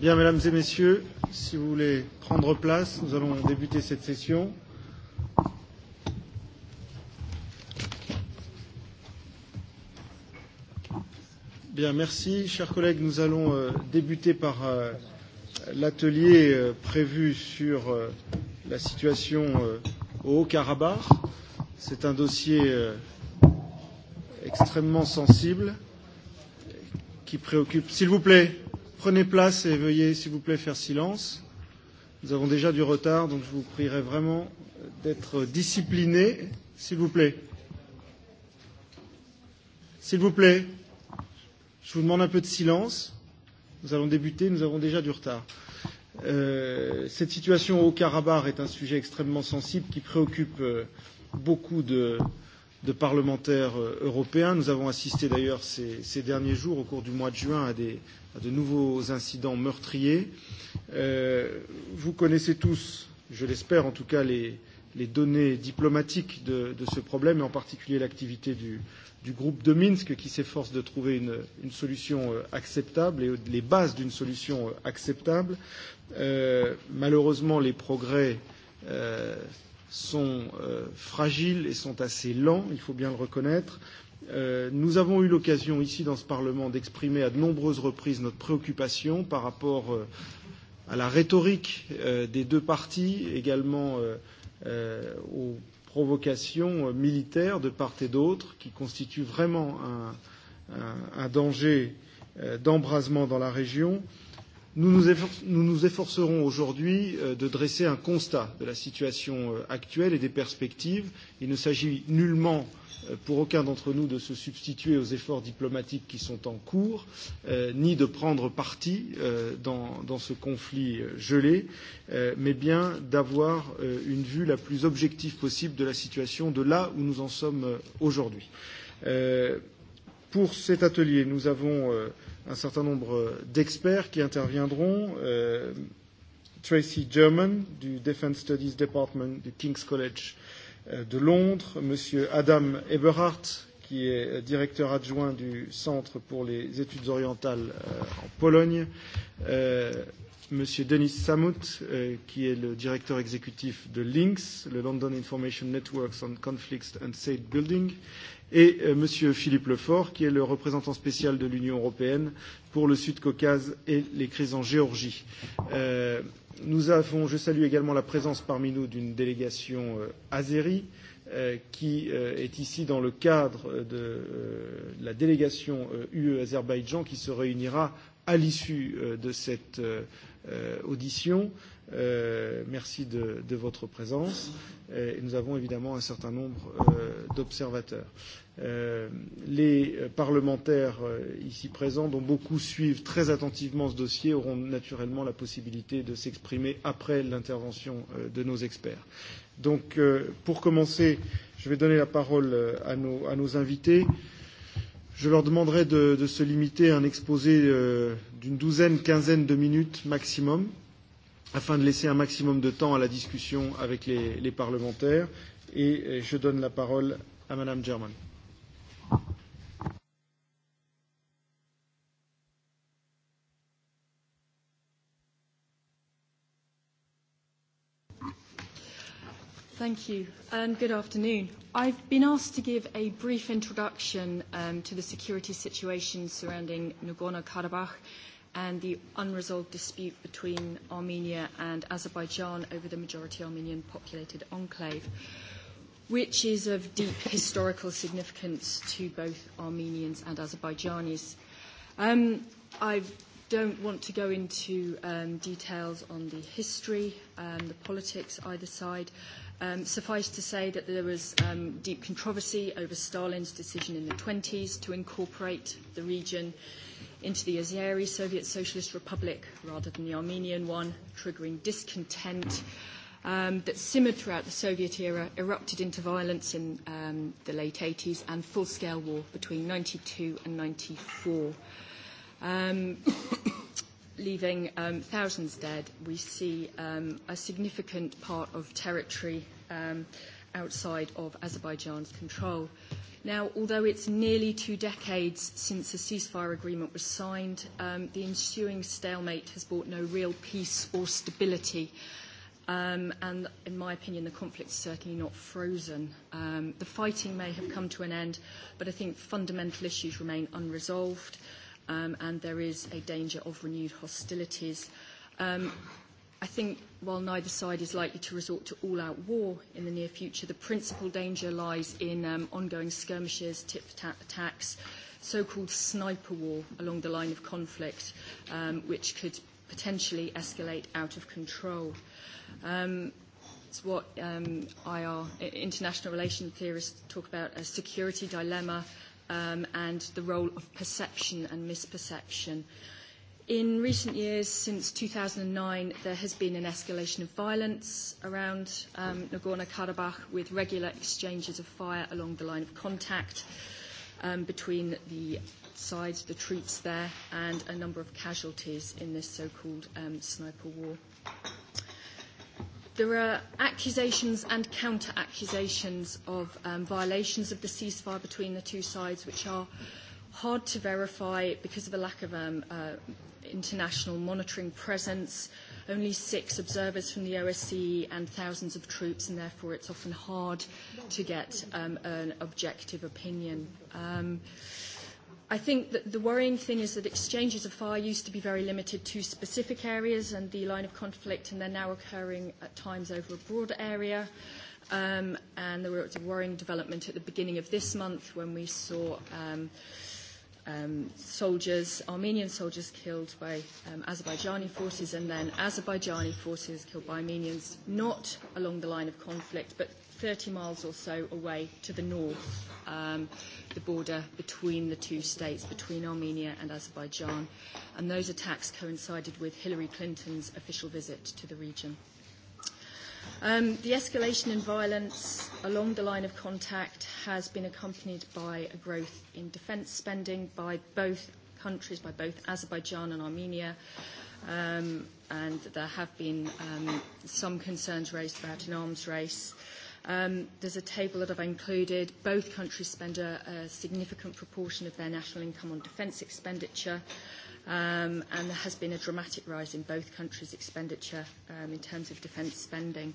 Bien, mesdames et messieurs, si vous voulez prendre place, nous allons débuter cette session. Bien, merci. Chers collègues, nous allons débuter par l'atelier prévu sur la situation au Haut-Karabakh. C'est un dossier extrêmement sensible qui préoccupe. S'il vous plaît. Prenez place et veuillez, s'il vous plaît, faire silence. Nous avons déjà du retard, donc je vous prierai vraiment d'être disciplinés, s'il vous plaît. S'il vous plaît, je vous demande un peu de silence. Nous allons débuter, nous avons déjà du retard. Euh, cette situation au Karabakh est un sujet extrêmement sensible qui préoccupe beaucoup de, euh, de parlementaires européens. Nous avons assisté d'ailleurs ces, ces derniers jours, au cours du mois de juin, à, des, à de nouveaux incidents meurtriers. Euh, vous connaissez tous, je l'espère en tout cas, les, les données diplomatiques de, de ce problème, et en particulier l'activité du, du groupe de Minsk qui s'efforce de trouver une, une solution acceptable et les bases d'une solution acceptable. Euh, malheureusement, les progrès euh, sont euh, fragiles et sont assez lents, il faut bien le reconnaître. Euh, nous avons eu l'occasion ici dans ce Parlement d'exprimer à de nombreuses reprises notre préoccupation par rapport euh, à la rhétorique euh, des deux partis, également euh, euh, aux provocations militaires de part et d'autre, qui constituent vraiment un, un, un danger euh, d'embrasement dans la région. Euh, Nous nous, nous nous efforcerons aujourd'hui de dresser un constat de la situation actuelle et des perspectives. Il ne s'agit nullement pour aucun d'entre nous de se substituer aux efforts diplomatiques qui sont en cours, ni de prendre parti dans, ce conflit gelé, mais bien d'avoir une vue la plus objective possible de la situation, de là où nous en sommes aujourd'hui. pour cet atelier, nous avons un certain nombre d'experts qui interviendront. Euh, Tracy German du Defense Studies Department du King's College de Londres, Monsieur Adam Eberhardt, qui est directeur adjoint du Centre pour les études orientales en Pologne, euh, Monsieur Denis Samut, euh, qui est le directeur exécutif de LINCS le London Information Networks on Conflicts and State Building, et euh, M. Philippe Lefort, qui est le représentant spécial de l'Union européenne pour le Sud-Caucase et les crises en Géorgie. Euh, nous avons, je salue également la présence parmi nous d'une délégation euh, azérie qui est ici dans le cadre de la délégation UE-Azerbaïdjan qui se réunira à l'issue de cette audition Euh, merci de, de votre présence. Euh, et nous avons évidemment un certain nombre euh, d'observateurs. Euh, les parlementaires euh, ici présents, dont beaucoup suivent très attentivement ce dossier, auront naturellement la possibilité de s'exprimer après l'intervention euh, de nos experts. Donc, euh, pour commencer, je vais donner la parole à nos, à nos invités. Je leur demanderai de, de se limiter à un exposé euh, d'une douzaine, quinzaine de minutes maximum. Euh, afin de laisser un maximum de temps à la discussion avec les, les parlementaires. Et je donne la parole à Madame German. Thank you, and good afternoon. I've been asked to give a brief introduction um, to the security situation surrounding Nagorno-Karabakh and the unresolved dispute between Armenia and Azerbaijan over the majority Armenian populated enclave, which is of deep historical significance to both Armenians and Azerbaijanis. Um, I don't want to go into um, details on the history and the politics either side. Um, suffice to say that there was um, deep controversy over Stalin's decision in the 20s to incorporate the region into the Azeri Soviet Socialist Republic rather than the Armenian one, triggering discontent um, that simmered throughout the Soviet era, erupted into violence in um, the late 80s and full-scale war between 92 and 94. Um, leaving um, thousands dead, we see um, a significant part of territory um, outside of Azerbaijan's control. Now, although it's nearly two decades since a ceasefire agreement was signed, um, the ensuing stalemate has brought no real peace or stability. Um, and in my opinion, the conflict is certainly not frozen. Um, the fighting may have come to an end, but I think fundamental issues remain unresolved, um, and there is a danger of renewed hostilities. Um, I think while neither side is likely to resort to all-out war in the near future, the principal danger lies in um, ongoing skirmishes, tit-for-tat attacks, so-called sniper war along the line of conflict, um, which could potentially escalate out of control. Um, it's what um, IR, international relation theorists talk about a security dilemma um, and the role of perception and misperception. In recent years, since 2009, there has been an escalation of violence around um, Nagorno-Karabakh with regular exchanges of fire along the line of contact um, between the sides, the troops there, and a number of casualties in this so-called um, sniper war. There are accusations and counter-accusations of um, violations of the ceasefire between the two sides, which are hard to verify because of a lack of um, uh, international monitoring presence, only six observers from the OSCE and thousands of troops, and therefore it's often hard to get um, an objective opinion. Um, I think that the worrying thing is that exchanges of fire used to be very limited to specific areas and the line of conflict, and they're now occurring at times over a broader area. Um, and there was a worrying development at the beginning of this month when we saw um, uh, um, soldiers, Armenian soldiers killed by um, Azerbaijani forces, and then Azerbaijani forces killed by Armenians, not along the line of conflict, but 30 miles or so away to the north, um, the border between the two states, between Armenia and Azerbaijan. And those attacks coincided with Hillary Clinton's official visit to the region. Um, the escalation in violence along the line of contact has been accompanied by a growth in defence spending by both countries, by both Azerbaijan and Armenia. Um, and there have been um, some concerns raised about an arms race. Um, there's a table that I've included. Both countries spend a, a significant proportion of their national income on defence expenditure um, and there has been a dramatic rise in both countries' expenditure um, in terms of defence spending.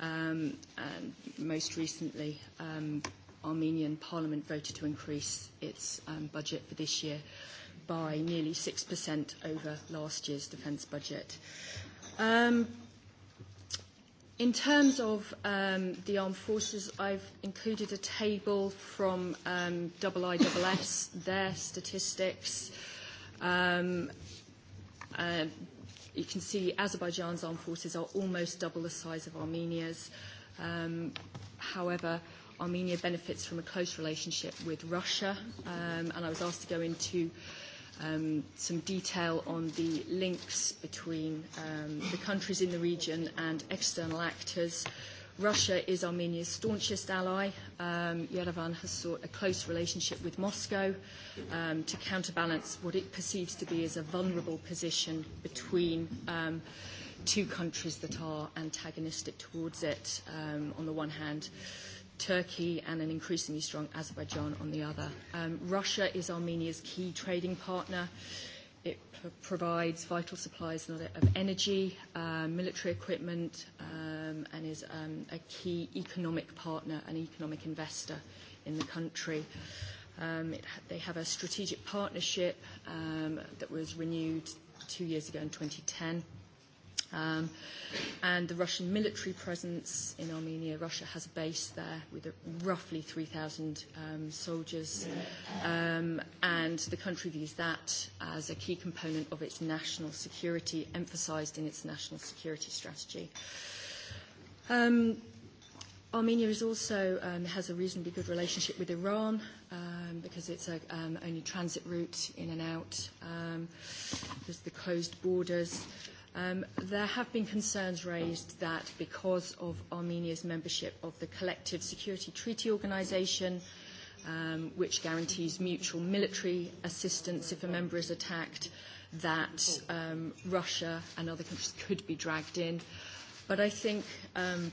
Um, and most recently, um, Armenian Parliament voted to increase its um, budget for this year by nearly 6% over last year's defence budget. Um, in terms of um, the armed forces, I've included a table from um, IISS, their statistics, Um, uh, you can see Azerbaijan's armed forces are almost double the size of Armenia's. Um, however, Armenia benefits from a close relationship with Russia, um, and I was asked to go into um, some detail on the links between um, the countries in the region and external actors. Uh, Russia is Armenia's staunchest ally. Um, Yerevan has sought a close relationship with Moscow um, to counterbalance what it perceives to be as a vulnerable position between um, two countries that are antagonistic towards it. Um, on the one hand, Turkey and an increasingly strong Azerbaijan on the other. Um, Russia is Armenia's key trading partner. Uh, It provides vital supplies of energy, uh, military equipment, um, and is um, a key economic partner and economic investor in the country. Um, it, they have a strategic partnership um, that was renewed two years ago in 2010 Um, and the Russian military presence in Armenia, Russia has a base there with roughly 3,000 um, soldiers. Um, and the country views that as a key component of its national security, emphasized in its national security strategy. Um, Armenia is also um, has a reasonably good relationship with Iran um, because it's a um, only transit route in and out um, because the closed borders. Um, there have been concerns raised that because of Armenia's membership of the Collective Security Treaty Organization, um, which guarantees mutual military assistance if a member is attacked, that um, Russia and other countries could be dragged in. But I think um,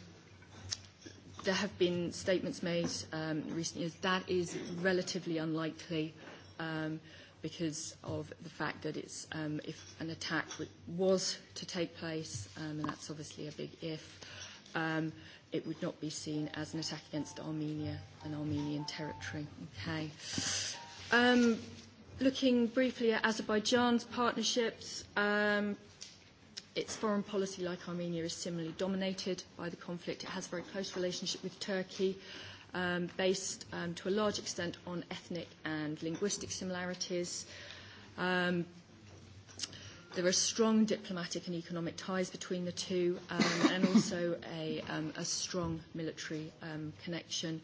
there have been statements made um, recently that is relatively unlikely. Um, because of the fact that it's, um, if an attack was to take place, um, and that's obviously a big if, um, it would not be seen as an attack against Armenia and Armenian territory. Okay. Um, looking briefly at Azerbaijan's partnerships, um, its foreign policy, like Armenia, is similarly dominated by the conflict. It has a very close relationship with Turkey um, based um, to a large extent on ethnic and linguistic similarities. Um, there are strong diplomatic and economic ties between the two, um, and also a, um, a strong military um, connection.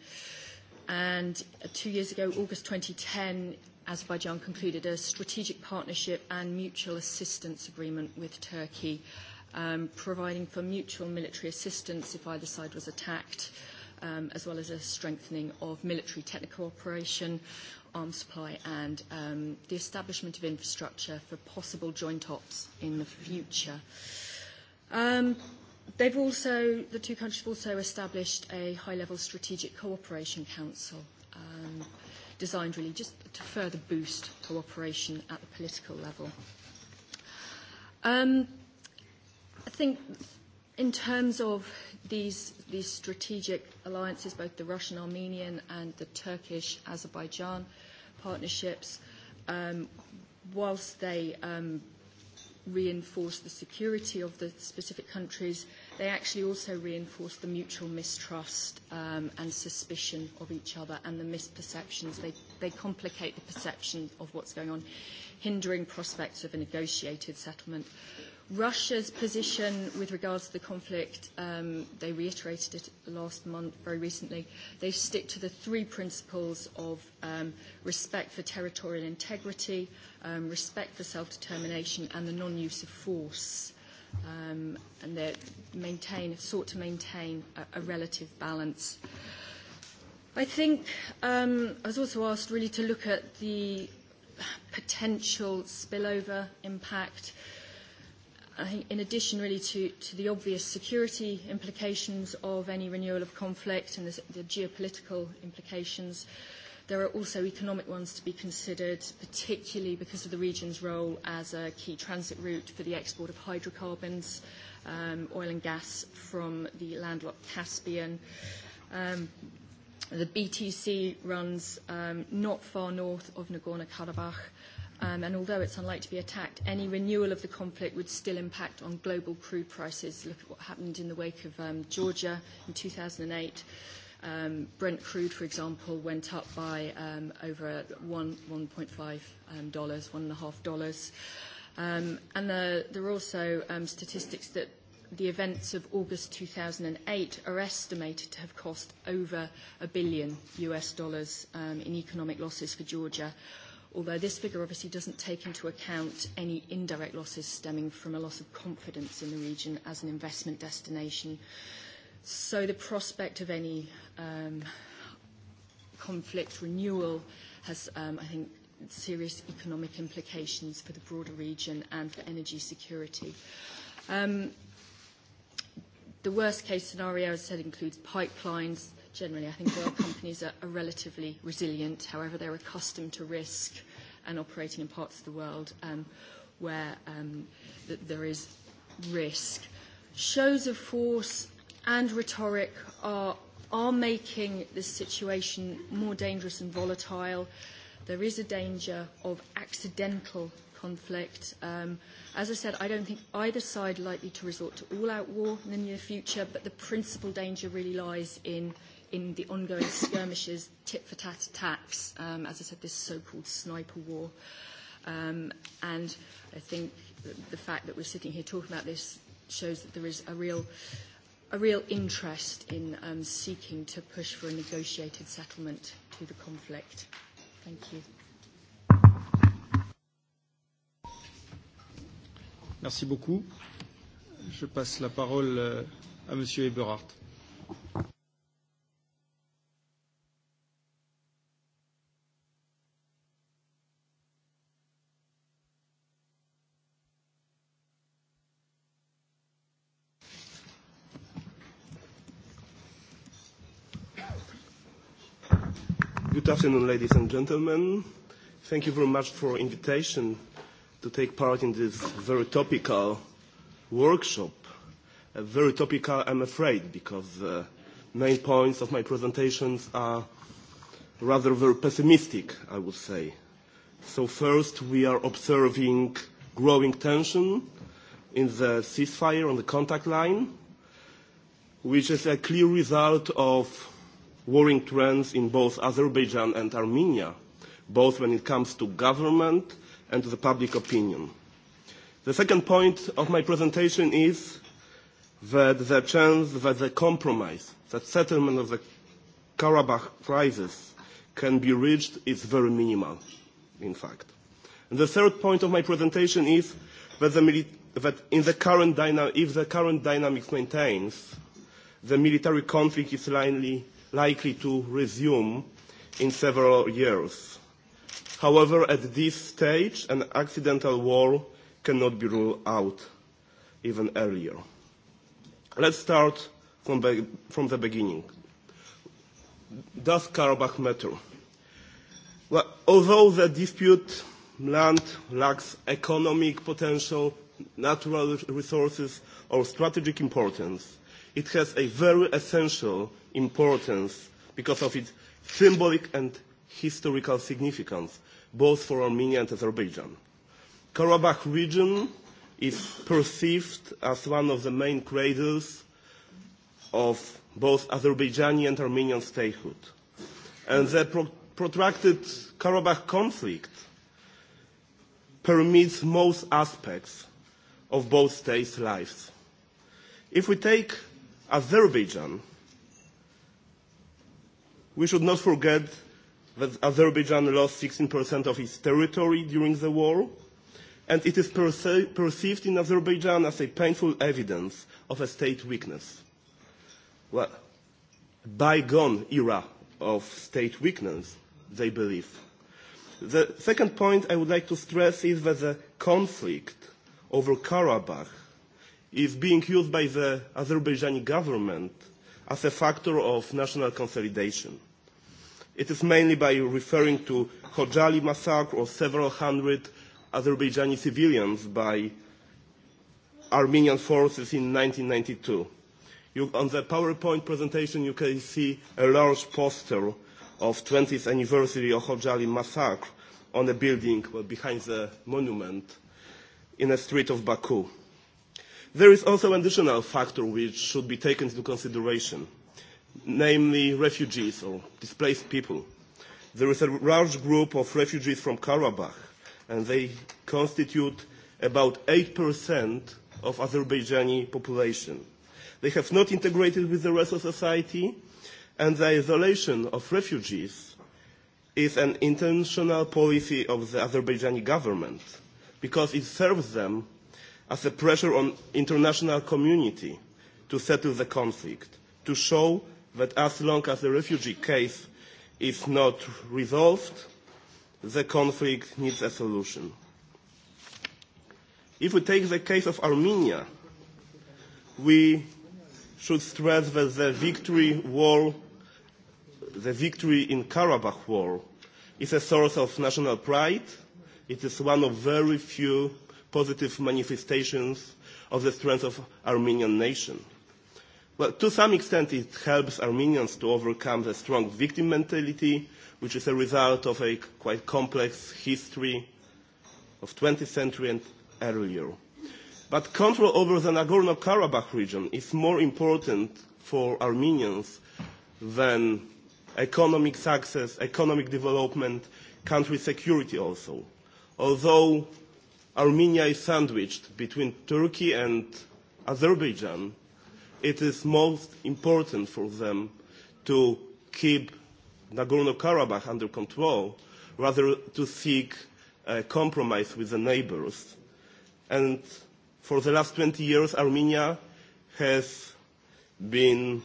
And two years ago, August 2010, Azerbaijan concluded a strategic partnership and mutual assistance agreement with Turkey, um, providing for mutual military assistance if either side was attacked um, as well as a strengthening of military technical operation, arms supply, and um, the establishment of infrastructure for possible joint ops in the future. Um, They've also, the two countries have also established a high-level strategic cooperation council um, designed really just to further boost cooperation at the political level. Um, I think in terms of these, these strategic alliances, both the Russian Armenian and the Turkish Azerbaijan partnerships, um, whilst they um, reinforce the security of the specific countries, they actually also reinforce the mutual mistrust um, and suspicion of each other and the misperceptions. They, they complicate the perception of what's going on, hindering prospects of a negotiated settlement. Russia's position with regards to the conflict, um, they reiterated it last month, very recently. They stick to the three principles of um, respect for territorial integrity, um, respect for self-determination, and the non-use of force. Um, and they maintain, sought to maintain a, a relative balance. I think um, I was also asked really to look at the potential spillover impact I think in addition really to, to the obvious security implications of any renewal of conflict and the, the geopolitical implications, there are also economic ones to be considered, particularly because of the region's role as a key transit route for the export of hydrocarbons, um, oil and gas from the landlocked Caspian. Um, the BTC runs um, not far north of Nagorno-Karabakh, um, and although it's unlikely to be attacked, any renewal of the conflict would still impact on global crude prices. Look at what happened in the wake of um, Georgia in 2008. Um, Brent crude, for example, went up by um, over one, $1.5, dollars, $1.5. Um, and the, there are also um, statistics that the events of August 2008 are estimated to have cost over a billion US dollars um, in economic losses for Georgia although this figure obviously doesn't take into account any indirect losses stemming from a loss of confidence in the region as an investment destination. So the prospect of any um, conflict renewal has, um, I think, serious economic implications for the broader region and for energy security. Um, the worst case scenario, as I said, includes pipelines, generally, I think oil companies are, are relatively resilient. However, they're accustomed to risk and operating in parts of the world where th- there is risk. Shows of force and rhetoric are, are making this situation more dangerous and volatile. There is a danger of accidental conflict. as I said, I don't think either side likely to resort to all-out war in the near future, but the principal danger really lies in – in the ongoing skirmishes, tit-for-tat attacks, um, as I said, this so-called sniper war. Um, and I think the fact that we're sitting here talking about this shows that there is a real, a real interest in um, seeking to push for a negotiated settlement to the conflict. Thank you. Merci beaucoup. Je passe la parole à Monsieur Eberhardt. afternoon, ladies and gentlemen. Thank you very much for invitation to take part in this very topical workshop. A very topical, I'm afraid, because the main points of my presentations are rather very pessimistic, I would say. So first, we are observing growing tension in the ceasefire on the contact line, which is a clear result of worrying trends in both Azerbaijan and Armenia, both when it comes to government and to the public opinion. The second point of my presentation is that the chance that the compromise, that settlement of the Karabakh crisis can be reached is very minimal, in fact. And the third point of my presentation is that, the that in the current if the current dynamics maintains, the military conflict is likely likely to resume in several years. However, at this stage, an accidental war cannot be ruled out even earlier. Let's start from, be- from the beginning. Does Karabakh matter? Well, although the dispute land lacks economic potential, natural resources, or strategic importance, it has a very essential importance because of its symbolic and historical significance, both for Armenia and Azerbaijan. Karabakh region is perceived as one of the main cradles of both Azerbaijani and Armenian statehood. And the pro- protracted Karabakh conflict permits most aspects of both states' lives. If we take Azerbaijan, We should not forget that Azerbaijan lost 16% of its territory during the war, and it is perce- perceived in Azerbaijan as a painful evidence of a state weakness. Well, bygone era of state weakness, they believe. The second point I would like to stress is that the conflict over Karabakh is being used by the Azerbaijani government – as a factor of national consolidation. It is mainly by referring to Khojali massacre of several hundred Azerbaijani civilians by Armenian forces in 1992. You, on the PowerPoint presentation, you can see a large poster of 20th anniversary of Khojali massacre on a building behind the monument in a street of Baku. There is also an additional factor which should be taken into consideration, namely refugees or displaced people. There is a large group of refugees from Karabakh, and they constitute about 8% of Azerbaijani population. They have not integrated with the rest of society, and the isolation of refugees is an intentional policy of the Azerbaijani government because it serves them as a pressure on international community to settle the conflict, to show that as long as the refugee case is not resolved, the conflict needs a solution. If we take the case of Armenia, we should stress that the victory war, the victory in Karabakh war, is a source of national pride. It is one of very few positive manifestations of the strength of Armenian nation. Well, to some extent, it helps Armenians to overcome the strong victim mentality, which is a result of a quite complex history of 20th century and earlier. But control over the Nagorno-Karabakh region is more important for Armenians than economic success, economic development, country security also. Although Armenia is sandwiched between Turkey and Azerbaijan, it is most important for them to keep Nagorno-Karabakh under control rather to seek a compromise with the neighbors. And for the last 20 years, Armenia has been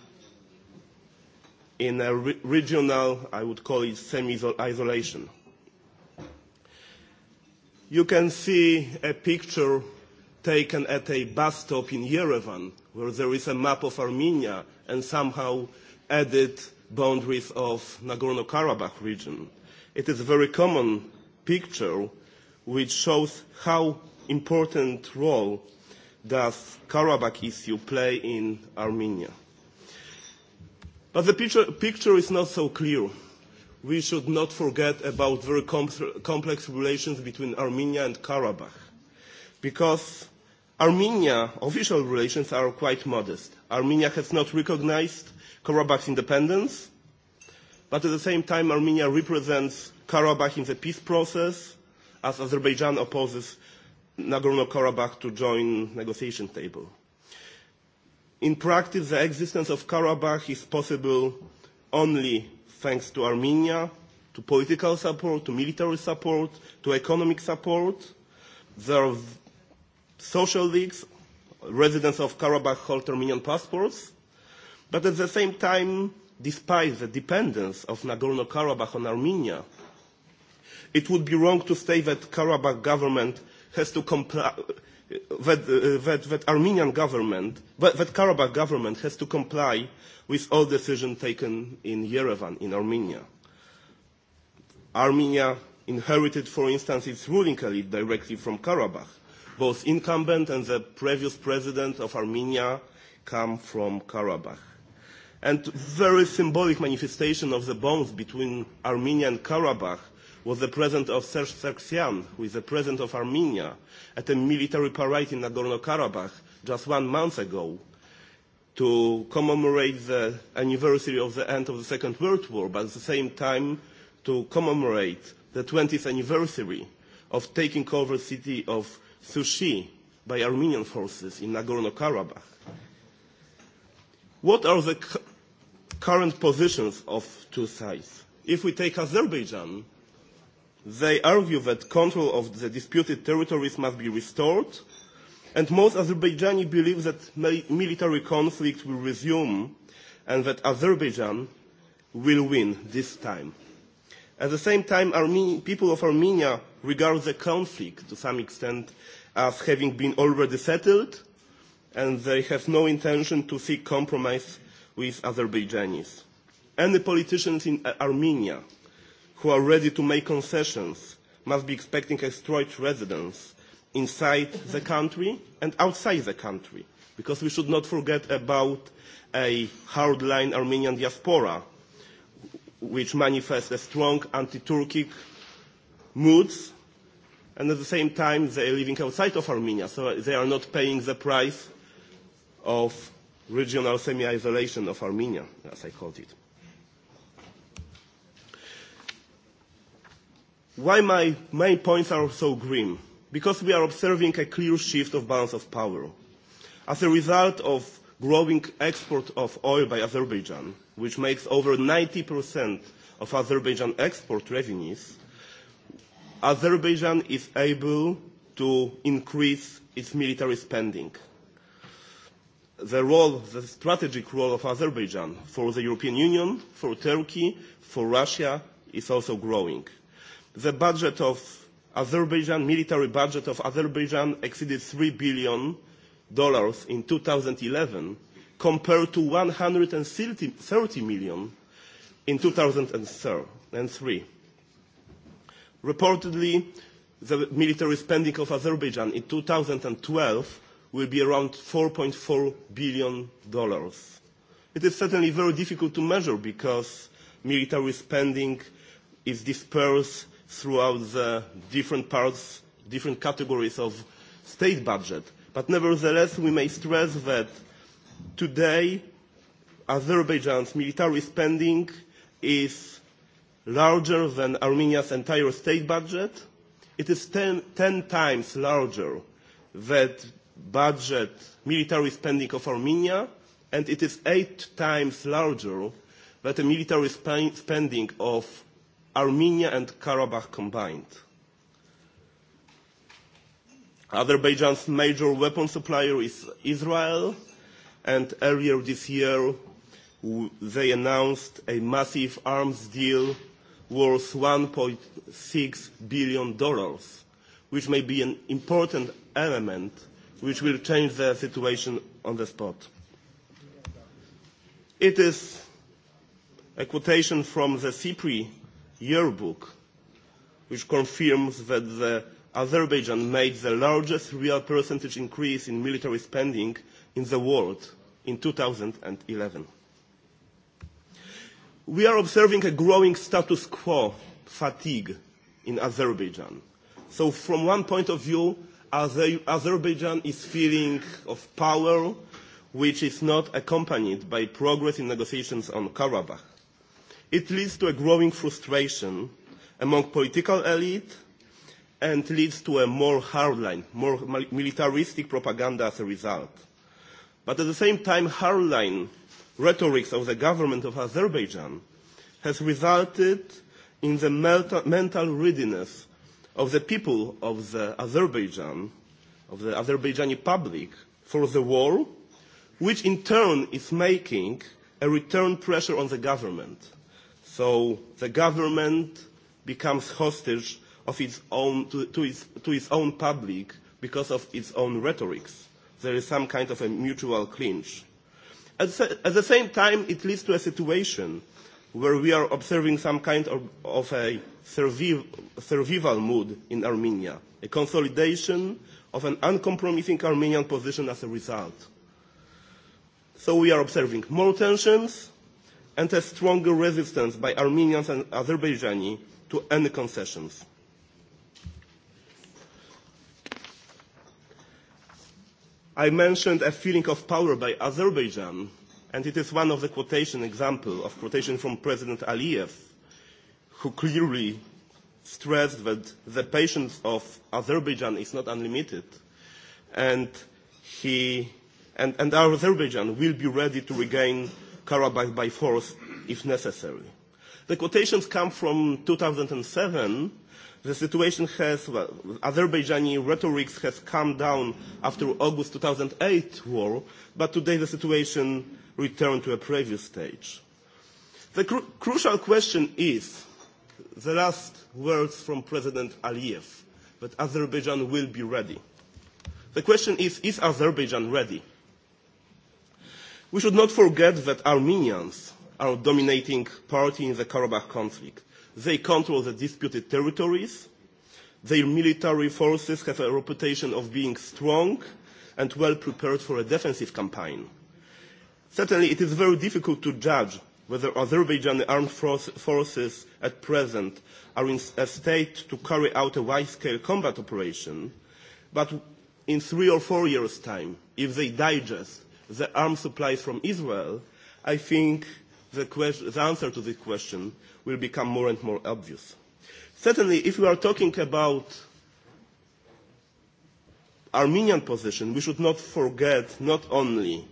in a re regional, I would call it semi-isolation you can see a picture taken at a bus stop in Yerevan, where there is a map of Armenia and somehow added boundaries of Nagorno-Karabakh region. It is a very common picture which shows how important role does Karabakh issue play in Armenia. But the picture, picture is not so clear we should not forget about very complex relations between Armenia and Karabakh. Because Armenia, official relations are quite modest. Armenia has not recognized Karabakh's independence, but at the same time, Armenia represents Karabakh in the peace process, as Azerbaijan opposes Nagorno-Karabakh to join negotiation table. In practice, the existence of Karabakh is possible only thanks to Armenia, to political support, to military support, to economic support. There are social leagues, residents of Karabakh hold Armenian passports. But at the same time, despite the dependence of Nagorno-Karabakh on Armenia, it would be wrong to say that Karabakh government has to comply that, uh, that, that Armenian government, that, that Karabakh government has to comply with all decisions taken in Yerevan, in Armenia. Armenia inherited, for instance, its ruling elite directly from Karabakh. Both incumbent and the previous president of Armenia come from Karabakh. And very symbolic manifestation of the bonds between Armenia and Karabakh was the president of Serge Sargsyan, who is the president of Armenia, at a military parade in Nagorno-Karabakh just one month ago to commemorate the anniversary of the end of the Second World War, but at the same time to commemorate the 20th anniversary of taking over the city of Sushi by Armenian forces in Nagorno-Karabakh. What are the current positions of two sides? If we take Azerbaijan, They argue that control of the disputed territories must be restored, and most Azerbaijani believe that military conflict will resume and that Azerbaijan will win this time. At the same time, Arme- people of Armenia regard the conflict to some extent as having been already settled, and they have no intention to seek compromise with Azerbaijanis. Any politicians in Armenia who are ready to make concessions must be expecting exploit residence inside the country and outside the country, because we should not forget about a hardline Armenian diaspora, which manifests a strong anti-Turkic moods, and at the same time they are living outside of Armenia, so they are not paying the price of regional semi-isolation of Armenia, as I called it. Why my main points are so grim? Because we are observing a clear shift of balance of power. As a result of growing export of oil by Azerbaijan, which makes over 90% of Azerbaijan export revenues, Azerbaijan is able to increase its military spending. The role, the strategic role of Azerbaijan for the European Union, for Turkey, for Russia is also growing. The budget of Azerbaijan, military budget of Azerbaijan exceeded $3 billion dollars in 2011 compared to 130 million in 2003. Reportedly, the military spending of Azerbaijan in 2012 will be around 4.4 billion dollars. It is certainly very difficult to measure because military spending is dispersed throughout the different parts, different categories of state budget. But nevertheless, we may stress that today Azerbaijan's military spending is larger than Armenia's entire state budget. It is ten, ten times larger than budget military spending of Armenia, and it is eight times larger than the military spending of Armenia and Karabakh combined. Azerbaijan's major weapon supplier is Israel, and earlier this year they announced a massive arms deal worth $1.6 billion, which may be an important element which will change the situation on the spot. It is a quotation from the CIPRI yearbook, which confirms that the Azerbaijan made the largest real percentage increase in military spending in the world in 2011. We are observing a growing status quo fatigue in Azerbaijan. So from one point of view, Azerbaijan is feeling of power which is not accompanied by progress in negotiations on Karabakh. It leads to a growing frustration among political elite and leads to a more hardline, more militaristic propaganda as a result. But at the same time, hardline rhetorics of the government of Azerbaijan has resulted in the mental readiness of the people of the Azerbaijan, of the Azerbaijani public, for the war, which in turn is making a return pressure on the government So the government becomes hostage of its own, to, to, its, to its own public because of its own rhetorics. There is some kind of a mutual clinch. At, at the same time, it leads to a situation where we are observing some kind of, of a survival mood in Armenia, a consolidation of an uncompromising Armenian position as a result. So we are observing more tensions, and a stronger resistance by Armenians and Azerbaijani to any concessions. I mentioned a feeling of power by Azerbaijan, and it is one of the quotation example of quotation from President Aliyev, who clearly stressed that the patience of Azerbaijan is not unlimited, and he and, and Azerbaijan will be ready to regain Karabakh by force if necessary. The quotations come from 2007. The situation has, well, Azerbaijani rhetoric has come down after August 2008 war, but today the situation returned to a previous stage. The cru- crucial question is the last words from President Aliyev that Azerbaijan will be ready. The question is, is Azerbaijan ready? We should not forget that Armenians are a dominating party in the Karabakh conflict. They control the disputed territories. Their military forces have a reputation of being strong and well prepared for a defensive campaign. Certainly, it is very difficult to judge whether Azerbaijani armed forces at present are in a state to carry out a wide-scale combat operation, but in three or four years' time, if they digest the arms supplies from Israel, I think the, question, the answer to this question will become more and more obvious. Certainly, if we are talking about Armenian position, we should not forget not only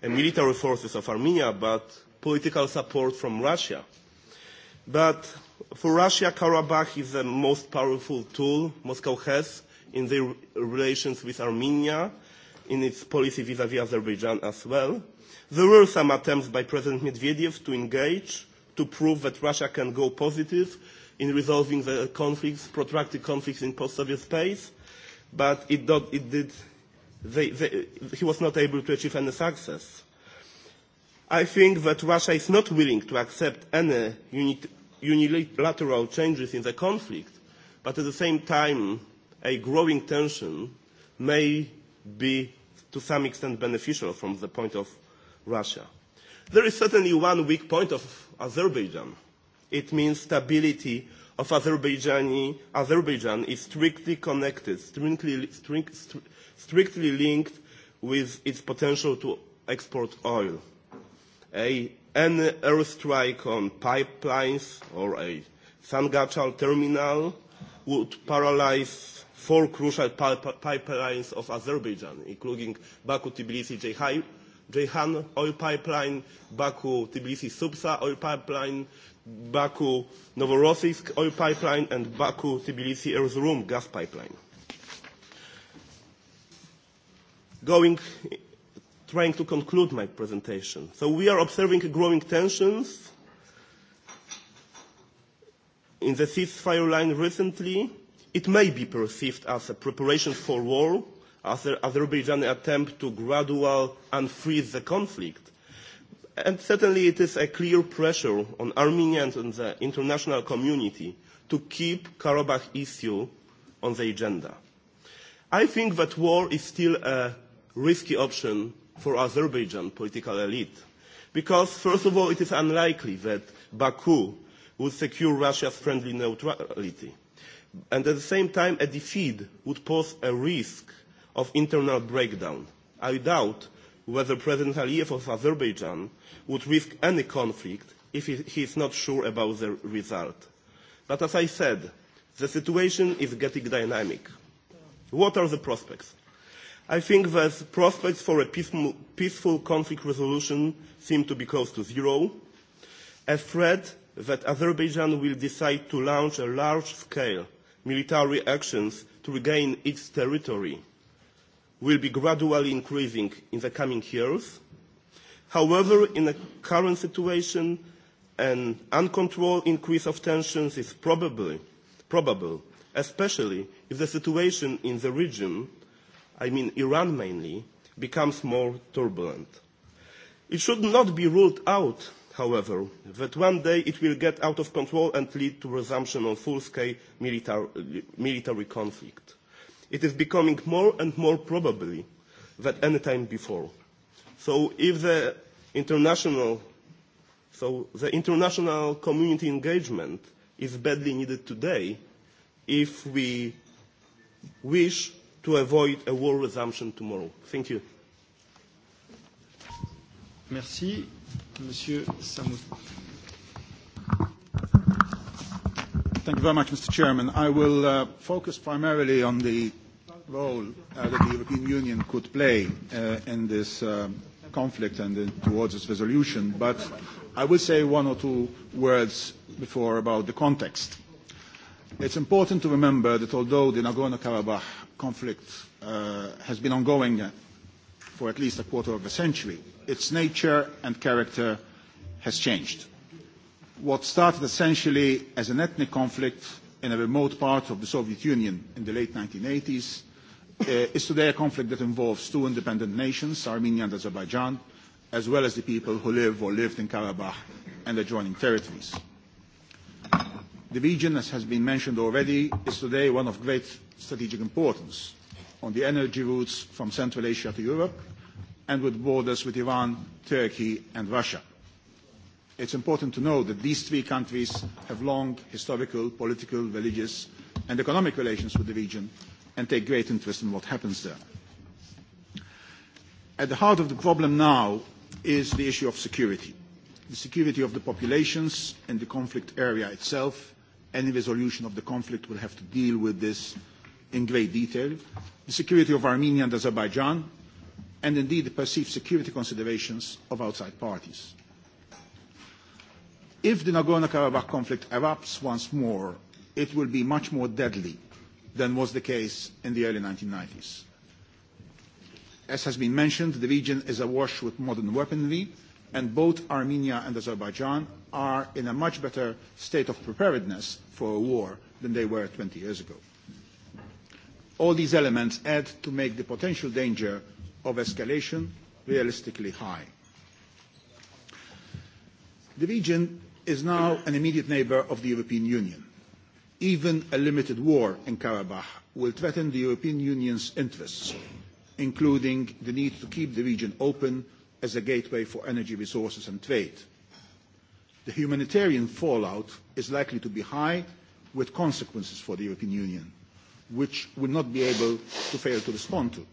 the military forces of Armenia, but political support from Russia. But for Russia, Karabakh is the most powerful tool Moscow has in their relations with Armenia in its policy vis-à-vis Azerbaijan as well. There were some attempts by President Medvedev to engage, to prove that Russia can go positive in resolving the conflicts, protracted conflicts in post-Soviet space, but it, not, it did, they, they, he was not able to achieve any success. I think that Russia is not willing to accept any unit, unilateral changes in the conflict, but at the same time, a growing tension may be to some extent beneficial from the point of Russia. There is certainly one weak point of Azerbaijan. It means stability of Azerbaijani, Azerbaijan is strictly connected, strictly, strictly linked with its potential to export oil. A, an airstrike on pipelines or a Sangachal terminal would paralyze four crucial pipelines of Azerbaijan, including baku tbilisi Jehan oil pipeline, baku tbilisi Subsa oil pipeline, Baku-Novorossiysk oil pipeline, and Baku-Tbilisi-Erzurum gas pipeline. Going, trying to conclude my presentation. So we are observing growing tensions in the ceasefire line recently, it may be perceived as a preparation for war, as an Azerbaijan attempt to gradually unfreeze the conflict. And certainly it is a clear pressure on Armenians and the international community to keep Karabakh issue on the agenda. I think that war is still a risky option for Azerbaijan political elite because, first of all, it is unlikely that Baku would secure Russia's friendly neutrality and at the same time a defeat would pose a risk of internal breakdown. I doubt whether President Aliyev of Azerbaijan would risk any conflict if he is not sure about the result. But as I said, the situation is getting dynamic. What are the prospects? I think that prospects for a peaceful conflict resolution seem to be close to zero. A threat that Azerbaijan will decide to launch a large-scale military actions to regain its territory will be gradually increasing in the coming years. However, in the current situation, an uncontrolled increase of tensions is probably, probable, especially if the situation in the region, I mean Iran mainly, becomes more turbulent. It should not be ruled out however, that one day it will get out of control and lead to resumption of full-scale military conflict. It is becoming more and more probably than any time before. So if the international, so the international community engagement is badly needed today if we wish to avoid a war resumption tomorrow. Thank you. Merci. Monsieur Thank you very much, Mr. Chairman. I will uh, focus primarily on the role uh, that the European Union could play uh, in this uh, conflict and in, towards its resolution, but I will say one or two words before about the context. It's important to remember that although the Nagorno-Karabakh conflict uh, has been ongoing for at least a quarter of a century, its nature and character has changed. What started essentially as an ethnic conflict in a remote part of the Soviet Union in the late 1980s uh, is today a conflict that involves two independent nations, Armenia and Azerbaijan, as well as the people who live or lived in Karabakh and adjoining territories. The region, as has been mentioned already, is today one of great strategic importance on the energy routes from Central Asia to Europe and with borders with Iran, Turkey and Russia. It's important to know that these three countries have long historical, political, religious and economic relations with the region and take great interest in what happens there. At the heart of the problem now is the issue of security, the security of the populations in the conflict area itself. Any resolution of the conflict will have to deal with this in great detail, the security of Armenia and Azerbaijan, and indeed the perceived security considerations of outside parties. If the Nagorno-Karabakh conflict erupts once more, it will be much more deadly than was the case in the early 1990s. As has been mentioned, the region is awash with modern weaponry, and both Armenia and Azerbaijan are in a much better state of preparedness for a war than they were 20 years ago. All these elements add to make the potential danger of escalation realistically high. The region is now an immediate neighbour of the European Union. Even a limited war in Karabakh will threaten the European Union's interests, including the need to keep the region open as a gateway for energy resources and trade. The humanitarian fallout is likely to be high, with consequences for the European Union which will not be able to fail to respond to.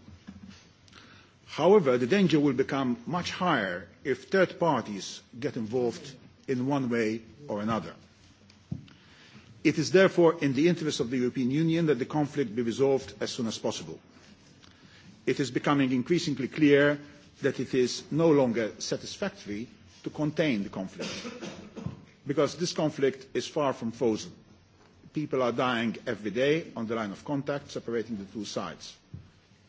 However, the danger will become much higher if third parties get involved in one way or another. It is therefore in the interest of the European Union that the conflict be resolved as soon as possible. It is becoming increasingly clear that it is no longer satisfactory to contain the conflict, because this conflict is far from frozen People are dying every day on the line of contact separating the two sides.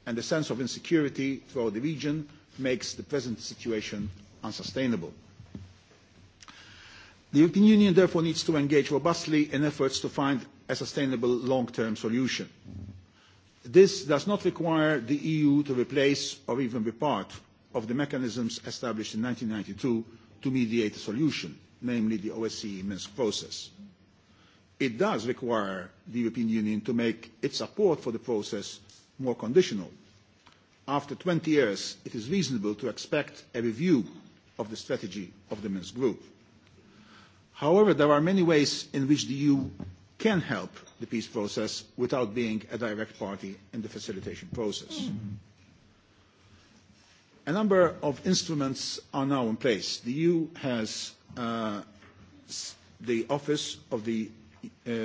And the sense of insecurity throughout the region makes the present situation unsustainable. The European Union therefore needs to engage robustly in efforts to find a sustainable long-term solution. This does not require the EU to replace or even be part of the mechanisms established in ninety two to mediate a solution, namely the OSCE Minsk process it does require the European Union to make its support for the process more conditional. After twenty years, it is reasonable to expect a review of the strategy of the Minsk Group. However, there are many ways in which the EU can help the peace process without being a direct party in the facilitation process. A number of instruments are now in place. The EU has the Office of the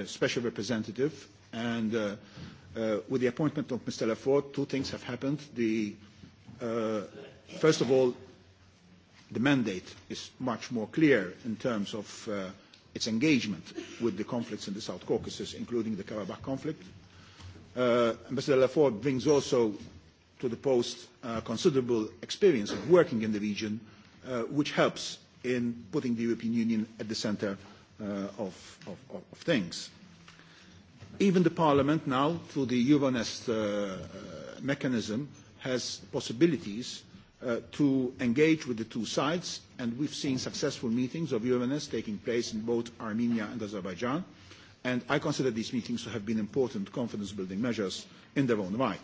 special representative, and uh, uh, with the appointment of Mr. Lafort, two things have happened. The, uh, first of all, the mandate is much more clear in terms of uh, its engagement with the conflicts in the South Caucasus, including the Karabakh conflict. Uh, Mr. Lafort brings also to the post uh, considerable experience of working in the region, uh, which helps in putting the European Union at the centre of, of, of things. Even the Parliament now, through the Euronest mechanism, has possibilities to engage with the two sides, and we've seen successful meetings of Euronest taking place in both Armenia and Azerbaijan, and I consider these meetings to have been important confidence-building measures in their own right.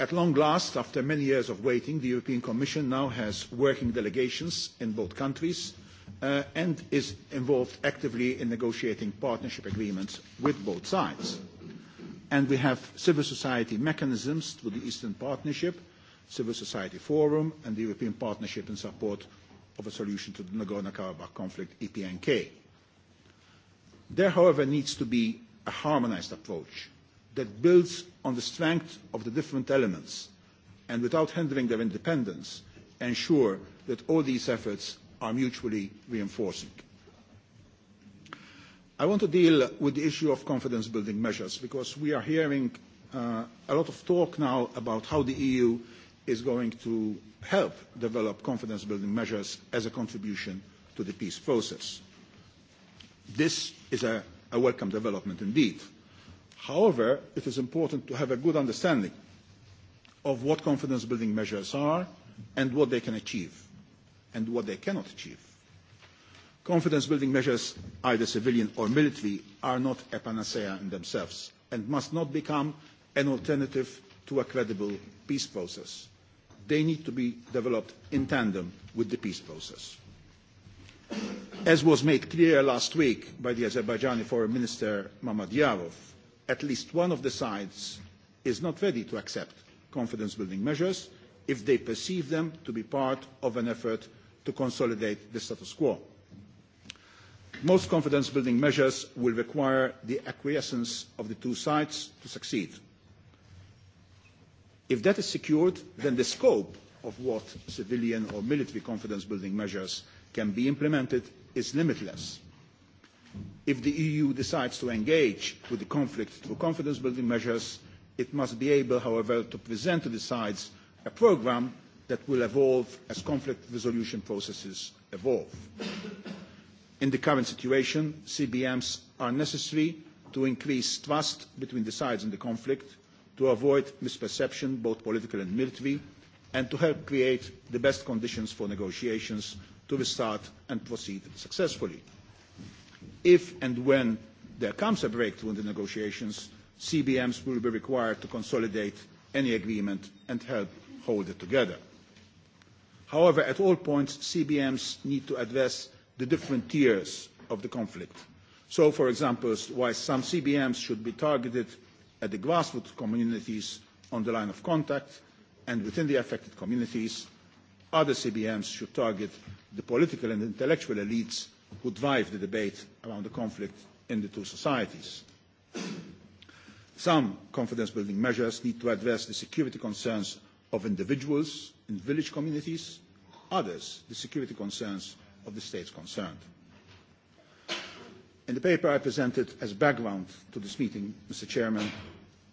At long last, after many years of waiting, the European Commission now has working delegations in both countries, and is involved actively in negotiating partnership agreements with both sides. And we have civil society mechanisms through the Eastern Partnership, Civil Society Forum, and the European Partnership in Support of a Solution to the Nagorno-Karabakh Conflict, EPNK. There, however, needs to be a harmonised approach that builds on the strength of the different elements and without hindering their independence, ensure that all these efforts are mutually reinforcing. I want to deal with the issue of confidence-building measures because we are hearing a lot of talk now about how the EU is going to help develop confidence-building measures as a contribution to the peace process. This is a welcome development indeed. However, it is important to have a good understanding of what confidence-building measures are and what they can achieve and what they cannot achieve. Confidence building measures, either civilian or military, are not a panacea in themselves and must not become an alternative to a credible peace process. They need to be developed in tandem with the peace process. As was made clear last week by the Azerbaijani Foreign Minister Mamadyarov, at least one of the sides is not ready to accept confidence building measures if they perceive them to be part of an effort to consolidate the status quo. Most confidence-building measures will require the acquiescence of the two sides to succeed. If that is secured, then the scope of what civilian or military confidence-building measures can be implemented is limitless. If the EU decides to engage with the conflict through confidence-building measures, it must be able, however, to present to the sides a programme that will evolve as conflict resolution processes evolve. In the current situation, CBMs are necessary to increase trust between the sides in the conflict, to avoid misperception, both political and military, and to help create the best conditions for negotiations to restart and proceed successfully. If and when there comes a breakthrough in the negotiations, CBMs will be required to consolidate any agreement and help hold it together. However, at all points, CBMs need to address the different tiers of the conflict. So, for example, why some CBMs should be targeted at the grassroots communities on the line of contact and within the affected communities, other CBMs should target the political and intellectual elites who drive the debate around the conflict in the two societies. Some confidence building measures need to address the security concerns of individuals in village communities, others the security concerns of the states concerned. In the paper I presented as background to this meeting, Mr. Chairman,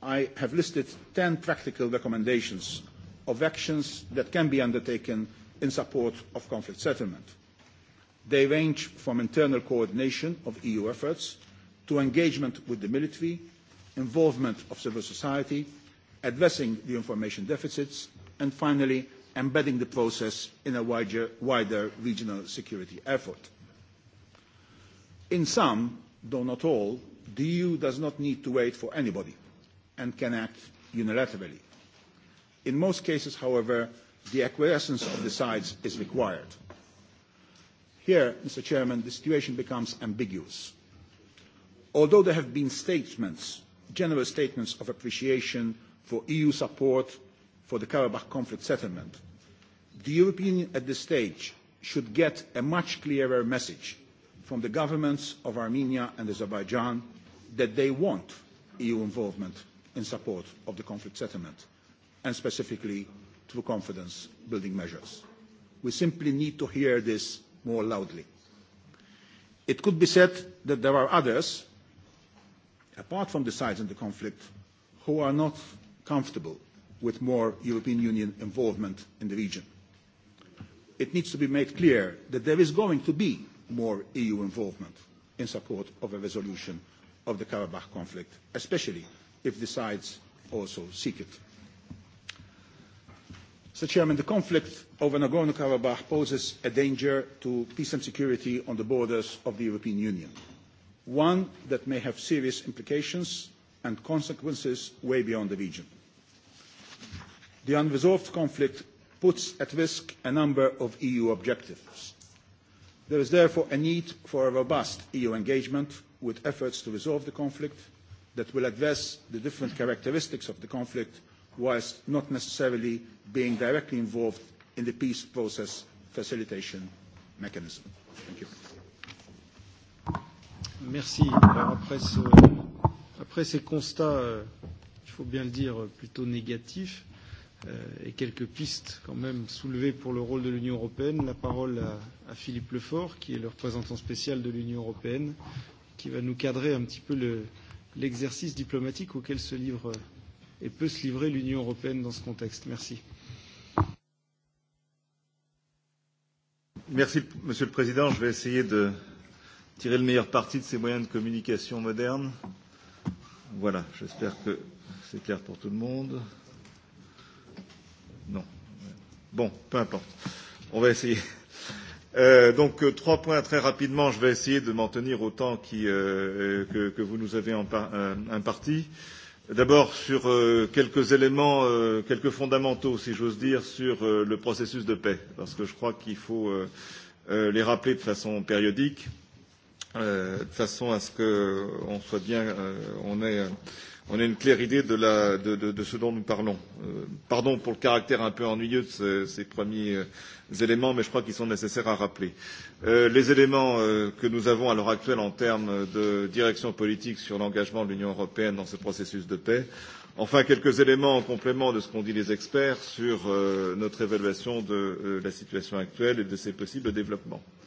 I have listed ten practical recommendations of actions that can be undertaken in support of conflict settlement. They range from internal coordination of EU efforts to engagement with the military, involvement of civil society, addressing the information deficits, and finally, embedding the process in a wider regional security effort. In sum, though not all, the EU does not need to wait for anybody and can act unilaterally. In most cases, however, the acquiescence of the sides is required. Here, Mr. Chairman, the situation becomes ambiguous. Although there have been statements, general statements of appreciation for EU support for the Karabakh conflict settlement, the European Union at this stage should get a much clearer message from the governments of Armenia and Azerbaijan that they want EU involvement in support of the conflict settlement, and specifically through confidence building measures. We simply need to hear this more loudly. It could be said that there are others, apart from the sides in the conflict, who are not comfortable with more European Union involvement in the region. It needs to be made clear that there is going to be more EU involvement in support of a resolution of the Karabakh conflict, especially if the sides also seek it. Mr. Chairman, the conflict over Nagorno-Karabakh poses a danger to peace and security on the borders of the European Union, one that may have serious implications and consequences way beyond the region the unresolved conflict puts at risk a number of EU objectives. There is therefore a need for a robust EU engagement with efforts to resolve the conflict that will address the different characteristics of the conflict whilst not necessarily being directly involved in the peace process facilitation mechanism. Thank you. Merci. Alors après, ce, après ces constats, il faut bien le dire, plutôt négatifs, et quelques pistes quand même soulevées pour le rôle de l'Union européenne. La parole à, à Philippe Lefort, qui est le représentant spécial de l'Union européenne, qui va nous cadrer un petit peu le, l'exercice diplomatique auquel se livre et peut se livrer l'Union européenne dans ce contexte. Merci. Merci, Monsieur le Président. Je vais essayer de tirer le meilleur parti de ces moyens de communication modernes. Voilà, j'espère que c'est clair pour tout le monde. Non. Bon, peu importe. On va essayer. Euh, donc trois points très rapidement. Je vais essayer de m'en tenir au temps qui, euh, que, que vous nous avez euh, imparti. D'abord sur euh, quelques éléments, euh, quelques fondamentaux, si j'ose dire, sur euh, le processus de paix, parce que je crois qu'il faut euh, euh, les rappeler de façon périodique, euh, de façon à ce qu'on soit bien, euh, on ait euh, on ait une claire idée de, la, de, de, de ce dont nous parlons. Euh, pardon pour le caractère un peu ennuyeux de ce, ces premiers euh, éléments, mais je crois qu'ils sont nécessaires à rappeler. Euh, les éléments euh, que nous avons à l'heure actuelle en termes de direction politique sur l'engagement de l'Union européenne dans ce processus de paix, enfin quelques éléments en complément de ce qu'ont dit les experts sur euh, notre évaluation de euh, la situation actuelle et de ses possibles développements. Euh,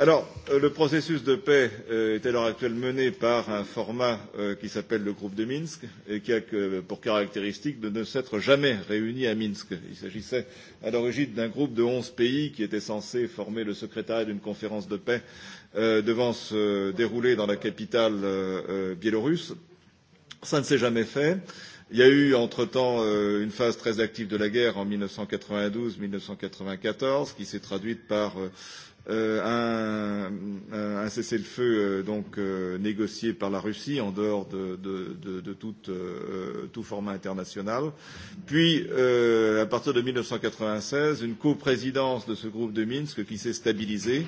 Alors, le processus de paix est à l'heure actuelle mené par un format qui s'appelle le groupe de Minsk et qui a pour caractéristique de ne s'être jamais réuni à Minsk. Il s'agissait à l'origine d'un groupe de onze pays qui était censé former le secrétariat d'une conférence de paix devant se dérouler dans la capitale biélorusse. Cela ne s'est jamais fait. Il y a eu entre-temps une phase très active de la guerre en mille neuf cent quatre-vingt-douze-1992-1994 qui s'est traduite par un, un cessez-le-feu donc négocié par la Russie en dehors de, de, de, de tout, euh, tout format international. Puis, euh, à partir de 1996, une coprésidence de ce groupe de Minsk qui s'est stabilisée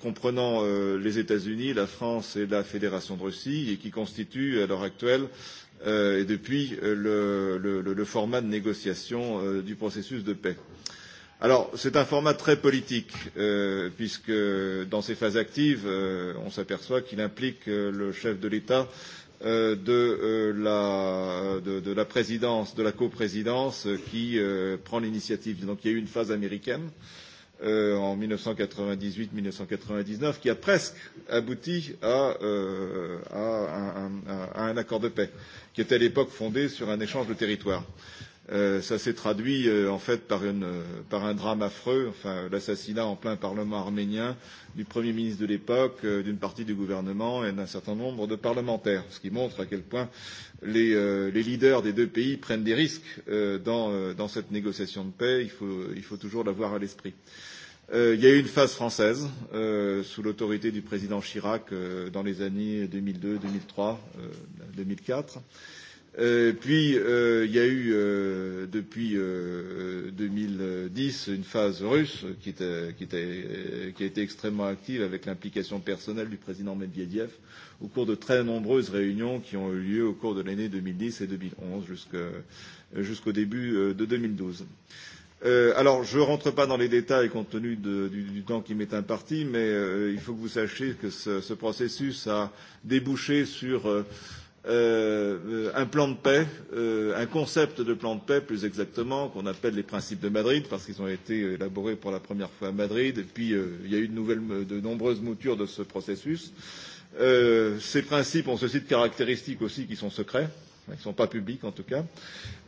comprenant les États-Unis, la France et la Fédération de Russie, et qui constitue à l'heure actuelle et depuis le, format de négociation du processus de paix. Euh, Alors, c'est un format très politique, euh, puisque dans ces phases actives, euh, on s'aperçoit qu'il implique euh, le chef de l'État euh, de, euh, la, de, de la présidence, de la coprésidence, euh, qui euh, prend l'initiative. Donc, il y a eu une phase américaine euh, en 1998-1999 qui a presque abouti à, euh, à, un, à un accord de paix, qui était à l'époque fondé sur un échange de territoires ça s'est traduit en fait par, une, par un drame affreux, enfin l'assassinat en plein Parlement arménien du Premier ministre de l'époque, d'une partie du gouvernement et d'un certain nombre de parlementaires, ce qui montre à quel point les, euh, les leaders des deux pays prennent des risques euh, dans, euh, dans cette négociation de paix. Il faut, il faut toujours l'avoir à l'esprit. Euh, il y a eu une phase française euh, sous l'autorité du président Chirac euh, dans les années 2002, 2003, euh, 2004 puis il y a eu depuis deux mille dix une phase russe qui, a été extrêmement active avec l'implication personnelle du président Medvedev au cours de très nombreuses réunions qui ont eu lieu au cours de l'année deux mille dix et deux mille onze jusqu'au début de deux mille douze. alors, je ne rentre pas dans les détails compte tenu du, temps qui m'est imparti, mais il faut que vous sachiez que ce, processus a débouché sur un plan de paix, un concept de plan de paix plus exactement, qu'on appelle les principes de Madrid, parce qu'ils ont été élaborés pour la première fois à Madrid, et puis il y a eu de, nouvelles, de nombreuses moutures de ce processus. ces principes ont ceci de caractéristiques aussi qui sont secrets, ils ne sont pas publics en tout cas,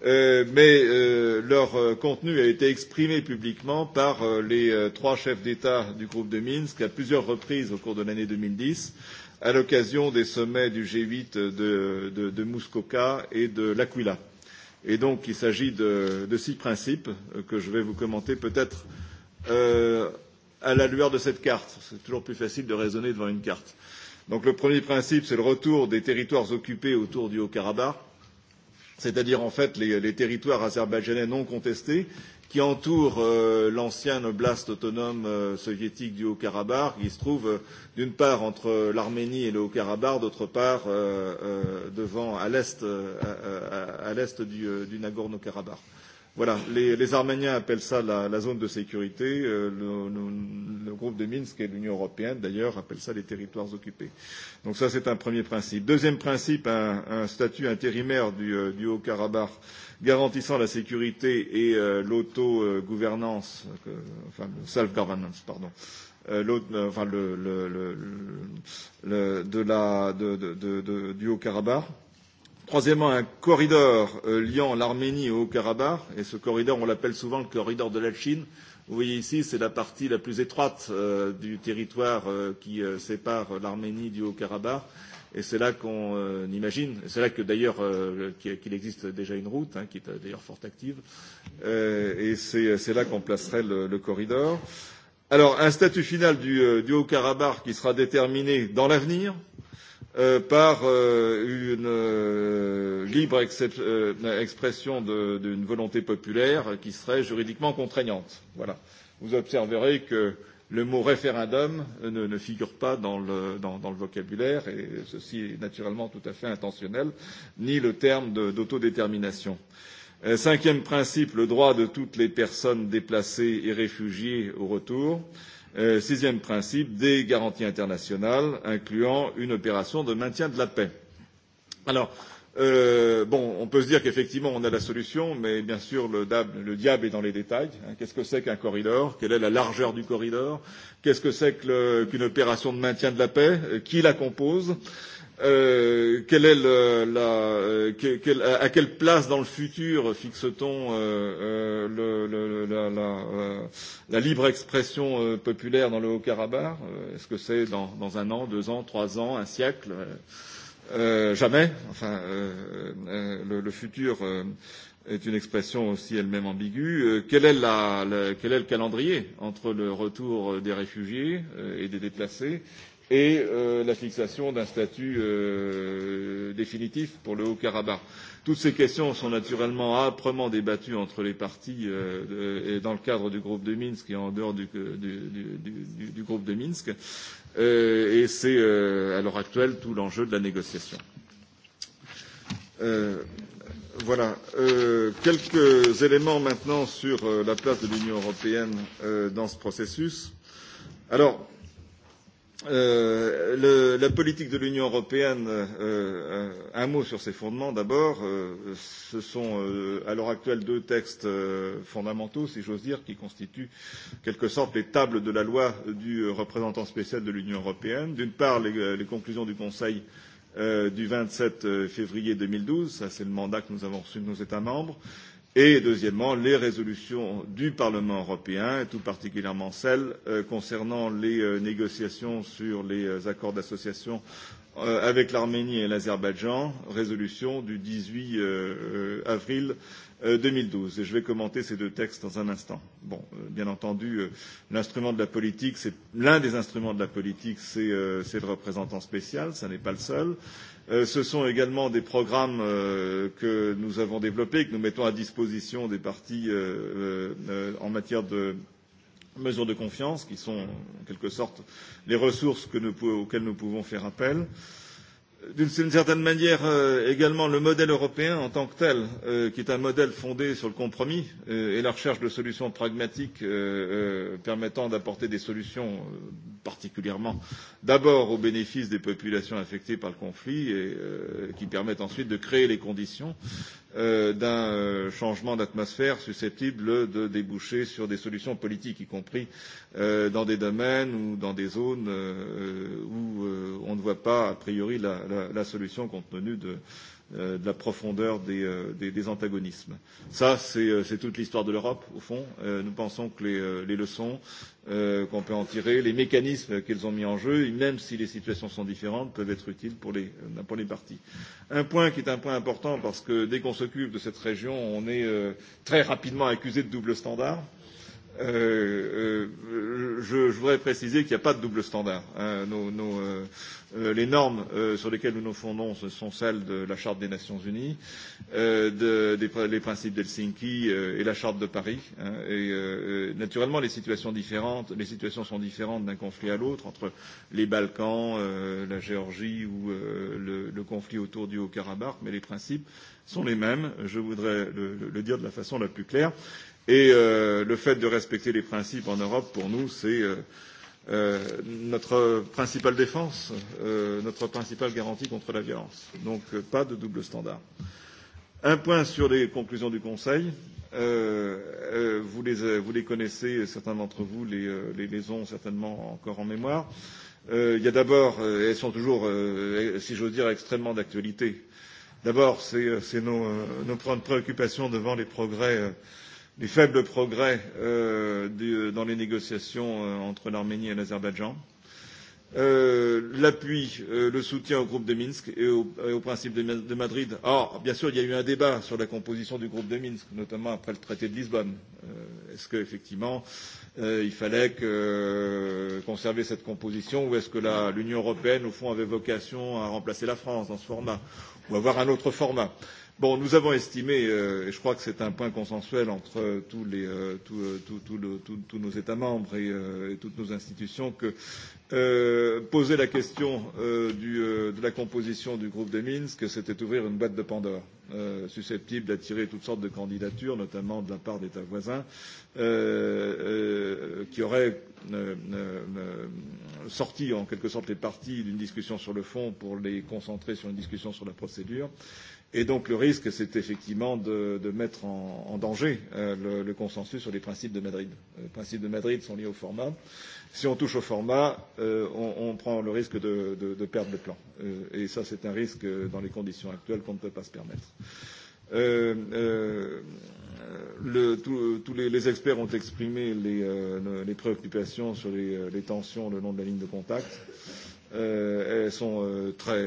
euh, mais euh, leur euh, contenu a été exprimé publiquement par euh, les euh, trois chefs d'État du groupe de Minsk à plusieurs reprises au cours de l'année 2010 à l'occasion des sommets du G8 de, de, de Muskoka et de l'Aquila. Et donc, il s'agit de, de six principes que je vais vous commenter peut-être euh, à la lueur de cette carte. C'est toujours plus facile de raisonner devant une carte. Donc, le premier principe, c'est le retour des territoires occupés autour du Haut-Karabakh, c'est-à-dire en fait les, les territoires azerbaïdjanais non contestés qui entoure euh, l'ancien oblast autonome euh, soviétique du Haut-Karabakh, qui se trouve euh, d'une part entre l'Arménie et le Haut-Karabakh, d'autre part euh, euh, devant à l'est euh, à, à, à du, euh, du Nagorno-Karabakh. Voilà, les, les Arméniens appellent ça la, la zone de sécurité. Euh, le, le, le groupe de Minsk et l'Union européenne, d'ailleurs, appellent ça les territoires occupés. Donc ça, c'est un premier principe. Deuxième principe, un, un statut intérimaire du, du Haut-Karabakh garantissant la sécurité et euh, l'autogouvernance, euh, enfin le self-governance, pardon, du Haut-Karabakh. Troisièmement, un corridor liant l'Arménie au Haut-Karabakh, et ce corridor, on l'appelle souvent le corridor de la Chine. Vous voyez ici, c'est la partie la plus étroite du territoire qui sépare l'Arménie du Haut-Karabakh. Et c'est là qu'on euh, imagine, c'est là que d'ailleurs euh, qu'il existe déjà une route, hein, qui est d'ailleurs fort active, euh, et c'est là qu'on placerait le, le corridor. Alors, un statut final du, du Haut-Karabakh qui sera déterminé dans l'avenir, euh, par une libre expression d'une volonté populaire qui serait juridiquement contraignante. Voilà. Vous observerez que le mot référendum ne, ne figure pas dans le, dans, dans le vocabulaire, et ceci est naturellement tout à fait intentionnel, ni le terme d'autodétermination. Euh, cinquième principe, le droit de toutes les personnes déplacées et réfugiées au retour. Euh, sixième principe, des garanties internationales incluant une opération de maintien de la paix. Alors, bon, on peut se dire qu'effectivement on a la solution, mais bien sûr le, le diable est dans les détails. Qu'est-ce que c'est qu'un corridor Quelle est la largeur du corridor Qu'est-ce que c'est qu'une opération de maintien de la paix Qui la compose euh, quelle est le, la, quelle, à quelle place dans le futur fixe-t-on euh, le, le, la, la, la libre expression euh, populaire dans le Haut-Karabakh Est-ce que c'est dans, dans un an, deux ans, trois ans, un siècle euh, Jamais. Enfin, euh, euh, le, le futur euh, est une expression aussi elle-même ambiguë. Euh, quel, est la, la, quel est le calendrier entre le retour des réfugiés euh, et des déplacés et la fixation d'un statut définitif pour le Haut-Karabakh. Toutes ces questions sont naturellement âprement débattues entre les partis euh, dans le cadre du groupe de Minsk et en dehors du, du, du, du groupe de Minsk. Euh, et c'est euh, à l'heure actuelle tout l'enjeu de la négociation. Euh, voilà. Euh, quelques éléments maintenant sur euh, la place de l'Union européenne euh, dans ce processus. Alors, la politique de l'Union européenne, un mot sur ses fondements d'abord. ce sont à l'heure actuelle deux textes fondamentaux, si j'ose dire, qui constituent en quelque sorte les tables de la loi du représentant spécial de l'Union européenne. D'une part, les, conclusions du Conseil du vingt sept février deux mille douze, ça c'est le mandat que nous avons reçu de nos États membres et deuxièmement les résolutions du Parlement européen, et tout particulièrement celles concernant les négociations sur les accords d'association avec l'Arménie et l'Azerbaïdjan, résolution du dix huit avril deux mille douze. Je vais commenter ces deux textes dans un instant. bien entendu, l'instrument de la politique, l'un des instruments de la politique, c'est le représentant spécial, ce n'est pas le seul ce sont également des programmes que nous avons développés, que nous mettons à disposition des partis en matière de mesures de confiance, qui sont en quelque sorte les ressources auxquelles nous pouvons faire appel. Euh, d'une certaine manière euh, également le modèle européen en tant que tel, euh, qui est un modèle fondé sur le compromis euh, et la recherche de solutions pragmatiques euh, euh, permettant d'apporter des solutions euh, particulièrement d'abord au bénéfice des populations affectées par le conflit et euh, qui permettent ensuite de créer les conditions euh, d'un euh, changement d'atmosphère susceptible de déboucher sur des solutions politiques, y compris euh, dans des domaines ou dans des zones euh, où euh, on ne voit pas a priori la la, la solution compte tenu de, de la profondeur des, des, des antagonismes. Ça, c'est toute l'histoire de l'Europe, au fond. Nous pensons que les, les leçons qu'on peut en tirer, les mécanismes qu'ils ont mis en jeu, même si les situations sont différentes, peuvent être utiles pour les, pour les partis. Un point qui est un point important, parce que dès qu'on s'occupe de cette région, on est très rapidement accusé de double standard euh, je, je voudrais préciser qu'il n'y a pas de double standard. Euh, nos, nos, euh, les normes euh, sur lesquelles nous nous fondons ce sont celles de la Charte des Nations Unies, euh, de, des les principes d'Helsinki euh, et la Charte de Paris. Hein, et euh, naturellement, les situations, différentes, les situations sont différentes d'un conflit à l'autre, entre les Balkans, euh, la Géorgie ou euh, le, le conflit autour du Haut-Karabakh, mais les principes sont les mêmes, je voudrais le, le, le dire de la façon la plus claire. Euh, Et euh, le fait de respecter les principes en Europe, pour nous, c'est euh, euh, notre principale défense, euh, notre principale garantie contre la violence. Donc euh, pas de double standard. Un point sur les conclusions du Conseil. Euh, euh, vous, les, vous les connaissez, certains d'entre vous les, les, les ont certainement encore en mémoire. Euh, il y a d'abord, euh, elles sont toujours, euh, si j'ose dire, extrêmement d'actualité. D'abord, c'est nos, nos préoccupations devant les progrès euh, les faibles progrès euh, du, dans les négociations euh, entre l'Arménie et l'Azerbaïdjan, euh, l'appui, euh, le soutien au groupe de Minsk et au, et au principe de, de Madrid. Or, bien sûr, il y a eu un débat sur la composition du groupe de Minsk, notamment après le traité de Lisbonne. Euh, est-ce qu'effectivement, euh, il fallait que, euh, conserver cette composition ou est-ce que l'Union européenne, au fond, avait vocation à remplacer la France dans ce format ou avoir un autre format euh, Bon, nous avons estimé, euh, et je crois que c'est un point consensuel entre tous, les, euh, tous, euh, tous, tous, le, tous, tous nos États membres et, euh, et toutes nos institutions, que euh, poser la question euh, du, euh, de la composition du groupe de Minsk, c'était ouvrir une boîte de Pandore euh, susceptible d'attirer toutes sortes de candidatures, notamment de la part d'États voisins, euh, euh, qui auraient euh, euh, sorti en quelque sorte les parties d'une discussion sur le fond pour les concentrer sur une discussion sur la procédure. Et donc le risque, c'est effectivement de, de mettre en, en danger euh, le, le consensus sur les principes de Madrid. Les principes de Madrid sont liés au format. Si on touche au format, euh, on, on prend le risque de, de, de perdre le plan. Euh, et ça, c'est un risque dans les conditions actuelles qu'on ne peut pas se permettre. Euh, euh, le, tous les, les experts ont exprimé les, euh, les préoccupations sur les, les tensions le long de la ligne de contact. Euh, elles sont très,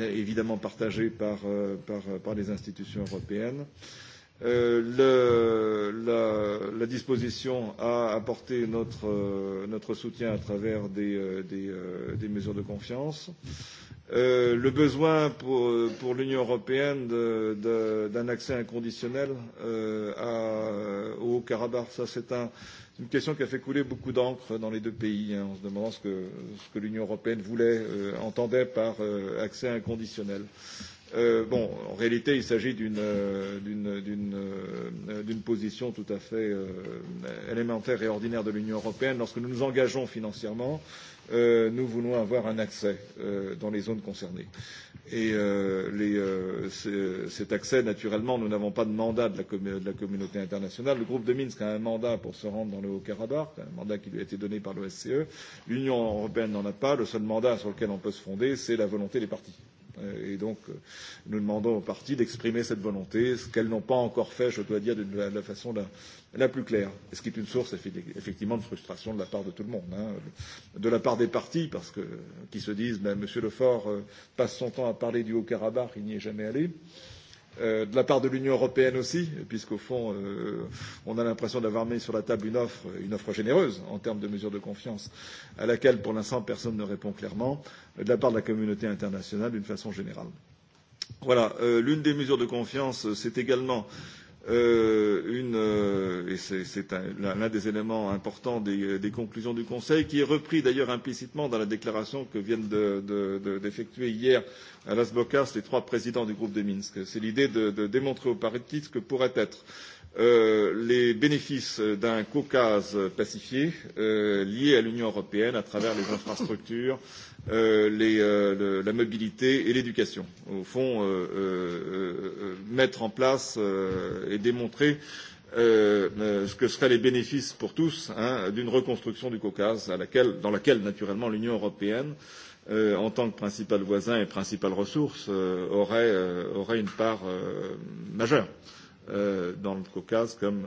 évidemment partagées par, par, par les institutions européennes la, disposition à apporter notre, soutien à travers des, mesures de confiance. le besoin pour, l'Union européenne d'un accès inconditionnel au Haut-Karabakh, ça c'est un, une question qui a fait couler beaucoup d'encre dans les deux pays, en se demandant ce que, l'Union européenne voulait, entendait par accès inconditionnel. Euh, Euh, bon, en réalité, il s'agit d'une euh, position tout à fait euh, élémentaire et ordinaire de l'Union européenne. Lorsque nous nous engageons financièrement, euh, nous voulons avoir un accès euh, dans les zones concernées. Et euh, les, euh, cet accès, naturellement, nous n'avons pas de mandat de la, de la communauté internationale. Le groupe de Minsk a un mandat pour se rendre dans le Haut-Karabakh, un mandat qui lui a été donné par l'OSCE. L'Union européenne n'en a pas. Le seul mandat sur lequel on peut se fonder, c'est la volonté des partis Et donc, nous demandons aux partis d'exprimer cette volonté, ce qu'elles n'ont pas encore fait, je dois dire, de la façon la, la plus claire. Ce qui est une source, effectivement, de frustration de la part de tout le monde. Hein. De la part des partis, parce que, qui se disent, ben, Monsieur Lefort passe son temps à parler du Haut-Karabakh, il n'y est jamais allé. Euh, de la part de l'Union européenne aussi, puisqu'au fond, on a l'impression d'avoir mis sur la table une offre, une offre généreuse en termes de mesures de confiance, à laquelle pour l'instant personne ne répond clairement, de la part de la communauté internationale d'une façon générale. Voilà, l'une des mesures de confiance, c'est également euh, une, et c'est l'un des éléments importants des, des conclusions du Conseil, qui est repris d'ailleurs implicitement dans la déclaration que viennent d'effectuer de, de, de, hier à Las Bocas les trois présidents du groupe de Minsk. C'est l'idée de, de démontrer aux ce que pourraient être euh, les bénéfices d'un Caucase pacifié euh, lié à l'Union européenne à travers les infrastructures, la mobilité et l'éducation. Au fond, mettre en place et démontrer ce que seraient les bénéfices pour tous d'une reconstruction du Caucase, dans laquelle, naturellement, l'Union européenne, en tant que principal voisin et principale ressource, aurait, une part majeure dans le Caucase comme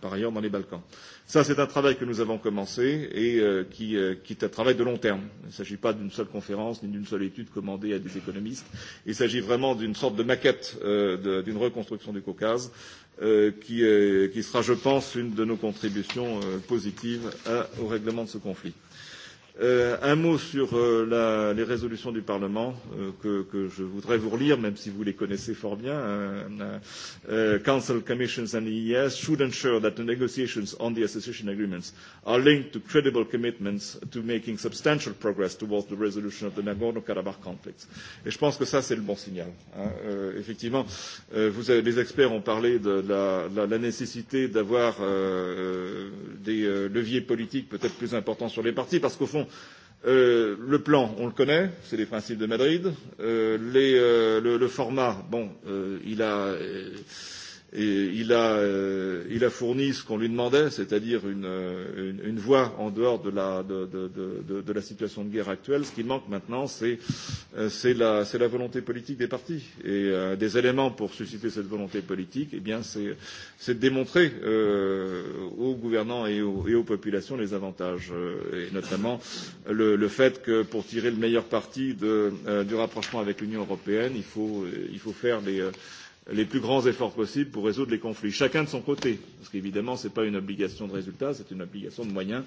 par ailleurs dans les Balkans. Ça, c'est un travail que nous avons commencé et qui, est un travail de long terme. Il ne s'agit pas d'une seule conférence ni d'une seule étude commandée à des économistes. Il s'agit vraiment d'une sorte de maquette d'une reconstruction du Caucase qui, sera, je pense, une de nos contributions positives au règlement de ce conflit. Euh, un mot sur euh, la, les résolutions du Parlement euh, que, que je voudrais vous relire, même si vous les connaissez fort bien. Euh, euh, Council, Commissions and EES should ensure that the negotiations on the association agreements are linked to credible commitments to making substantial progress towards the resolution of the Nagorno-Karabakh conflict. Et je pense que ça, c'est le bon signal. Hein. Euh, effectivement, euh, vous avez, les experts ont parlé de la, la, la nécessité d'avoir euh, des euh, leviers politiques peut-être plus importants sur les partis, parce qu'au fond, Euh, le plan, on le connaît, c'est les principes de Madrid. Euh, les, euh, le, le format, bon, euh, il a. Euh, il, a, il a fourni ce qu'on lui demandait, c'est-à-dire une, voie en dehors de la, situation de guerre actuelle. Ce qui manque maintenant, c'est la, volonté politique des partis. Et des éléments pour susciter cette volonté politique, eh bien, c'est de démontrer aux gouvernants et aux, populations les avantages, et notamment le, fait que pour tirer le meilleur parti du rapprochement avec l'Union européenne, il faut, il faut faire les les plus grands efforts possibles pour résoudre les conflits, chacun de son côté, parce qu'évidemment, ce n'est pas une obligation de résultat, c'est une obligation de moyens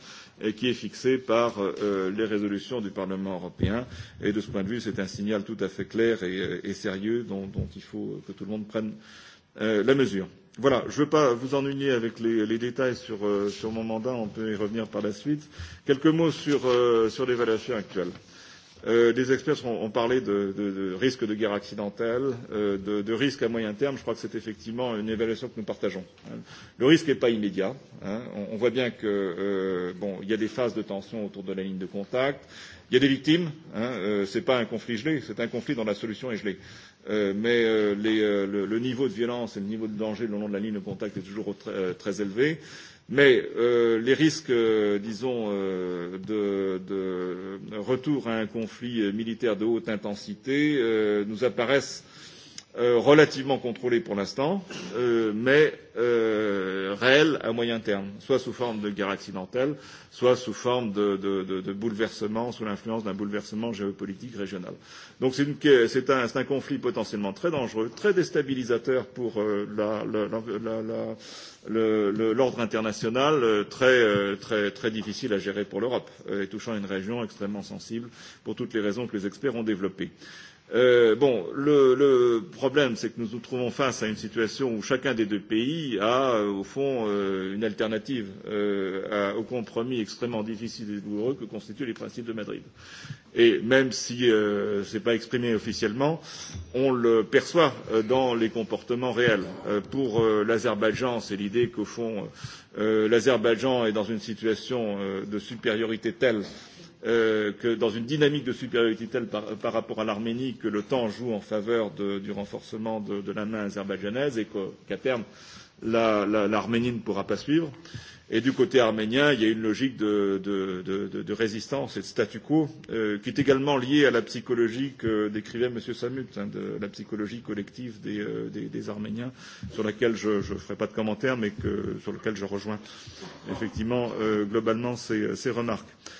qui est fixée par les résolutions du Parlement européen. Et de ce point de vue, c'est un signal tout à fait clair et, sérieux dont, il faut que tout le monde prenne la mesure. Voilà, je ne veux pas vous ennuyer avec les, les détails sur, sur mon mandat, on peut y revenir par la suite. Quelques mots sur, sur l'évaluation actuelle les experts ont, ont parlé de, de, de risque de guerre accidentelle, euh, de, de risque à moyen terme. Je crois que c'est effectivement une évaluation que nous partageons. Le risque n'est pas immédiat. Hein. On, on voit bien qu'il euh, bon, y a des phases de tension autour de la ligne de contact. Il y a des victimes. Hein. Euh, ce n'est pas un conflit gelé, c'est un conflit dont la solution est gelée. Euh, mais euh, les, euh, le, le niveau de violence et le niveau de danger le long de la ligne de contact est toujours très, très élevé. Euh, Mais euh, les risques, euh, disons, euh, de, de retour à un conflit militaire de haute intensité euh, nous apparaissent relativement contrôlée pour l'instant, mais réelle à moyen terme, soit sous forme de guerre accidentelle, soit sous forme de, de, de, de bouleversement, sous l'influence d'un bouleversement géopolitique régional. Donc c'est un, un conflit potentiellement très dangereux, très déstabilisateur pour l'ordre international, très, très, très difficile à gérer pour l'Europe, et touchant une région extrêmement sensible pour toutes les raisons que les experts ont développées bon, le, le problème, c'est que nous nous trouvons face à une situation où chacun des deux pays a, au fond, euh, une alternative euh, à, au compromis extrêmement difficile et douloureux que constituent les principes de Madrid. Et même si euh, ce n'est pas exprimé officiellement, on le perçoit euh, dans les comportements réels. Euh, pour euh, l'Azerbaïdjan, c'est l'idée qu'au fond, euh, l'Azerbaïdjan est dans une situation euh, de supériorité telle que dans une dynamique de supériorité telle par, par rapport à l'Arménie que le temps joue en faveur de, du renforcement de, de la main azerbaïdjanaise et qu'à qu terme l'Arménie la, la, ne pourra pas suivre. Et du côté arménien, il y a une logique de, de, de, de, de résistance et de statu quo euh, qui est également liée à la psychologie que décrivait M. Samut, hein, de la psychologie collective des, euh, des, des Arméniens, sur laquelle je ne ferai pas de commentaires, mais que, sur laquelle je rejoins effectivement euh, globalement ces, ces remarques. Euh,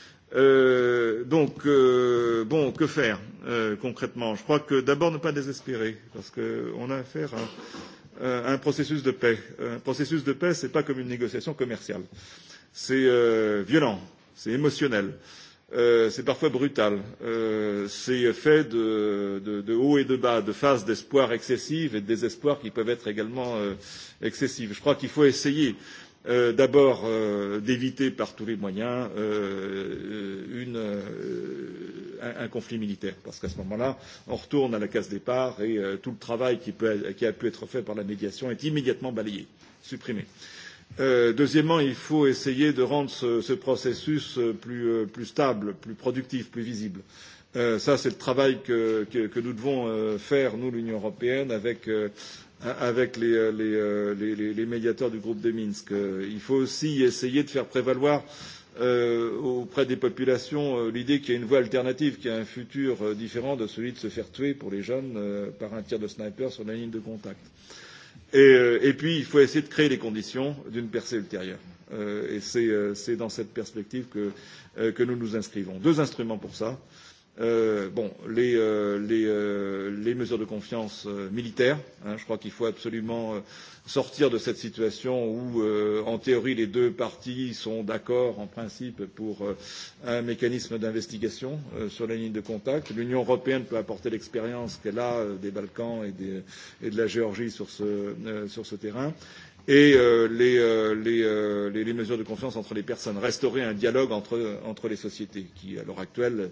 donc, euh, bon, que faire euh, concrètement Je crois que d'abord ne pas désespérer, parce qu'on a affaire à, à un processus de paix. Un processus de paix, ce n'est pas comme une négociation commerciale. C'est euh, violent, c'est émotionnel, euh, c'est parfois brutal, euh, c'est fait de, de, de haut et de bas, de phases d'espoir excessives et de désespoir qui peuvent être également euh, excessives. Je crois qu'il faut essayer euh, d'abord d'éviter par tous les moyens un, conflit militaire, parce qu'à ce moment-là, on retourne à la case départ et tout le travail qui, a pu être fait par la médiation est immédiatement balayé, supprimé. deuxièmement, il faut essayer de rendre ce, processus plus, stable, plus productif, plus visible. ça, c'est le travail que, nous devons faire, nous, l'Union européenne, avec avec les, les, les, les médiateurs du groupe de Minsk. Il faut aussi essayer de faire prévaloir auprès des populations l'idée qu'il y a une voie alternative, qu'il y a un futur différent de celui de se faire tuer pour les jeunes par un tir de sniper sur la ligne de contact. Et, puis, il faut essayer de créer les conditions d'une percée ultérieure. et c'est dans cette perspective que, nous nous inscrivons. Deux instruments pour cela bon, les, euh, les, euh, les mesures de confiance euh, militaires. Hein, je crois qu'il faut absolument sortir de cette situation où, euh, en théorie, les deux parties sont d'accord, en principe, pour euh, un mécanisme d'investigation euh, sur la ligne de contact. L'Union européenne peut apporter l'expérience qu'elle a euh, des Balkans et, des, et de la Géorgie sur ce, euh, sur ce terrain et euh, les, euh, les, euh, les, les mesures de confiance entre les personnes, restaurer un dialogue entre, entre les sociétés qui, à l'heure actuelle,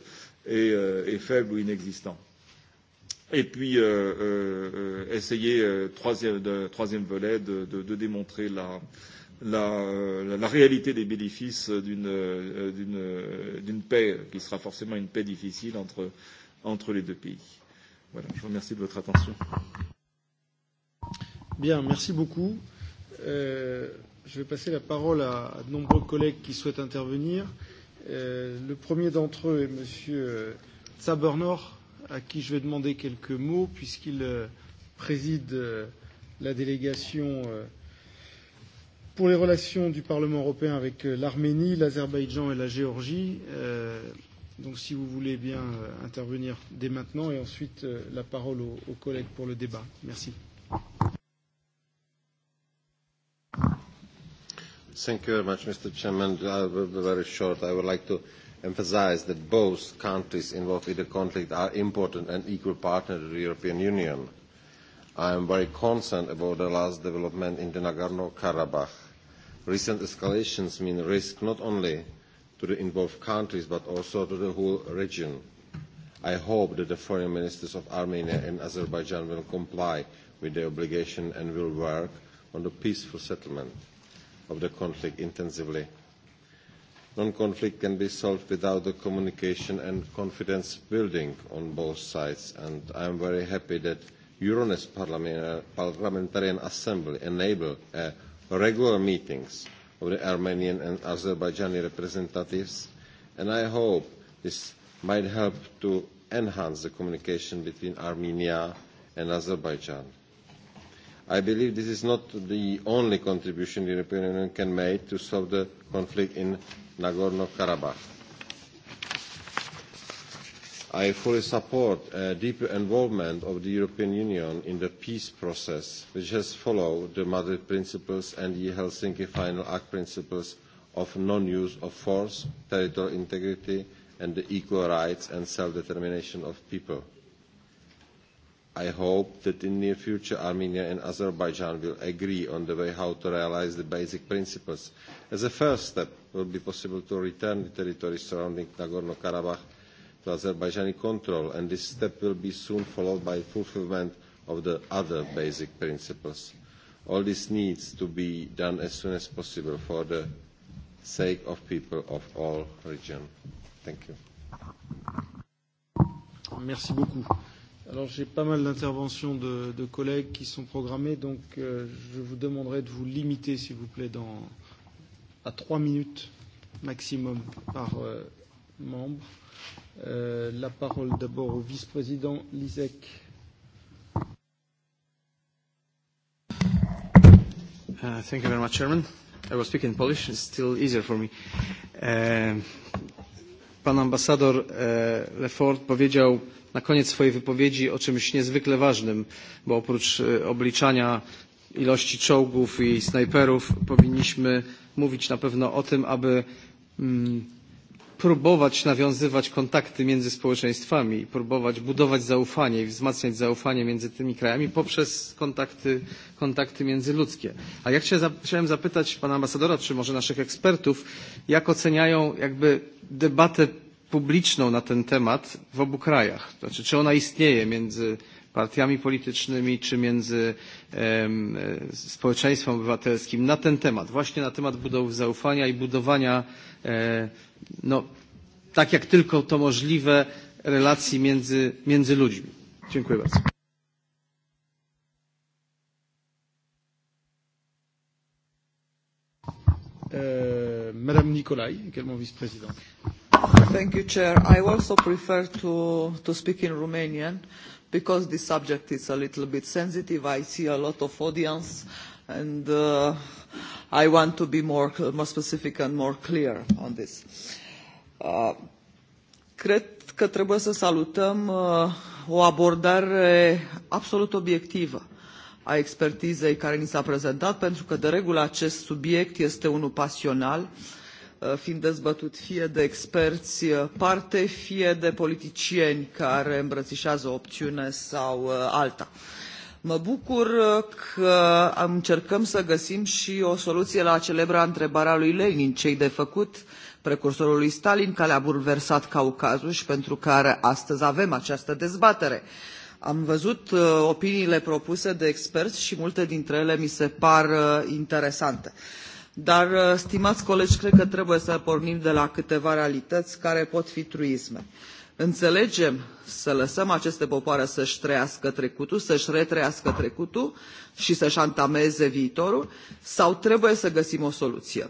est, euh, est faible ou inexistant. Et puis, euh, euh, essayer, euh, troisième, de, troisième volet, de, de, de démontrer la, la, la réalité des bénéfices d'une paix qui sera forcément une paix difficile entre, entre les deux pays. Voilà, je vous remercie de votre attention. Bien, merci beaucoup. Euh, je vais passer la parole à, à de nombreux collègues qui souhaitent intervenir. Euh, le premier d'entre eux est Monsieur Zabernor, à qui je vais demander quelques mots, puisqu'il préside la délégation pour les relations du Parlement européen avec l'Arménie, l'Azerbaïdjan et la Géorgie. Donc si vous voulez bien intervenir dès maintenant et ensuite la parole aux collègues pour le débat. Merci. Thank you very much, Mr. Chairman. I will be very short. I would like to emphasise that both countries involved in the conflict are important and equal partners to the European Union. I am very concerned about the last development in the Nagorno-Karabakh. Recent escalations mean risk not only to the involved countries but also to the whole region. I hope that the foreign ministers of Armenia and Azerbaijan will comply with their obligation and will work on the peaceful settlement of the conflict intensively. Non-conflict can be solved without the communication and confidence building on both sides, and I am very happy that Euronest Parliamentarian Assembly enable regular meetings of the Armenian and Azerbaijani representatives, and I hope this might help to enhance the communication between Armenia and Azerbaijan. I believe this is not the only contribution the European Union can make to solve the conflict in Nagorno-Karabakh. I fully support a deeper involvement of the European Union in the peace process, which has followed the Madrid principles and the Helsinki Final Act principles of non-use of force, territorial integrity, and the equal rights and self-determination of people I hope that in the near future Armenia and Azerbaijan will agree on the way how to realise the basic principles. As a first step, it will be possible to return the territories surrounding Nagorno-Karabakh to Azerbaijani control, and this step will be soon followed by fulfilment of the other basic principles. All this needs to be done as soon as possible for the sake of people of all regions. Thank you. Merci beaucoup. Alors j'ai pas mal d'interventions de, de collègues qui sont programmées, donc euh, je vous demanderai de vous limiter, s'il vous plaît, dans, à trois minutes maximum par euh, membre. Euh, la parole d'abord au vice-président Lisek. Uh, thank you very much, Chairman. I will speak in Polish. It's still easier for me. Uh, Pan ambasador Lefort powiedział na koniec swojej wypowiedzi o czymś niezwykle ważnym, bo oprócz obliczania ilości czołgów i snajperów powinniśmy mówić na pewno o tym, aby próbować nawiązywać kontakty między społeczeństwami, próbować budować zaufanie i wzmacniać zaufanie między tymi krajami poprzez kontakty, kontakty międzyludzkie. A ja chciałem zapytać pana ambasadora, czy może naszych ekspertów, jak oceniają jakby debatę publiczną na ten temat w obu krajach? Znaczy, czy ona istnieje między partiami politycznymi czy między społeczeństwem obywatelskim na ten temat, właśnie na temat budowy zaufania i budowania no, tak jak tylko to możliwe, relacji między, między ludźmi. Dziękuję bardzo. Uh, Madame Nicolai, également vice-présidente. Thank you, Chair. I also prefer to, to speak in Romanian because this subject is a little bit sensitive. I see a lot of audience. Uh, and uh, I want to be more, more specific and more clear on this. Uh, cred că trebuie să salutăm uh, o abordare absolut obiectivă a expertizei care ni s-a prezentat, pentru că, de regulă, acest subiect este unul pasional, fiind dezbătut fie de experți parte, fie de politicieni care îmbrățișează o opțiune sau alta. Uh, Mă bucur că încercăm să găsim și o soluție la celebra întrebare a lui Lenin, ce de făcut precursorul lui Stalin, care a bulversat Caucazul și pentru care astăzi avem această dezbatere. Am văzut opiniile propuse de experți și multe dintre ele mi se par interesante. Dar, stimați colegi, cred că trebuie să pornim de la câteva realități care pot fi truisme înțelegem să lăsăm aceste popoare să-și trăiască trecutul, să-și retrăiască trecutul și să-și antameze viitorul, sau trebuie să găsim o soluție?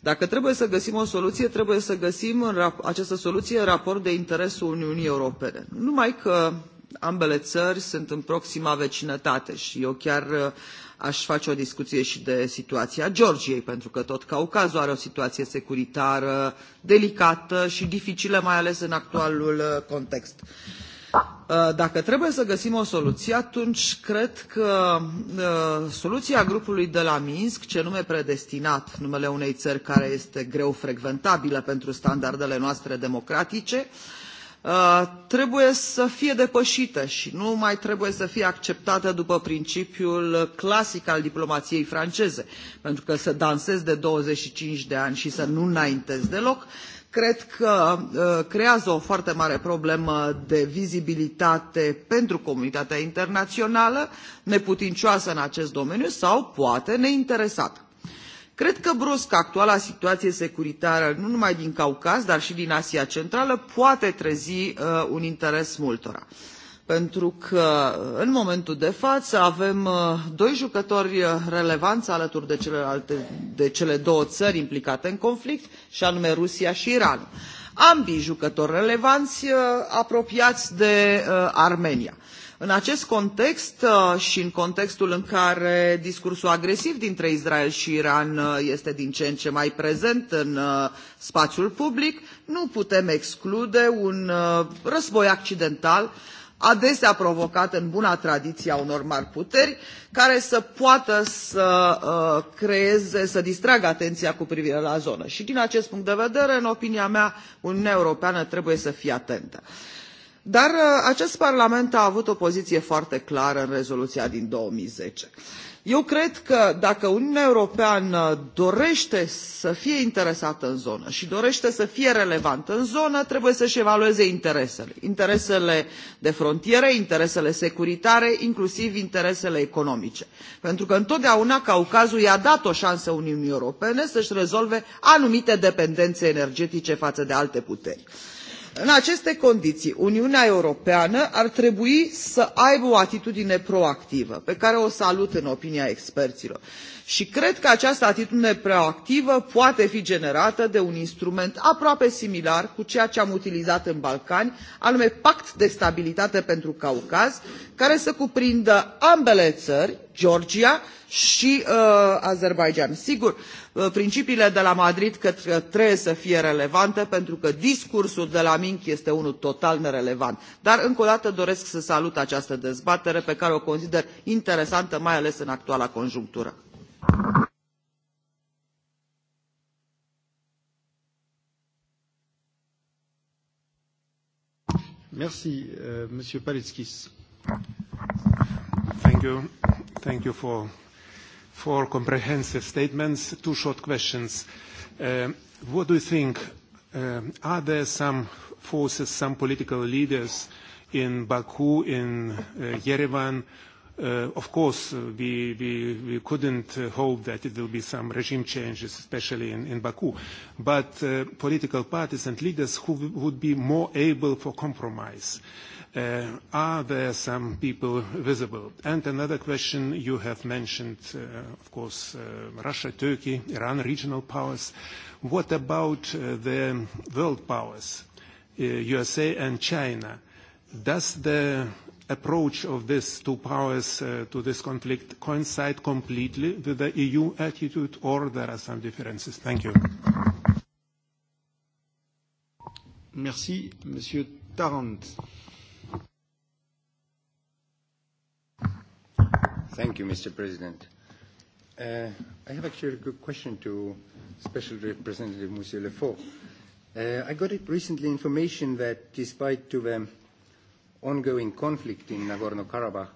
Dacă trebuie să găsim o soluție, trebuie să găsim această soluție în raport de interesul Uniunii Europene. Numai că ambele țări sunt în proxima vecinătate și eu chiar aș face o discuție și de situația Georgiei, pentru că tot Caucazul are o situație securitară delicată și dificilă, mai ales în actualul context. Dacă trebuie să găsim o soluție, atunci cred că soluția grupului de la Minsk, ce nume predestinat, numele unei țări care este greu frecventabilă pentru standardele noastre democratice, trebuie să fie depășită și nu mai trebuie să fie acceptată după principiul clasic al diplomației franceze, pentru că să dansezi de 25 de ani și să nu înaintezi deloc, cred că creează o foarte mare problemă de vizibilitate pentru comunitatea internațională, neputincioasă în acest domeniu sau poate neinteresată Cred că brusc actuala situație securitară, nu numai din Caucaz, dar și din Asia Centrală, poate trezi un interes multora. Pentru că în momentul de față avem doi jucători relevanți alături de, celelalte, de cele două țări implicate în conflict, și anume Rusia și Iranul ambii jucători relevanți apropiați de Armenia. În acest context și în contextul în care discursul agresiv dintre Israel și Iran este din ce în ce mai prezent în spațiul public, nu putem exclude un război accidental adesea provocat în buna tradiție a unor mari puteri, care să poată să creeze, să distragă atenția cu privire la zonă. Și din acest punct de vedere, în opinia mea, Uniunea Europeană trebuie să fie atentă. Uh, Dar acest Parlament a avut o poziție foarte clară în rezoluția din 2010. Eu cred că dacă Uniunea Europeană dorește să fie interesată în zonă și dorește să fie relevantă în zonă, trebuie să-și evalueze interesele. Interesele de frontiere, interesele securitare, inclusiv interesele economice. Pentru că întotdeauna Caucazul i-a dat o șansă Uniunii Europene să-și rezolve anumite dependențe energetice față de alte puteri. În aceste condiții, Uniunea Europeană ar trebui să aibă o atitudine proactivă, pe care o salut în opinia experților. Și cred că această atitudine proactivă poate fi generată de un instrument aproape similar cu ceea ce am utilizat în Balcani, anume Pact de Stabilitate pentru Caucaz, care să cuprindă ambele țări, Georgia și uh, Azerbaijan. Sigur, principiile de la Madrid cred că trebuie să fie relevante pentru că discursul de la Minsk este unul total nerelevant. Dar încă o dată doresc să salut această dezbatere pe care o consider interesantă, mai ales în actuala conjunctură. Merci, uh, Monsieur Palitskis. Thank you. Thank you for four comprehensive statements. Two short questions. What do you think, are there some forces, some political leaders in Baku, in Yerevan, Of course, we we we couldn't hope that it will be some regime changes, especially in in Baku, but political parties and leaders who would be more able for compromise. Are there some people visible? And another question you have mentioned, of course, Russia, Turkey, Iran, regional powers. What about the world powers, USA and China? Does the approach of these two powers to this conflict coincide completely with the EU attitude, or there are some differences? Thank you. Merci, Monsieur Tarrant. Thank you, Mr. President. Uh, I have actually a good question to Special Representative Monsieur Lefort. Uh, I got it recently information that despite to the ongoing conflict in Nagorno-Karabakh,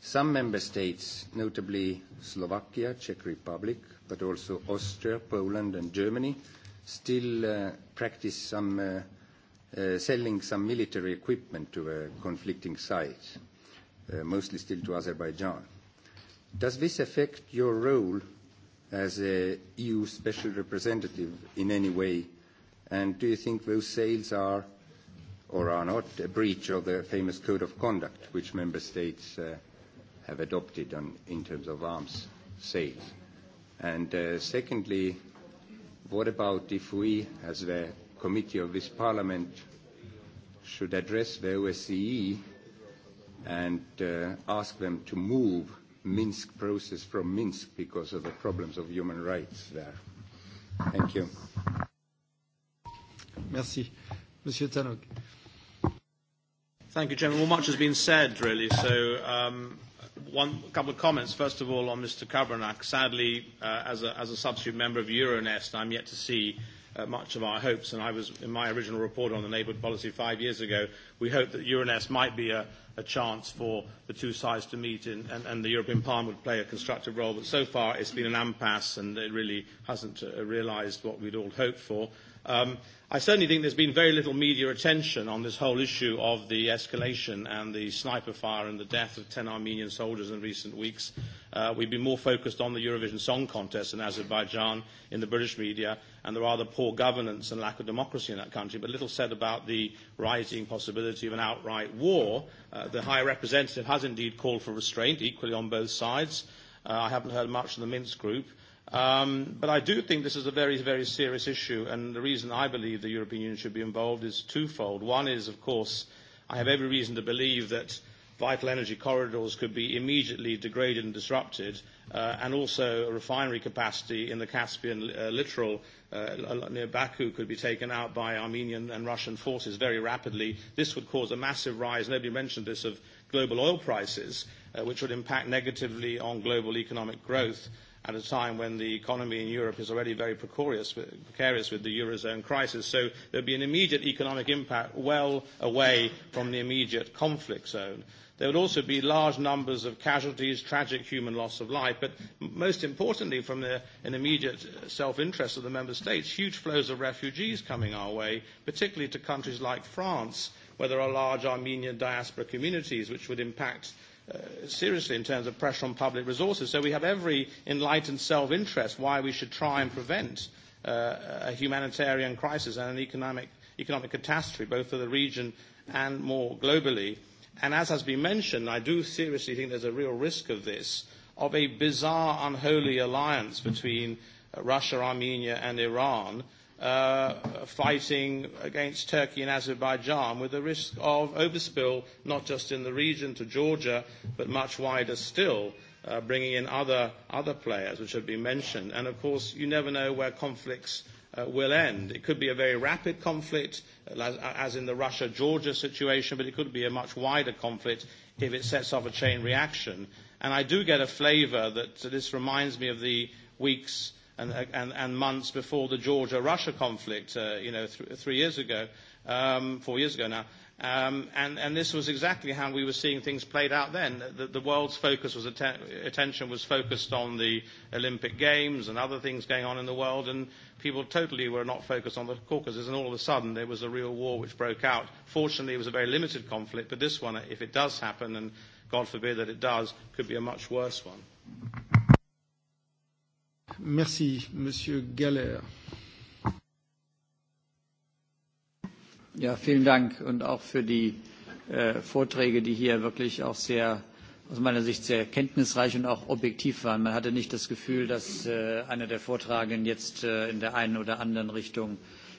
some member states, notably Slovakia, Czech Republic, but also Austria, Poland, and Germany, still practice some selling some military equipment to a conflicting side, mostly still to Azerbaijan. Does this affect your role as a EU special representative in any way? And do you think those sales are or are not a breach of the famous code of conduct which member states uh, have adopted on, in terms of arms sales? And uh, secondly, what about if we, as the committee of this parliament, should address the OSCE and uh, ask them to move Minsk process from Minsk because of the problems of human rights there. Thank you. Merci. Monsieur Tanok. Thank you, Chairman. Well, much has been said, really. So, um, one a couple of comments. First of all, on Mr. Kabranak. Sadly, uh, as, a, as a substitute member of Euronest, I'm yet to see uh, much of our hopes. And I was in my original report on the neighbourhood policy five years ago. We hoped that Euronest might be a, a chance for the two sides to meet, and, and, and the European Parliament would play a constructive role. But so far, it's been an impasse, and it really hasn't uh, realised what we'd all hoped for. Um, I certainly think there's been very little media attention on this whole issue of the escalation and the sniper fire and the death of 10 Armenian soldiers in recent weeks. Uh, we've been more focused on the Eurovision Song Contest in Azerbaijan in the British media and the rather poor governance and lack of democracy in that country, but little said about the rising possibility of an outright war. Uh, the High Representative has indeed called for restraint, equally on both sides. Uh, I haven't heard much from the Minsk group. Um, but I do think this is a very, very serious issue, and the reason I believe the European Union should be involved is twofold. One is, of course, I have every reason to believe that vital energy corridors could be immediately degraded and disrupted, uh, and also a refinery capacity in the Caspian uh, littoral uh, near Baku could be taken out by Armenian and Russian forces very rapidly. This would cause a massive rise, nobody mentioned this, of global oil prices, uh, which would impact negatively on global economic growth at a time when the economy in Europe is already very precarious, precarious with the Eurozone crisis. So there would be an immediate economic impact well away from the immediate conflict zone. There would also be large numbers of casualties, tragic human loss of life, but most importantly, from the, an immediate self-interest of the member states, huge flows of refugees coming our way, particularly to countries like France, where there are large Armenian diaspora communities, which would impact seriously in terms of pressure on public resources. So we have every enlightened self-interest why we should try and prevent uh, a humanitarian crisis and an economic, economic catastrophe, both for the region and more globally. And as has been mentioned, I do seriously think there's a real risk of this, of a bizarre, unholy alliance between Russia, Armenia, and Iran – uh, fighting against Turkey and Azerbaijan with the risk of overspill not just in the region to Georgia, but much wider still, uh, bringing in other, other players which have been mentioned. And of course, you never know where conflicts uh, will end. It could be a very rapid conflict, as in the Russia Georgia situation, but it could be a much wider conflict if it sets off a chain reaction. And I do get a flavour that this reminds me of the weeks and, and, and months before the Georgia-Russia conflict, uh, you know, th- three years ago, um, four years ago now. Um, and, and this was exactly how we were seeing things played out then. The, the world's focus was att- attention was focused on the Olympic Games and other things going on in the world, and people totally were not focused on the Caucasus. And all of a sudden, there was a real war which broke out. Fortunately, it was a very limited conflict, but this one, if it does happen, and God forbid that it does, could be a much worse one. Merci, Monsieur Galler. Ja, vielen Dank und auch für die Vorträge, die hier wirklich auch sehr aus meiner Sicht sehr kenntnisreich und auch objektiv waren. Man hatte nicht das Gefühl, dass einer der Vortragenden jetzt in der einen oder anderen Richtung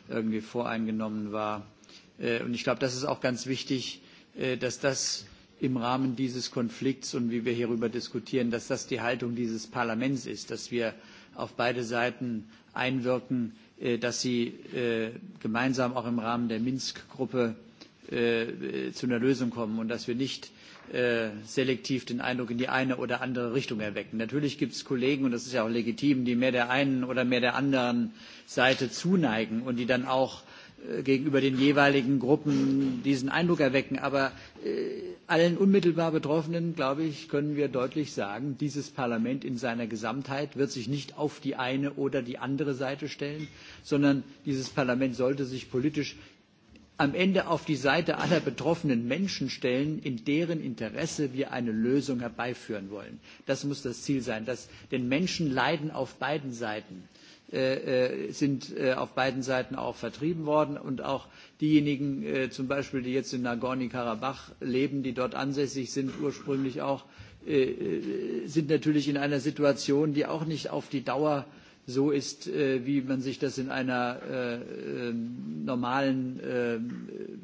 irgendwie voreingenommen war. und ich glaube, das ist auch ganz wichtig, dass das im Rahmen dieses Konflikts und wie wir hierüber diskutieren, dass das die Haltung dieses Parlaments ist, dass wir auf beide Seiten einwirken, dass sie gemeinsam auch im Rahmen der Minsk-Gruppe zu einer Lösung kommen und dass wir nicht selektiv den Eindruck in die eine oder andere Richtung erwecken. Natürlich gibt es Kollegen, und das ist ja auch legitim, die mehr der einen oder mehr der anderen Seite zuneigen und die dann auch gegenüber den jeweiligen Gruppen diesen Eindruck erwecken. Aber allen unmittelbar Betroffenen, glaube ich, können wir deutlich sagen, dieses Parlament in seiner Gesamtheit wird sich nicht auf die eine oder die andere Seite stellen, sondern dieses Parlament sollte sich politisch am Ende auf die Seite aller betroffenen Menschen stellen, in deren Interesse wir eine Lösung herbeiführen wollen. Das muss das Ziel sein, dass, denn Menschen leiden auf beiden Seiten sind auf beiden Seiten auch vertrieben worden. Und auch diejenigen zum Beispiel, die jetzt in Nagorny-Karabach leben, die dort ansässig sind, ursprünglich auch, sind natürlich in einer Situation, die auch nicht auf die Dauer so ist, wie man sich das in einer normalen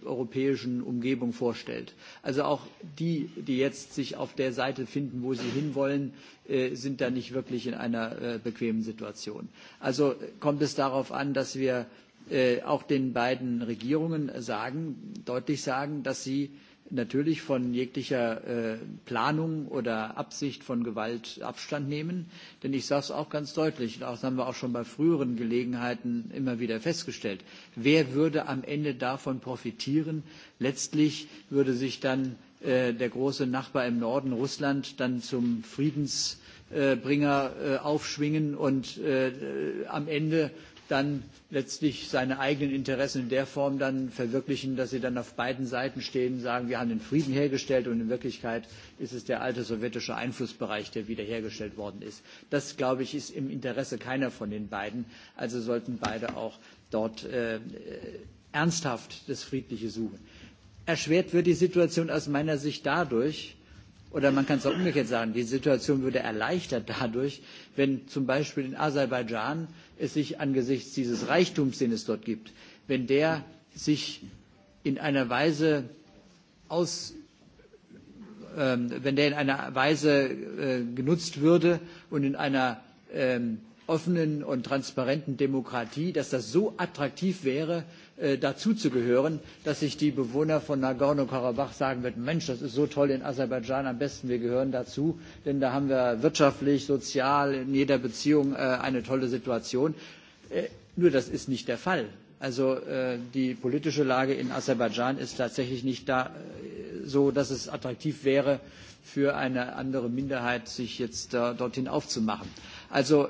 europäischen Umgebung vorstellt. Also auch die, die jetzt sich auf der Seite finden, wo sie hinwollen, sind da nicht wirklich in einer bequemen Situation. Also kommt es darauf an, dass wir auch den beiden Regierungen sagen, deutlich sagen, dass sie natürlich von jeglicher Planung oder Absicht von Gewalt Abstand nehmen. Denn ich sage es auch ganz deutlich, und das haben wir auch schon bei früheren Gelegenheiten immer wieder festgestellt, wer würde am Ende davon profitieren? Letztlich würde sich dann der große Nachbar im Norden Russland dann zum Friedensbringer aufschwingen und am Ende dann letztlich seine eigenen Interessen in der Form dann verwirklichen, dass sie dann auf beiden Seiten stehen, sagen, wir haben den Frieden hergestellt und in Wirklichkeit ist es der alte sowjetische Einflussbereich, der wiederhergestellt worden ist. Das, glaube ich, ist im Interesse keiner von den beiden. Also sollten beide auch dort ernsthaft das Friedliche suchen. Erschwert wird die Situation aus meiner Sicht dadurch, Oder man kann es auch umgekehrt sagen, die Situation würde erleichtert dadurch, wenn zum Beispiel in Aserbaidschan es sich angesichts dieses Reichtums, den es dort gibt, wenn der sich in einer Weise aus wenn der in einer Weise genutzt würde und in einer offenen und transparenten Demokratie, dass das so attraktiv wäre, dazuzugehören, dass sich die Bewohner von Nagorno-Karabach sagen würden Mensch, das ist so toll in Aserbaidschan, am besten wir gehören dazu, denn da haben wir wirtschaftlich, sozial, in jeder Beziehung eine tolle Situation. Nur das ist nicht der Fall. Also die politische Lage in Aserbaidschan ist tatsächlich nicht da so, dass es attraktiv wäre, für eine andere Minderheit sich jetzt dorthin aufzumachen. Also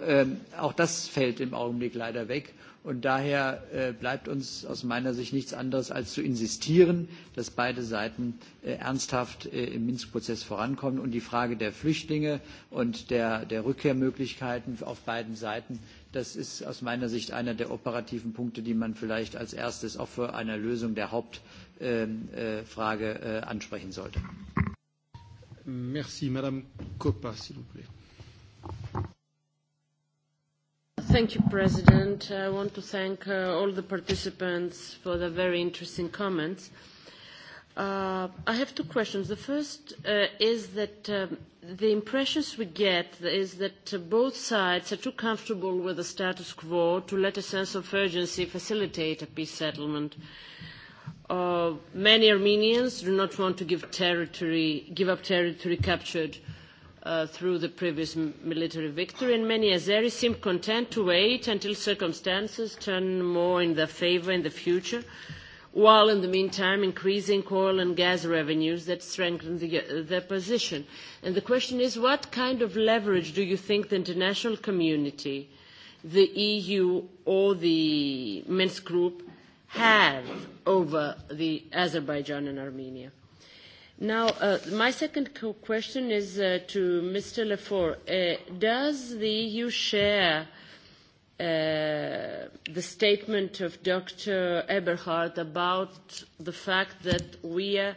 auch das fällt im Augenblick leider weg. Und daher bleibt uns aus meiner Sicht nichts anderes, als zu insistieren, dass beide Seiten ernsthaft im Minsk-Prozess vorankommen und die Frage der Flüchtlinge und der, Rückkehrmöglichkeiten auf beiden Seiten, das ist aus meiner Sicht einer der operativen Punkte, die man vielleicht als erstes auch für eine Lösung der Haupt Frage ansprechen sollte. Merci, Madame Coppa, s'il vous plaît. Thank you, President. I want to thank all the participants for the very interesting comments. Uh, I have two questions. The first uh, is that the impressions we get is that uh, both sides are too comfortable with the status quo to let a sense of urgency facilitate a peace settlement. Uh, uh, many Armenians do not want to give territory, give up territory captured uh, through the previous military victory, and many Azeris seem content to wait until circumstances turn more in their favor in the future, while in the meantime increasing oil and gas revenues that strengthen the, uh, their position. And the question is, what kind of leverage do you think the international community, the EU or the Minsk group have over the Azerbaijan and Armenia. Now, uh, my second question is uh, to Mr. Lefort. Uh, does the EU share uh, the statement of Dr. Eberhardt about the fact that we are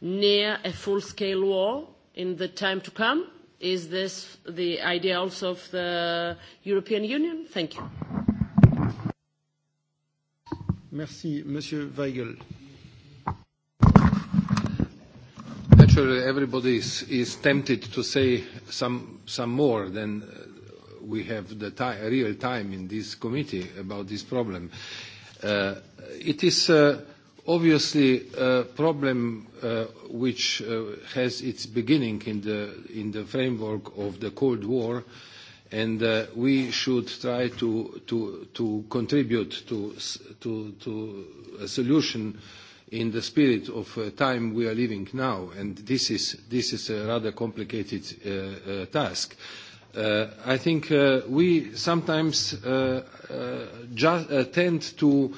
near a full-scale war in the time to come? Is this the idea also of the European Union? Thank you. Merci. Monsieur Weigel. Actually, everybody is, is tempted to say some, some more than we have the ti- real time in this committee about this problem. Uh, it is uh, obviously a problem uh, which uh, has its beginning in the, in the framework of the Cold War, uh, and uh, we should try to, to, to contribute to, to, to a solution in the spirit of uh, time we are living now, and this is, this is a rather complicated uh, uh, task. Uh, I think uh, we sometimes uh, uh, just, uh, tend to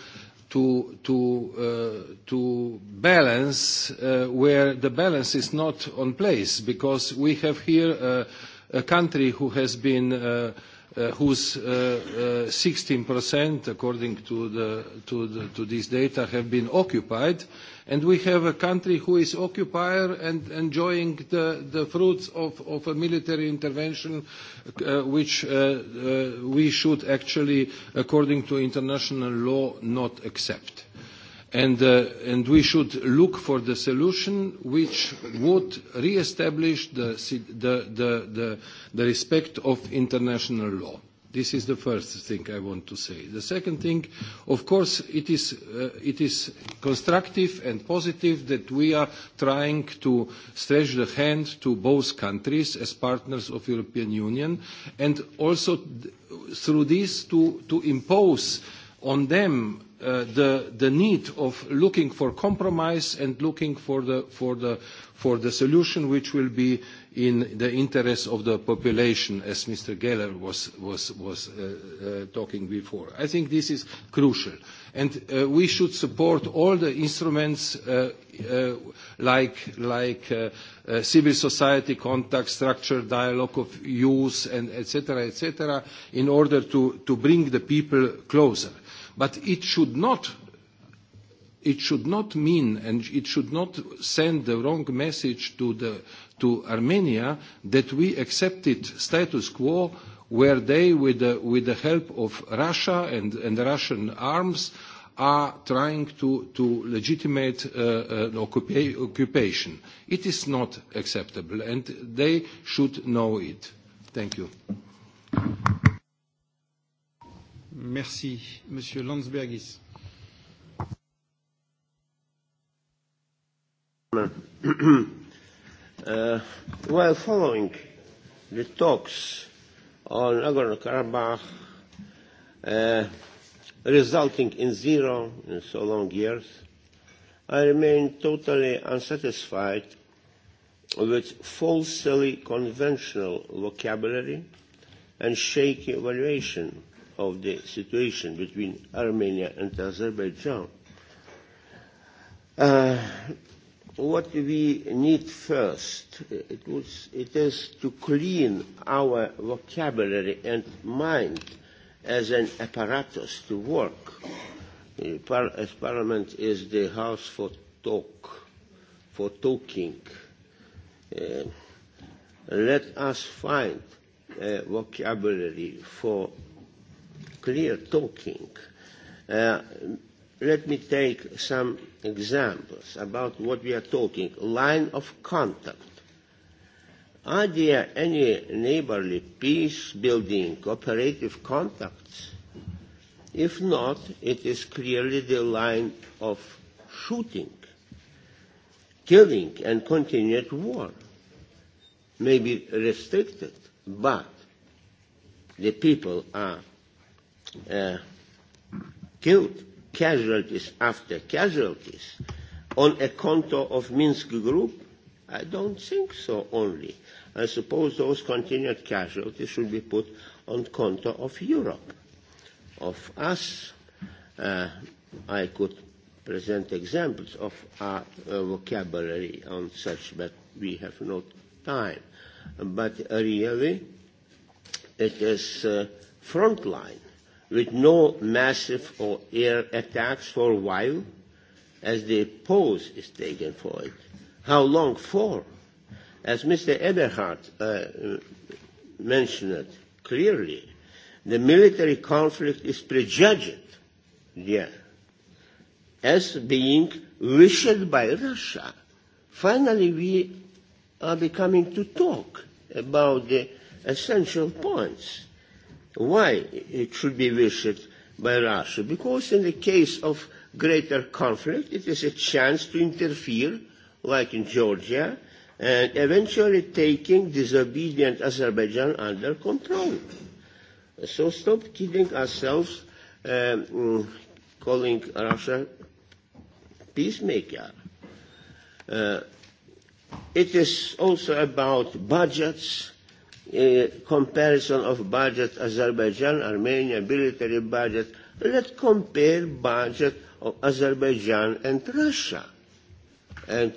to to uh, to balance uh, where the balance is not on place because we have here uh, a country who has been uh, uh, whose uh, uh, according to, the, to, the, to these data have been occupied and we have a country who is occupier and enjoying the, the fruits of, of a military intervention uh, which uh, uh, we should actually according to international law not accept and we should look for the solution which would re-establish the respect of international law. This is the first thing I want to say. The second thing, of course, it is constructive and positive that we are trying to stretch the hand to both countries as partners of the European Union, and also through this to impose on them the, the need of looking for compromise and looking for the, for, the, for the solution which will be in the interest of the population, as Mr. Geller was, was, was uh, uh, talking before. I think this is crucial. And uh, we should support all the instruments uh, uh, like, like uh, uh, civil society contact, structured dialogue of youth, and etc., etc., in order to, to bring the people closer But it should not it should not mean and it should not send the wrong message to, the, to Armenia that we accepted status quo where they, with the, with the help of Russia and, and Russian arms, are trying to, to legitimate uh, an occupa- occupation. It is not acceptable, and they should know it. Thank you. Merci. Monsieur Landsbergis. uh, while following the talks on Nagorno-Karabakh uh, resulting in zero in so long years, I remain totally unsatisfied with falsely conventional vocabulary and shaky evaluation of the situation between Armenia and Azerbaijan. Uh, what we need first, it, was, it is to clean our vocabulary and mind as an apparatus to work. Par- as Parliament is the house for talk, for talking. Uh, let us find a vocabulary for clear talking. Uh, let me take some examples about what we are talking. Line of contact. Are there any neighborly peace building cooperative contacts? If not, it is clearly the line of shooting, killing, and continued war may be restricted, but the people are uh, killed casualties after casualties on a contour of Minsk group? I don't think so only. I suppose those continued casualties should be put on contour of Europe, of us. Uh, I could present examples of our uh, vocabulary on such, but we have no time. But really, it is uh, frontline with no massive or air attacks for a while, as the pause is taken for it. How long for? As Mr. Eberhardt uh, mentioned clearly, the military conflict is prejudged there as being wished by Russia. Finally, we are becoming to talk about the essential points Why it should be wished by Russia? Because in the case of greater conflict, it is a chance to interfere, like in Georgia, and eventually taking disobedient Azerbaijan under control. So stop kidding ourselves, um, calling Russia peacemaker. Uh, it is also about budgets, comparison of budget Azerbaijan, Armenia, military budget. Let's compare budget of Azerbaijan and Russia. And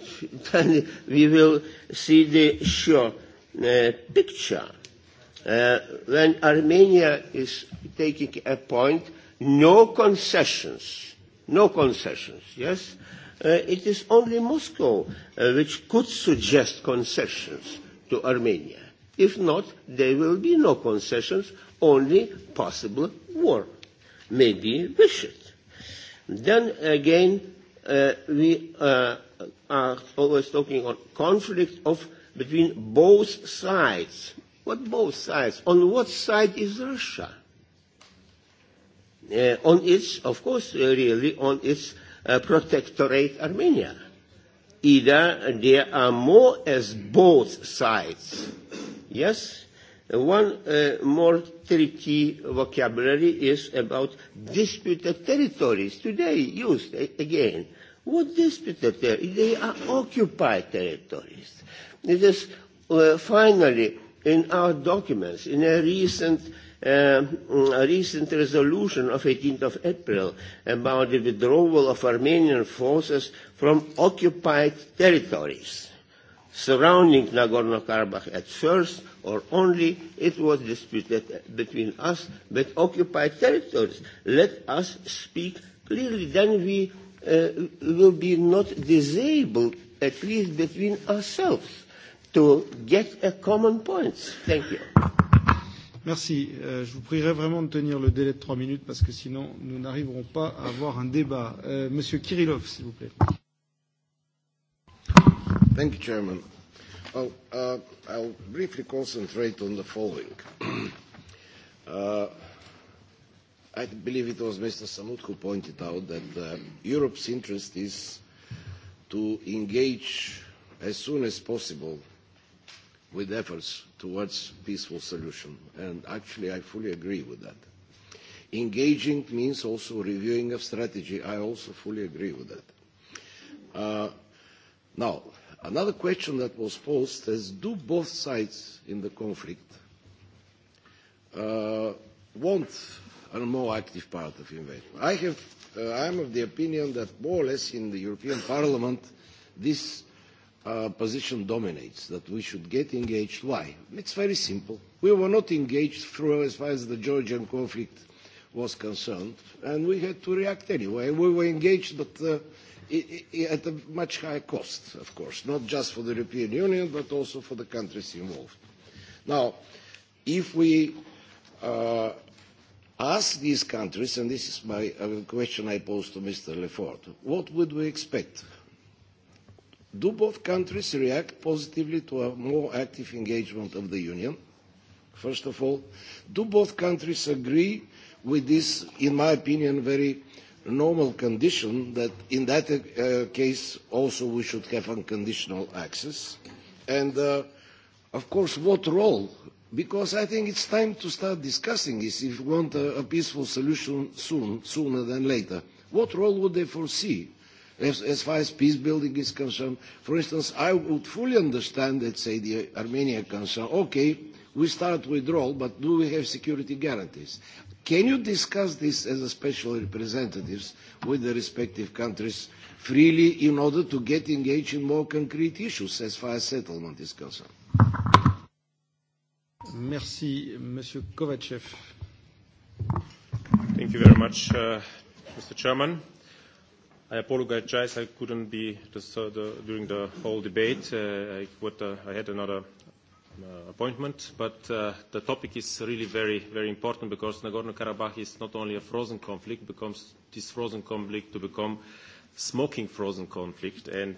then we will see the sure uh, picture. Uh, when Armenia is taking a point, no concessions, no concessions, yes? Uh, it is only Moscow uh, which could suggest concessions to Armenia If not, there will be no concessions, only possible war. Maybe we should. Then again, uh, we uh, are always talking on conflict of between both sides. What both sides? On what side is Russia? Uh, on its, of course, uh, really on its uh, protectorate Armenia. Either there are more as both sides Yes? One uh, more tricky vocabulary is about disputed territories. Today used again. What disputed territories? They are occupied territories. It is uh, finally in our documents, in a recent a recent resolution of 18th of April about the withdrawal of Armenian forces from occupied territories surrounding Nagorno-Karabakh at first or only it was disputed between us but occupied territories. Let us speak clearly, then we uh, will be not disabled, at least between ourselves, to get a common point. Thank you. Merci. Euh, je vous prierai vraiment de tenir le délai de trois minutes parce que sinon nous n'arriverons pas à avoir un débat. Euh, Monsieur Kirillov, s'il vous plaît. Thank you, Chairman. Well, uh, I'll briefly concentrate on the following. uh, I believe it was Mr. Samut who pointed out that uh, Europe's interest is to engage as soon as possible with efforts towards peaceful solution. And actually, I fully agree with that. Engaging means also reviewing of strategy. I also fully agree with that. Uh, now, Another question that was posed is, do both sides in the conflict uh, want a more active part of invasion? I, have, uh, I am of the opinion that more or less in the European Parliament this uh, position dominates, that we should get engaged. Why? It's very simple. We were not engaged through as far as the Georgian conflict was concerned, and we had to react anyway. We were engaged, but uh, at a much higher cost, of course, not just for the European Union, but also for the countries involved. Now, if we uh, ask these countries, and this is my uh, question I pose to Mr. Lefort, what would we expect? Do both countries react positively to a more active engagement of the Union? First of all, do both countries agree with this, in my opinion, very normal condition that in that uh, case also we should have unconditional access. And uh, of course, what role? Because I think it's time to start discussing this if we want a, a peaceful solution soon, sooner than later. What role would they foresee as, as far as peace building is concerned? For instance, I would fully understand, let's say, the Armenia concern. Okay, we start withdrawal, but do we have security guarantees? Can you discuss this as a special representatives with the respective countries freely in order to get engaged in more concrete issues as far as settlement is concerned? Merci, Monsieur Kovachev. Thank you very much, uh, Mr. Chairman. I apologize I couldn't be this, uh, the, during the whole debate. Uh, I, what, uh, I had another appointment, but the topic is really very, very important because Nagorno-Karabakh is not only a frozen conflict, becomes this frozen conflict to become smoking frozen conflict. And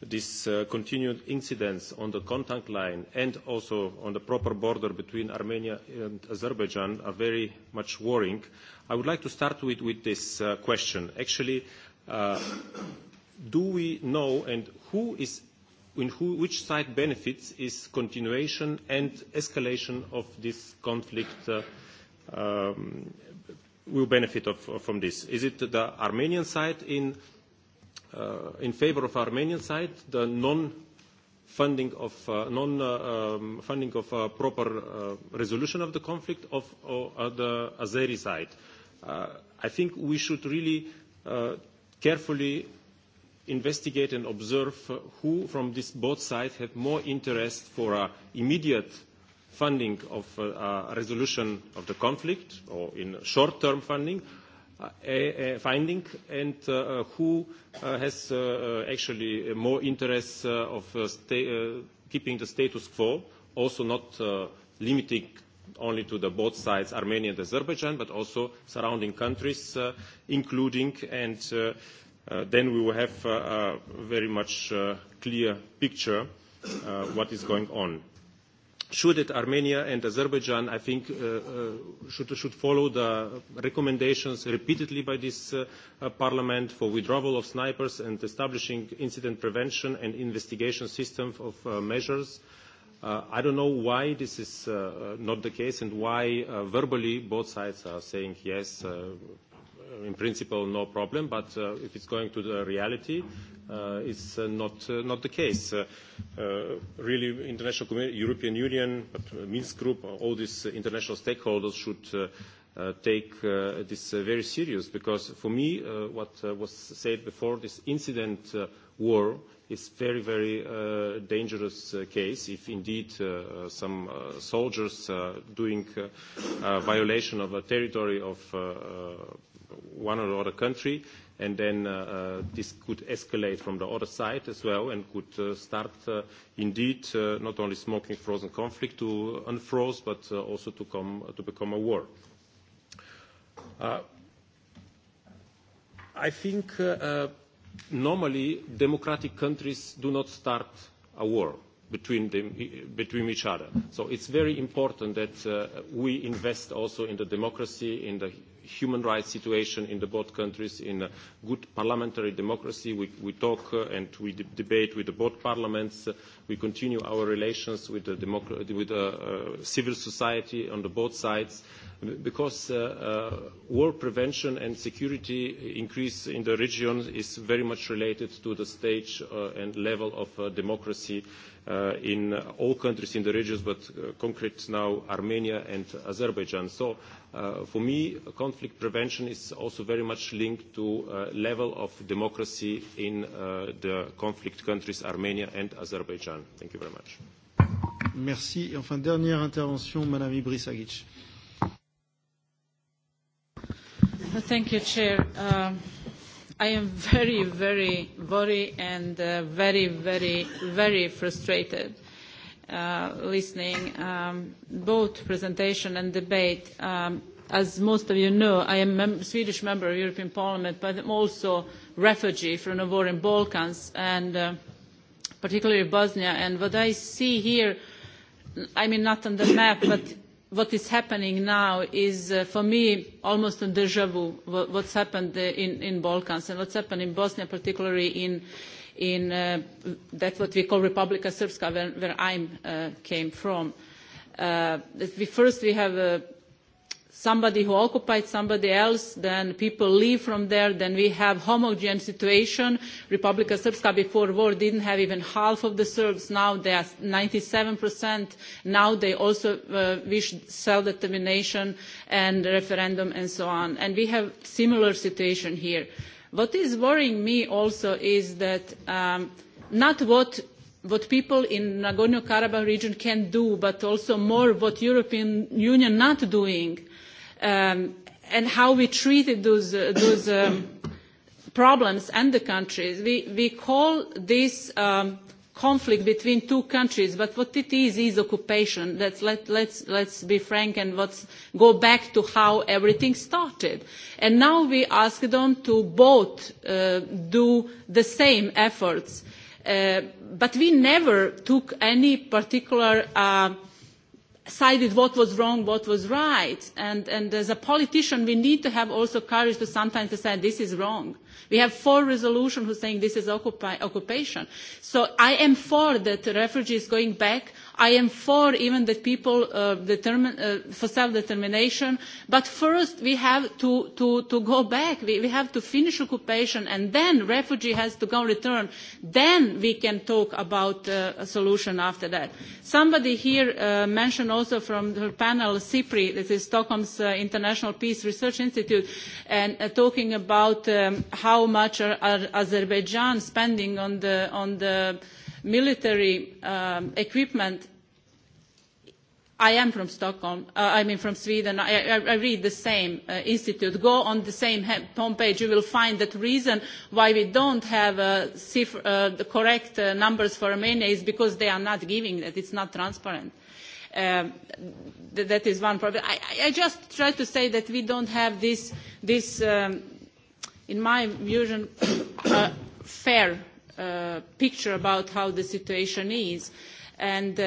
this continued incidents on the contact line and also on the proper border between Armenia and Azerbaijan are very much worrying. I would like to start with, with this question. Actually, do we know and who is in who, which side benefits is continuation and escalation of this conflict uh, um, will benefit of, from this. Is it the Armenian side in, uh, in favor of Armenian side, the non funding of uh, non uh, um, funding of uh, proper uh, resolution of the conflict of or, uh, the Azeri side. Uh, I think we should really uh, carefully investigate and observe who from this both sides have more interest for uh, immediate funding of uh, resolution of the conflict or in short-term funding, uh, finding, and uh, who uh, has uh, actually more interest uh, of uh, sta- uh, keeping the status quo, also not uh, limiting only to the both sides, Armenia and Azerbaijan, but also surrounding countries, uh, including and uh, then we will have a very much clear picture uh, what is going on. Should it Armenia and Azerbaijan, I think, should, should follow the recommendations repeatedly by this parliament for withdrawal of snipers and establishing incident prevention and investigation system of measures. I don't know why this is not the case and why verbally both sides are saying yes, in principle, no problem, but uh, if it's going to the reality, uh, it's uh, not, uh, not the case. Uh, uh, really, international community, European Union, but Minsk Group, all these international stakeholders should uh, uh, take uh, this uh, very serious because for me, uh, what uh, was said before, this incident uh, war is very, very uh, dangerous uh, case if indeed uh, some uh, soldiers uh, doing uh, uh, violation of a territory of uh, one or other country, and then uh, uh, this could escalate from the other side as well and could uh, start uh, indeed uh, not only smoking frozen conflict to unfroze but uh, also to, come, to become a war. Uh, I think uh, uh, normally democratic countries do not start a war between, them, between each other. So it's very important that uh, we invest also in the democracy, in the human rights situation in the both countries in a good parliamentary democracy. We, we talk uh, and we de- debate with the both parliaments. We continue our relations with the, democ- with the uh, civil society on the both sides because war prevention and security increase in the region is very much related to the stage and level of democracy in all countries in the region, but concrete now Armenia and Azerbaijan. So for me, conflict prevention is also very much linked to level of democracy in the conflict countries Armenia and Azerbaijan. Thank you very much. Merci. Et enfin, dernière intervention, Madame Ibris Agic. Thank you, Chair. I am very, very worried and uh, very, very, very frustrated uh, listening um, both presentation and debate. Um, as most of you know, I am a Swedish member of European Parliament, but I'm also refugee from the war in Balkans and uh, particularly Bosnia. And what I see here, I mean, not on the map, but what is happening now is, uh, for me, almost a deja vu, what, what's happened in, in Balkans and what's happened in Bosnia, particularly in, in uh, that what we call Republika Srpska, where, where I uh, came from. Uh, we first we have a somebody who occupied somebody else, then people leave from there, then we have homogeneous situation. Republika Srpska before war didn't have even half of the Serbs, now they are 97%, now they also uh, wish self-determination and referendum and so on. And we have similar situation here. What is worrying me also is that um, not what what people in Nagorno-Karabakh region can do, but also more what European Union not doing um and how we treated those, uh those um problems and the countries. We, we call this um, conflict between two countries, but what it is is occupation. That's, let, let's, let's be frank and let's go back to how everything started. And now we ask them to both uh, do the same efforts. Uh, but we never took any particular uh, decided what was wrong, what was right. And, and as a politician, we need to have also courage to sometimes to say this is wrong. We have four resolutions who saying this is occupi- occupation. So I am for that refugees going back I am for even that people determine, for self-determination, but first we have to, to, to go back. We, we have to finish occupation and then refugee has to go return. Then we can talk about a solution after that. Somebody here mentioned also from her panel CIPRI, this is Stockholm's International Peace Research Institute, and talking about how much Azerbaijan spending on the, on the military equipment. I am from Stockholm, I mean from Sweden, I, I, I read the same institute. Go on the same homepage, you will find that the reason why we don't have the correct numbers for Romania is because they are not giving that, it's not transparent that is one problem. I, I just try to say that we don't have this, this um, in my vision, uh, fair picture about how the situation is and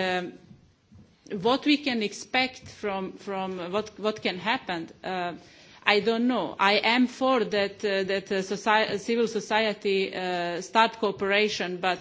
what we can expect from, from what, what can happen. Uh, I don't know. I am for that, uh, that uh, society, civil society uh, start cooperation, but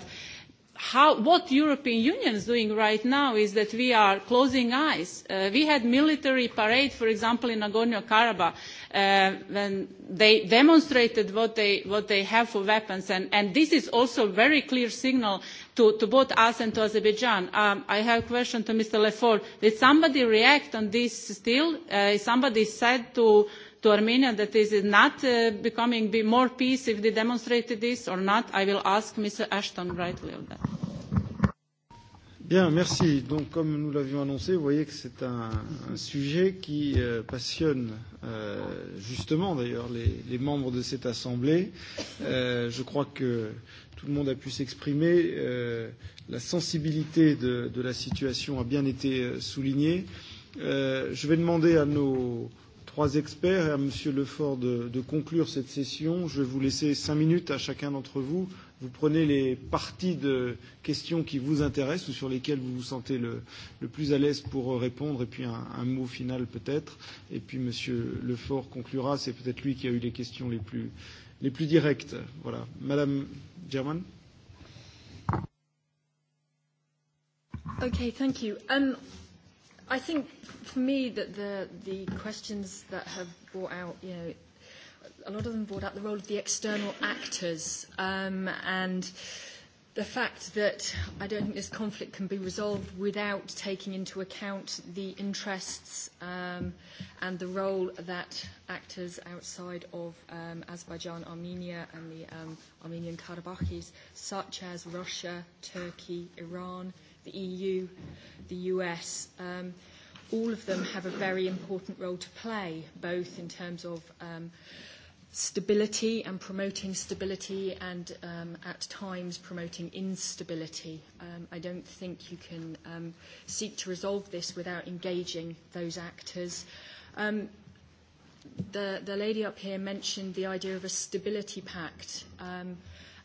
how, what European Union is doing right now is that we are closing eyes. Uh, we had military parade, for example, in Nagorno-Karabakh, uh, when they demonstrated what they, what they have for weapons. And, and this is also a very clear signal to, to both us and to Azerbaijan. Um, I have a question to Mr. Lefort. Did somebody react on this still? Uh, somebody said to to Armenia that is not becoming be more peace if they demonstrated this or not. I will ask Mr. Ashton rightly on that. Bien, merci. Donc, comme nous l'avions annoncé, vous voyez que c'est un, un sujet qui euh, passionne euh, justement d'ailleurs les, les membres de cette assemblée. Euh, je crois que tout le monde a pu s'exprimer. Euh, la sensibilité de, de la situation a bien été soulignée. Euh, je vais demander à nos trois experts et à Monsieur Lefort de, de conclure cette session. Je vais vous laisser cinq minutes à chacun d'entre vous. Vous prenez les parties de questions qui vous intéressent ou sur lesquelles vous vous sentez le, le plus à l'aise pour répondre, et puis un, un mot final peut-être. Et puis Monsieur Lefort conclura. C'est peut-être lui qui a eu les questions les plus, les plus directes. Voilà, Madame German. Okay, thank you. Um, I think for me that the the questions that have brought out, you know, a lot of them brought out the role of the external actors um, and the fact that I don't think this conflict can be resolved without taking into account the interests um, and the role that actors outside of um, Azerbaijan, Armenia, and the um, Armenian Karabakhis, such as Russia, Turkey, Iran, the EU, the US, um, all of them have a very important role to play, both in terms of um, stability and promoting stability and um, at times promoting instability. Um, I don't think you can um, seek to resolve this without engaging those actors. Um, the, the lady up here mentioned the idea of a stability pact. Um,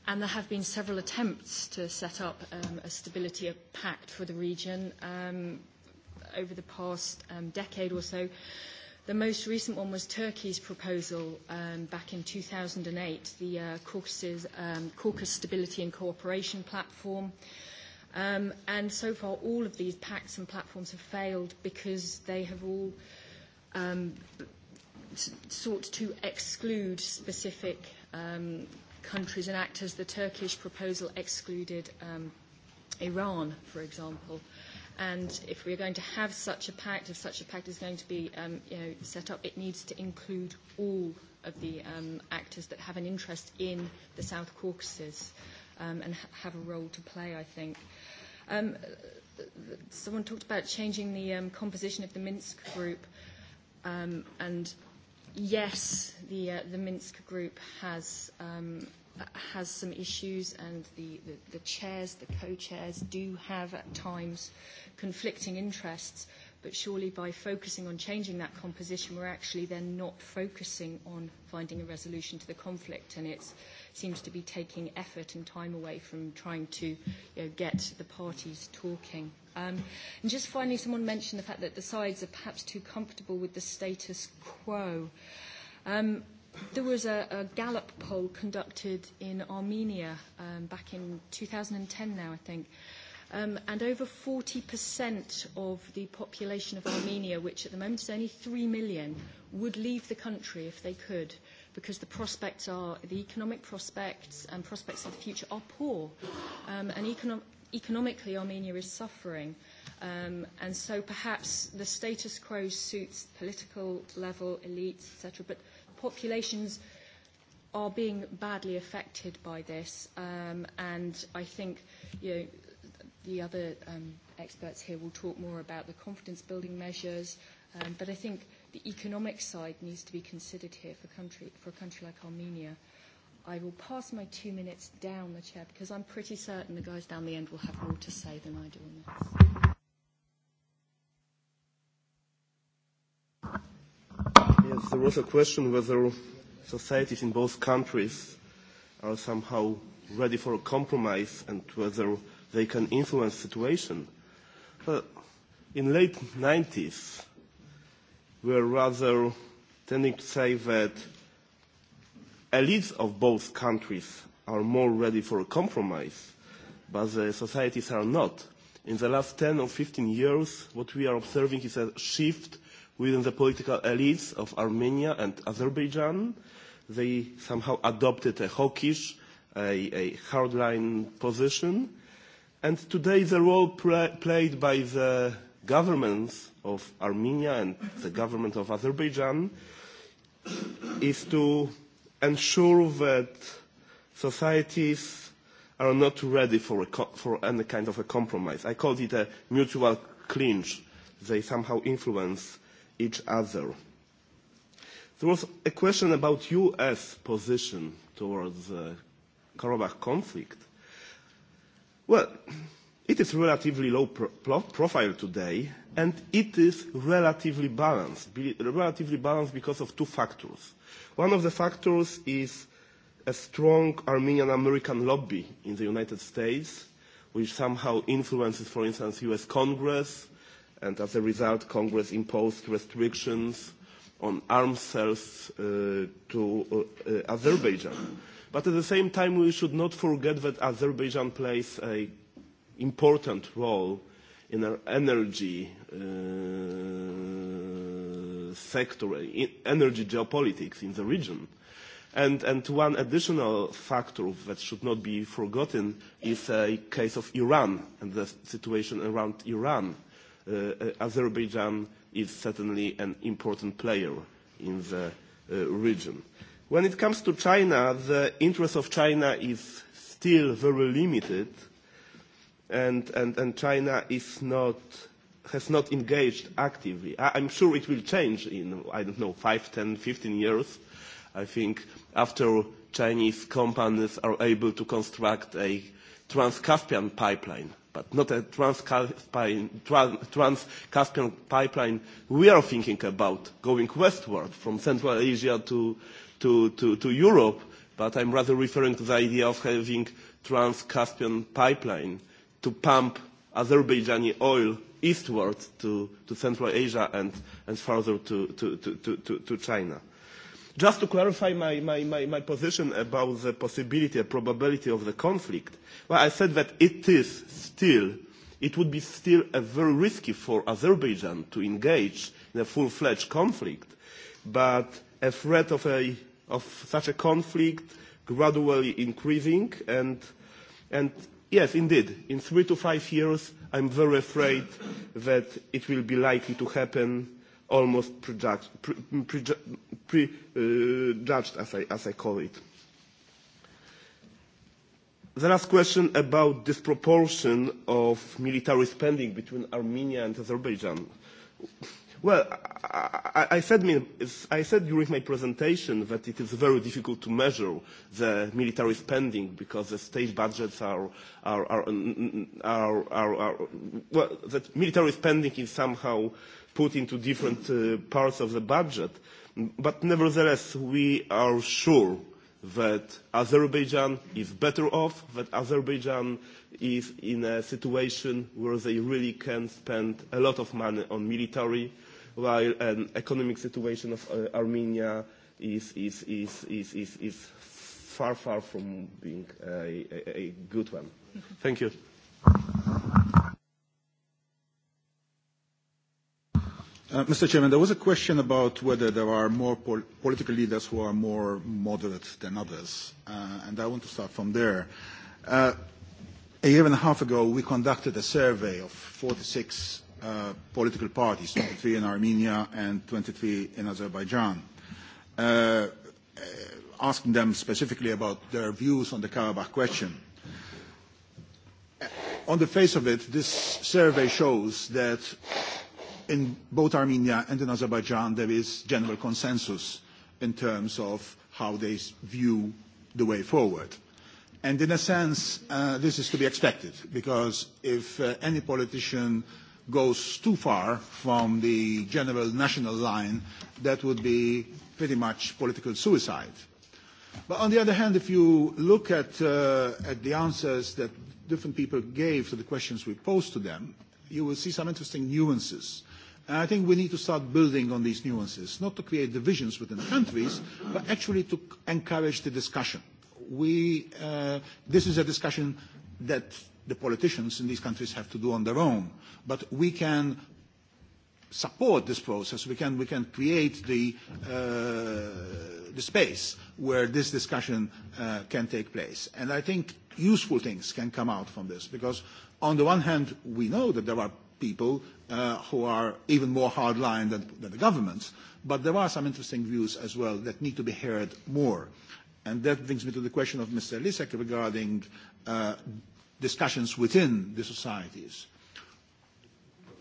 And there have been several attempts to set up um, a stability pact for the region um, over the past um, decade or so. The most recent one was Turkey's proposal um, back in 2008, the uh, Caucasus, um, Caucus Stability and Cooperation Platform. Um, and so far, all of these pacts and platforms have failed because they have all um, sought to exclude specific um, countries and actors, the Turkish proposal excluded um, Iran, for example. And if we're going to have such a pact, if such a pact is going to be um, you know, set up, it needs to include all of the um, actors that have an interest in the South Caucasus um, and ha- have a role to play, I think. Um, someone talked about changing the um, composition of the Minsk group. Um, and yes, the, uh, the Minsk group has, um, has some issues, and the, the, the chairs, the co chairs, do have at times conflicting interests. But surely by focusing on changing that composition, we're actually then not focusing on finding a resolution to the conflict, and it seems to be taking effort and time away from trying to you know, get the parties talking. Um, and just finally, someone mentioned the fact that the sides are perhaps too comfortable with the status quo. Um, there was a, a Gallup poll conducted in Armenia um, back in 2010 now, I think. Um, and over 40% of the population of Armenia, which at the moment is only 3 million, would leave the country if they could because the prospects are, the economic prospects and prospects of the future are poor. Um, and econo- economically Armenia is suffering. Um, and so perhaps the status quo suits political level, elites, etc. But populations are being badly affected by this. Um, and I think you know, the other um, experts here will talk more about the confidence building measures. Um, but I think the economic side needs to be considered here for, country, for a country like Armenia. I will pass my two minutes down the chair because I'm pretty certain the guys down the end will have more to say than I do on this. Yes, there was a question whether societies in both countries are somehow ready for a compromise and whether they can influence the situation. But in late 90s, we were rather tending to say that elites of both countries are more ready for a compromise, but the societies are not. In the last 10 or 15 years, what we are observing is a shift within the political elites of Armenia and Azerbaijan. They somehow adopted a hawkish, a, a hardline position. And today the role played by the governments of Armenia and the government of Azerbaijan is to ensure that societies are not ready for, a co- for any kind of a compromise. I call it a mutual clinch. They somehow influence each other. There was a question about U.S. position towards the Karabakh conflict. Well, it is relatively low pro- profile today and it is relatively balanced, relatively balanced because of two factors. One of the factors is a strong Armenian-American lobby in the United States, which somehow influences, for instance, U.S. Congress, and as a result, Congress imposed restrictions on arms sales uh, to uh, Azerbaijan. But at the same time, we should not forget that Azerbaijan plays an important role energy sector, energy geopolitics in the region. And, one additional factor that should not be forgotten is a case of Iran and the situation around Iran. Azerbaijan is certainly an important player in the region. When it comes to China, the interest of China is still very limited and, and, and China is not, has not engaged actively. I, I'm sure it will change in, I don't know, 5, 10, 15 years. I think after Chinese companies are able to construct a Trans-Caspian pipeline, but not a Trans-Caspian pipeline we are thinking about going westward from Central Asia to, to, to, to Europe, but I'm rather referring to the idea of having Trans-Caspian pipeline uh, to pump Azerbaijani oil eastward to, to Central Asia and, and further to, to, to, to, to China. Just to clarify my, my, my, my position about the possibility and probability of the conflict, well, I said that it is still, it would be still a very risky for Azerbaijan to engage in a full-fledged conflict, but a threat of, a, of such a conflict gradually increasing and, and Yes, indeed. In three to five years, I'm very afraid that it will be likely to happen almost prejudged, pre, pre, prejudged as, I, as I call it. The last question about disproportion of military spending between Armenia and Azerbaijan. Well, I, I, said, I said during my presentation that it is very difficult to measure the military spending because the state budgets are, are, are, are, are, are well, that military spending is somehow put into different uh, parts of the budget. But nevertheless, we are sure that Azerbaijan is better off, that Azerbaijan is in a situation where they really can spend a lot of money on military, while an economic situation of uh, Armenia is, is, is, is, is, is far, far from being a, a, a good one. Thank you. Uh, Mr. Chairman, there was a question about whether there are more pol political leaders who are more moderate than others, uh, and I want to start from there. Uh, a year and a half ago, we conducted a survey of 46 political parties, 23 in Armenia and 23 in Azerbaijan, uh, asking them specifically about their views on the Karabakh question. On the face of it, this survey shows that in both Armenia and in Azerbaijan there is general consensus in terms of how they view the way forward. And in a sense, uh, this is to be expected, because if uh, any politician goes too far from the general national line, that would be pretty much political suicide. But on the other hand, if you look at, uh, at the answers that different people gave to the questions we posed to them, you will see some interesting nuances. And I think we need to start building on these nuances, not to create divisions within countries, but actually to encourage the discussion. We, uh, this is a discussion that the politicians in these countries have to do on their own. But we can support this process. We can, we can create the, uh, the space where this discussion uh, can take place. And I think useful things can come out from this because on the one hand, we know that there are people uh, who are even more hardline than, than the governments, but there are some interesting views as well that need to be heard more. And that brings me to the question of Mr. Lisek regarding uh, discussions within the societies.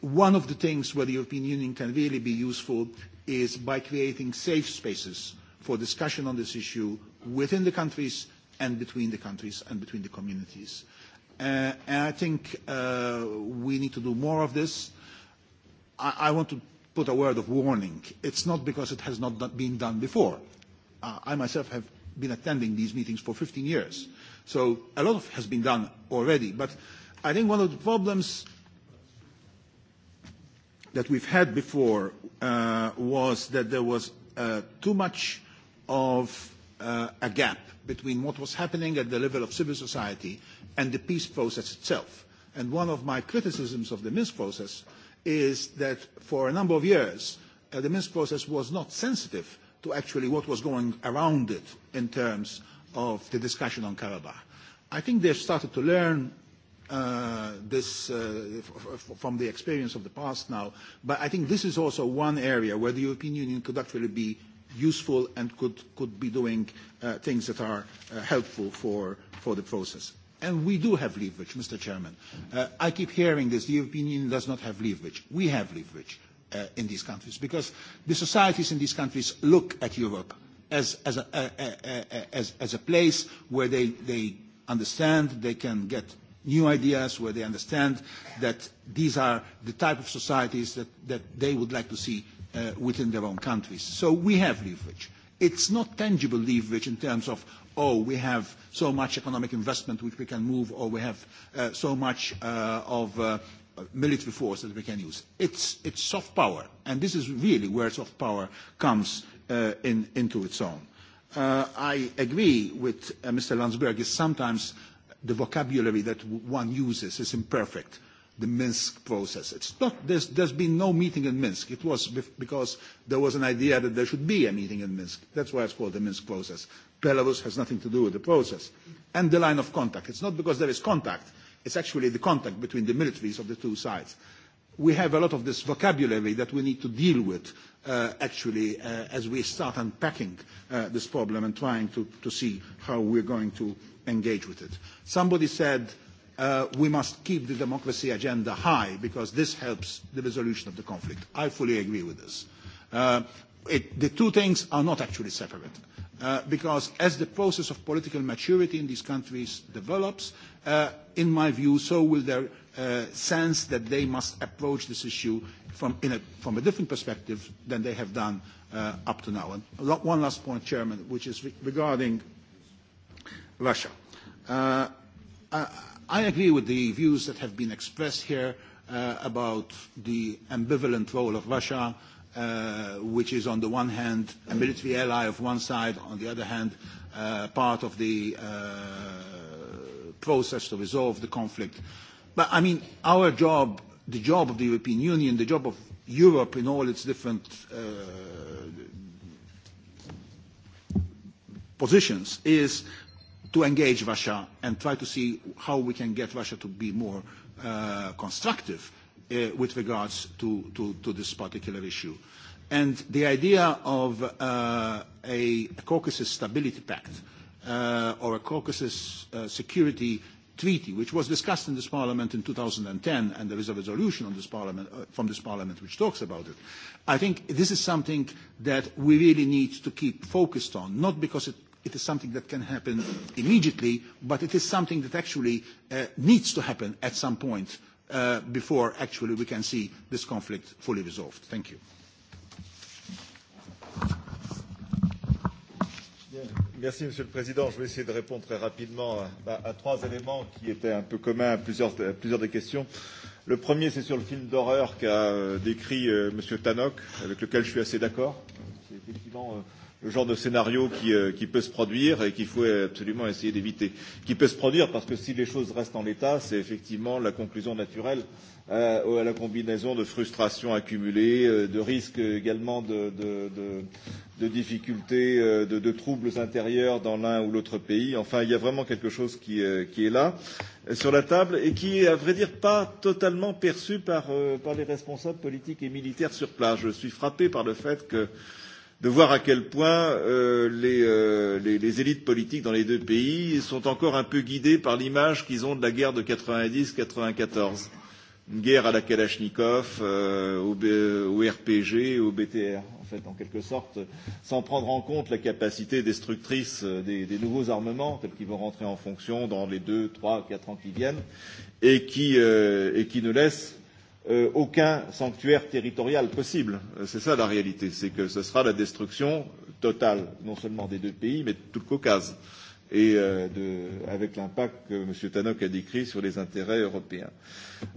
One of the things where the European Union can really be useful is by creating safe spaces for discussion on this issue within the countries and between the countries and between the communities. and I think we need to do more of this. I, I want to put a word of warning. It's not because it has not been done before. I myself have been attending these meetings for 15 years So a lot has been done already, but I think one of the problems that we've had before uh, was that there was uh, too much of uh, a gap between what was happening at the level of civil society and the peace process itself. And one of my criticisms of the Minsk process is that for a number of years, uh, the Minsk process was not sensitive to actually what was going around it in terms of the discussion on Karabakh. I think they've started to learn this from the experience of the past now. But I think this is also one area where the European Union could actually be useful and could could be doing things that are helpful for for the process. And we do have leverage, Mr. Chairman. I keep hearing this, the European Union does not have leverage. We have leverage in these countries because the societies in these countries look at Europe as, as, a, a, a, a, as, as a place where they, they understand, they can get new ideas, where they understand that these are the type of societies that, that they would like to see uh, within their own countries. So we have leverage. It's not tangible leverage in terms of, oh, we have so much economic investment which we can move, or we have uh, so much uh, of uh, military force that we can use. It's, it's soft power, and this is really where soft power comes into its own. I agree with Mr. Landsbergis, sometimes the vocabulary that one uses is imperfect, the Minsk process. It's not, there's, there's been no meeting in Minsk. It was because there was an idea that there should be a meeting in Minsk. That's why it's called the Minsk process. Belarus has nothing to do with the process. And the line of contact. It's not because there is contact. It's actually the contact between the militaries of the two sides we have a lot of this vocabulary that we need to deal with uh, actually uh, as we start unpacking uh, this problem and trying to, to see how we're going to engage with it. Somebody said uh, we must keep the democracy agenda high because this helps the resolution of the conflict. I fully agree with this. Uh, it, the two things are not actually separate. Uh, because as the process of political maturity in these countries develops, uh, in my view, so will their sense that they must approach this issue from, in a, from a different perspective than they have done uh, up to now. And one last point, Chairman, which is re- regarding Russia. Uh, I, I agree with the views that have been expressed here uh, about the ambivalent role of Russia, uh, which is on the one hand a military ally of one side, on the other hand uh, part of the uh, process to resolve the conflict. Uh, But I mean, our job, the job of the European Union, the job of Europe in all its different uh, positions is to engage Russia and try to see how we can get Russia to be more uh, constructive uh, with regards to, to, to this particular issue. And the idea of uh, a Caucasus Stability Pact uh, or a Caucasus uh, Security Treaty, which was discussed in this Parliament in 2010, and there is a resolution on this parliament, uh, from this Parliament which talks about it. I think this is something that we really need to keep focused on, not because it, it is something that can happen immediately, but it is something that actually uh, needs to happen at some point uh, before actually we can see this conflict fully resolved. Thank you. Yeah. Merci, Monsieur le Président. Je vais essayer de répondre très rapidement à, à trois éléments qui étaient un peu communs à plusieurs, à plusieurs des questions. Le premier, c'est sur le film d'horreur qu'a décrit euh, Monsieur Tannock, avec lequel je suis assez d'accord. C'est effectivement euh, le genre de scénario qui, euh, qui peut se produire et qu'il faut absolument essayer d'éviter. Qui peut se produire parce que si les choses restent en l'état, c'est effectivement la conclusion naturelle euh, à la combinaison de frustrations accumulées, euh, de risques également de, de, de, de difficultés, euh, de, de troubles intérieurs dans l'un ou l'autre pays. Enfin, il y a vraiment quelque chose qui, euh, qui est là sur la table et qui est, à vrai dire, pas totalement perçu par, euh, par les responsables politiques et militaires sur place. Je suis frappé par le fait que euh, de voir à quel point euh, les, euh, les, les élites politiques dans les deux pays sont encore un peu guidées par l'image qu'ils ont de la guerre de 90-94. Une guerre à la Kalachnikov, euh, au, B, au RPG, au BTR, en fait, en quelque sorte, sans prendre en compte la capacité destructrice des, des nouveaux armements tels qu'ils vont rentrer en fonction dans les deux, trois, quatre ans qui viennent, et qui, euh, et qui ne laissent euh, aucun sanctuaire territorial possible. C'est ça la réalité, c'est que ce sera la destruction totale, non seulement des deux pays, mais de tout le Caucase, et euh, de, avec l'impact que M. Tannock a décrit sur les intérêts européens.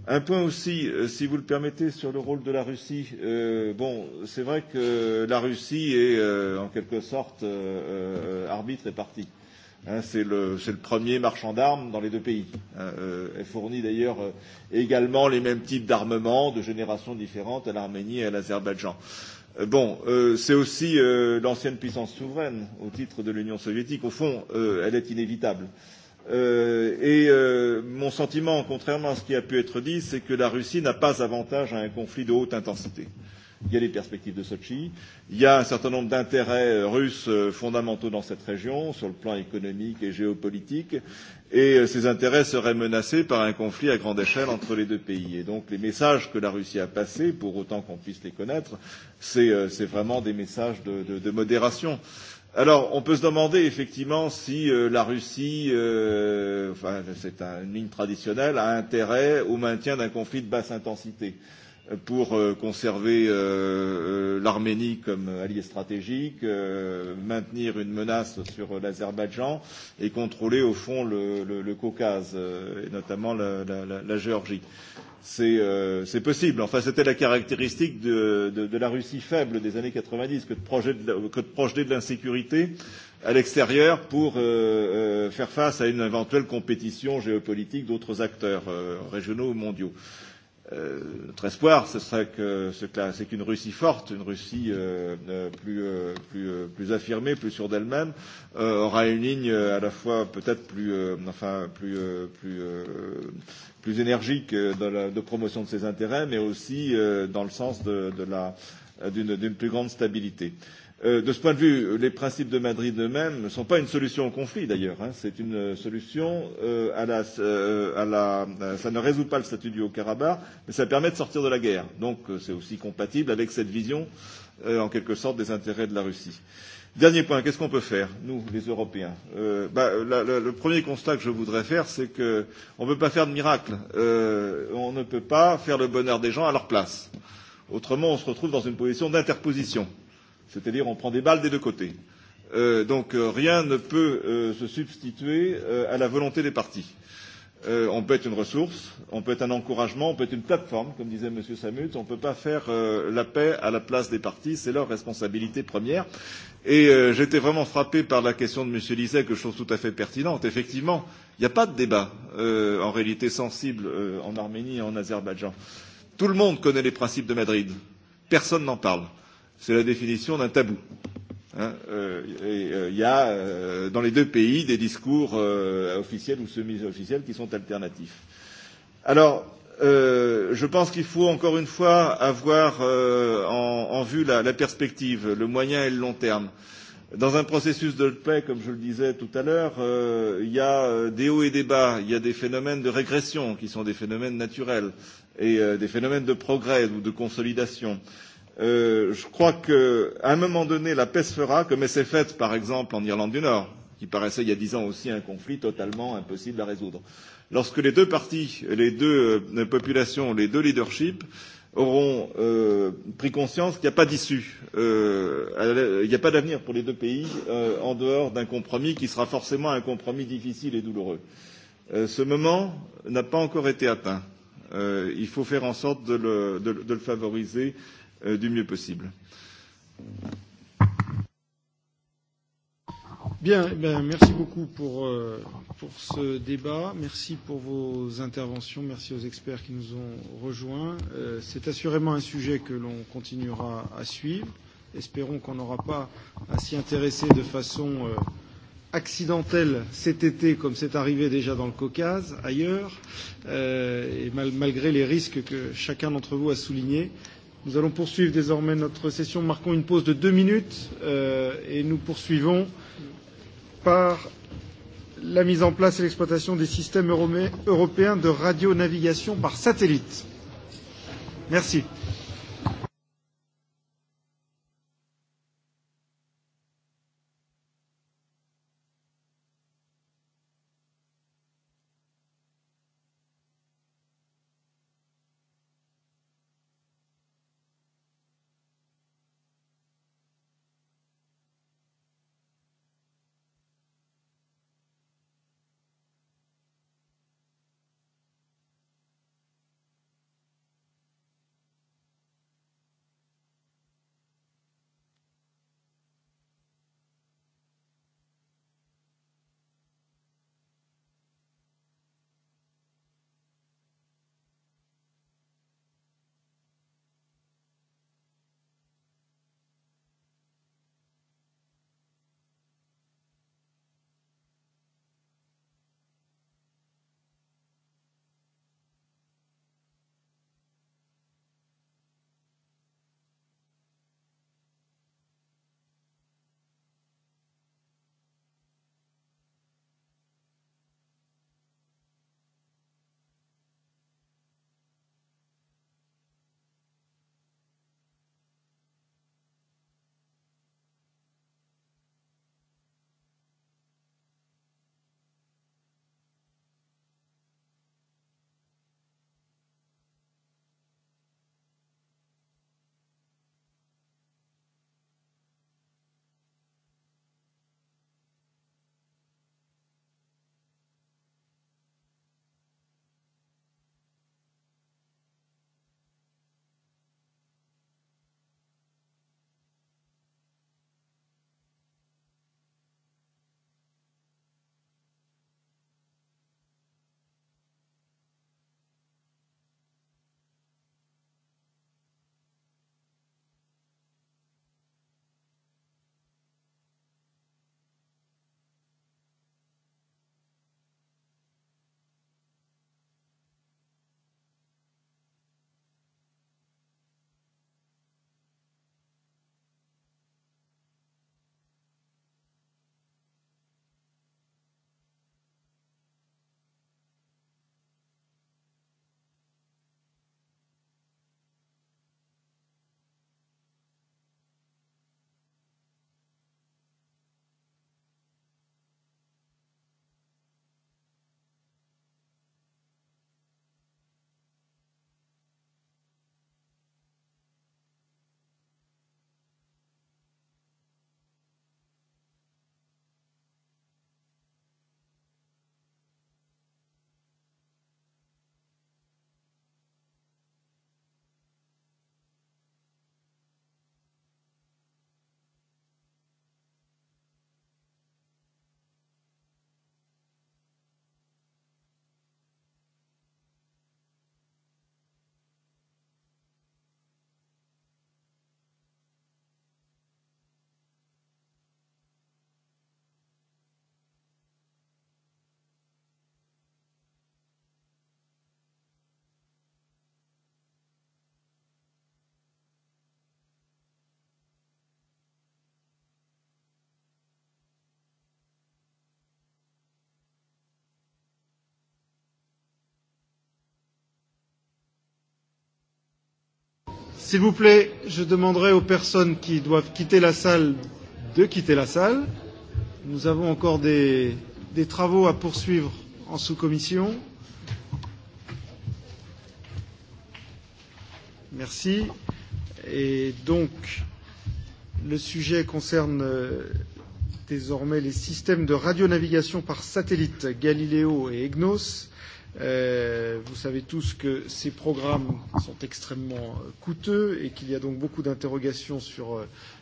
Un point aussi, euh, si vous le permettez, sur le rôle de la Russie. Euh, bon, c'est vrai que la Russie est euh, en quelque sorte euh, arbitre et partie Hein, c'est le, le premier marchand d'armes dans les deux pays. Hein, euh, elle fournit d'ailleurs euh, également les mêmes types d'armements de générations différentes à l'Arménie et à l'Azerbaïdjan. bon, euh, c'est aussi euh, l'ancienne puissance souveraine au titre de l'Union soviétique. Au fond, euh, elle est inévitable. Euh, et euh, mon sentiment, contrairement à ce qui a pu être dit, c'est que la Russie n'a pas avantage à un conflit de haute intensité. Euh, Il y a les perspectives de Sochi. Il y a un certain nombre d'intérêts russes fondamentaux dans cette région, sur le plan économique et géopolitique. Et ces intérêts seraient menacés par un conflit à grande échelle entre les deux pays. Et donc les messages que la Russie a passés, pour autant qu'on puisse les connaître, c'est vraiment des messages de, de, de modération. Alors, on peut se demander effectivement si euh, la Russie, euh, enfin, c'est une ligne traditionnelle, a intérêt au maintien d'un conflit de basse intensité. Euh, pour conserver l'Arménie comme allié stratégique, maintenir une menace sur l'Azerbaïdjan et contrôler au fond le, le, le Caucase et notamment la, la, la, la Géorgie. C'est euh, possible. Enfin, c'était la caractéristique de, de, de la Russie faible des années 90 que de projeter de, de l'insécurité à l'extérieur pour euh, euh, faire face à une éventuelle compétition géopolitique d'autres acteurs euh, régionaux ou mondiaux. Euh, notre espoir, ce serait que c'est qu'une Russie forte, une Russie euh, plus, euh, plus, euh, plus affirmée, plus sûre d'elle-même, euh, aura une ligne à la fois peut-être plus, euh, enfin, plus, euh, plus, euh, plus énergique dans la, de promotion de ses intérêts, mais aussi euh, dans le sens de, de d'une, plus grande stabilité. Euh, de ce point de vue, les principes de Madrid eux-mêmes ne sont pas une solution au conflit d'ailleurs. Hein. C'est une solution euh, à la, euh, à la, ça ne résout pas le statut du Haut-Karabakh, mais ça permet de sortir de la guerre. Donc c'est aussi compatible avec cette vision, euh, en quelque sorte, des intérêts de la Russie. Dernier point, qu'est-ce qu'on peut faire, nous, les Européens euh, bah, la, la, Le premier constat que je voudrais faire, c'est qu'on ne peut pas faire de miracle. Euh, on ne peut pas faire le bonheur des gens à leur place. Autrement, on se retrouve dans une position d'interposition c'est-à-dire on prend des balles des deux côtés. Euh, donc euh, rien ne peut euh, se substituer euh, à la volonté des partis. Euh, on peut être une ressource, on peut être un encouragement, on peut être une plateforme, comme disait M. Samut, on ne peut pas faire euh, la paix à la place des partis, c'est leur responsabilité première. Et euh, j'étais vraiment frappé par la question de M. Lisset, que je trouve tout à fait pertinente. Effectivement, il n'y a pas de débat euh, en réalité sensible euh, en Arménie et en Azerbaïdjan. Tout le monde connaît les principes de Madrid, personne n'en parle. Euh, c'est la définition d'un tabou. Hein, euh, euh, il y a euh, dans les deux pays des discours euh, officiels ou semi-officiels qui sont alternatifs. Alors, euh, je pense qu'il faut encore une fois avoir euh, en, en vue la, la perspective, le moyen et le long terme. Dans un processus de paix, comme je le disais tout à l'heure, euh, il y a des hauts et des bas, il y a des phénomènes de régression qui sont des phénomènes naturels et euh, des phénomènes de progrès ou de consolidation. Euh, je crois qu'à un moment donné, la paix se fera, comme elle s'est faite, par exemple, en Irlande du Nord, qui paraissait il y a dix ans aussi un conflit totalement impossible à résoudre. Lorsque les deux partis, les deux populations, les deux leaderships auront euh, pris conscience qu'il n'y a pas d'issue, euh, il n'y a pas d'avenir pour les deux pays euh, en dehors d'un compromis qui sera forcément un compromis difficile et douloureux. Euh, ce moment n'a pas encore été atteint. Euh, il faut faire en sorte de le, de, de le favoriser euh, du mieux possible. Bien, ben, merci beaucoup pour, euh, pour ce débat. Merci pour vos interventions. Merci aux experts qui nous ont rejoints. Euh, C'est assurément un sujet que l'on continuera à suivre. Espérons qu'on n'aura pas à s'y intéresser de façon euh, accidentelle cet été, comme c'est arrivé déjà dans le Caucase, ailleurs, euh, et mal, malgré les risques que chacun d'entre vous a soulignés. Nous allons poursuivre désormais notre session. Marquons une pause de deux minutes euh, et nous poursuivons par la mise en place et l'exploitation des systèmes européens de radionavigation par satellite. Merci. S'il vous plaît, je demanderai aux personnes qui doivent quitter la salle de quitter la salle. Nous avons encore des, des travaux à poursuivre en sous-commission. Merci. Et donc, le sujet concerne désormais les systèmes de radionavigation par satellite Galileo et EGNOS vous savez tous que ces programmes sont extrêmement coûteux et qu'il y a donc beaucoup d'interrogations sur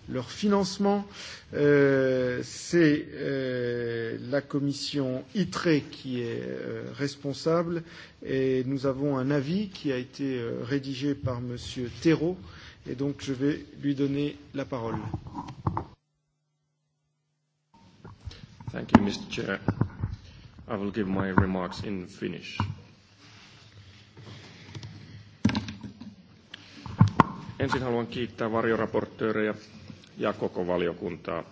leur financement. C'est la commission ITRE qui est responsable et nous avons un avis qui a été rédigé par Monsieur Thérault et donc je vais lui donner la parole. Thank you, Mr. Chair. I will give my remarks in Finnish. Ensin haluan kiittää varjoraportteureja ja koko valiokuntaa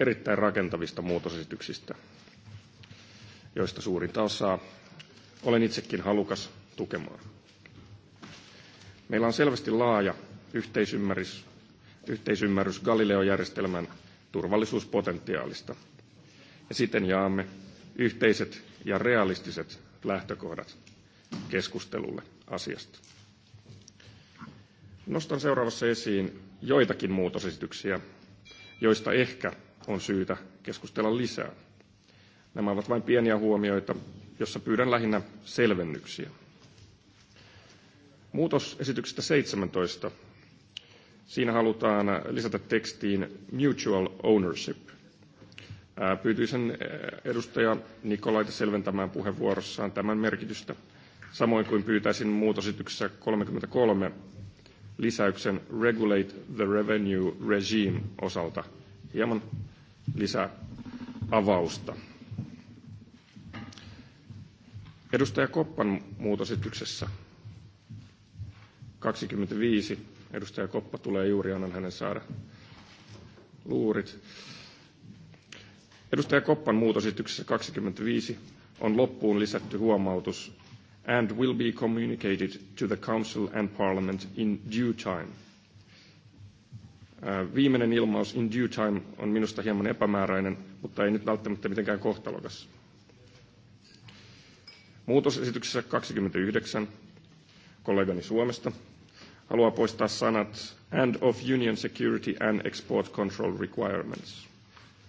erittäin rakentavista muutosesityksistä, joista suurinta osaa olen itsekin halukas tukemaan. Meillä on selvästi laaja yhteisymmärrys, yhteisymmärrys Galileo-järjestelmän turvallisuuspotentiaalista, ja siten jaamme yhteiset ja realistiset lähtökohdat keskustelulle asiasta. Nostan seuraavassa esiin joitakin muutosesityksiä, joista ehkä on syytä keskustella lisää. Nämä ovat vain pieniä huomioita, jossa pyydän lähinnä selvennyksiä. Muutosesityksestä 17. Siinä halutaan lisätä tekstiin mutual ownership – Pyytyisin edustaja Nikolaita selventämään puheenvuorossaan tämän merkitystä, samoin kuin pyytäisin muutosityksessä 33 lisäyksen Regulate the Revenue Regime osalta hieman lisäavausta. Edustaja Koppan muutosityksessä 25. Edustaja Koppa tulee juuri, annan hänen saada luurit. Edustaja Koppan muutosesityksessä 25 on loppuun lisätty huomautus and will be communicated to the Council and Parliament in due time. Viimeinen ilmaus in due time on minusta hieman epämääräinen, mutta ei nyt välttämättä mitenkään kohtalokas. Muutosesityksessä 29 kollegani Suomesta haluaa poistaa sanat and of Union Security and Export Control Requirements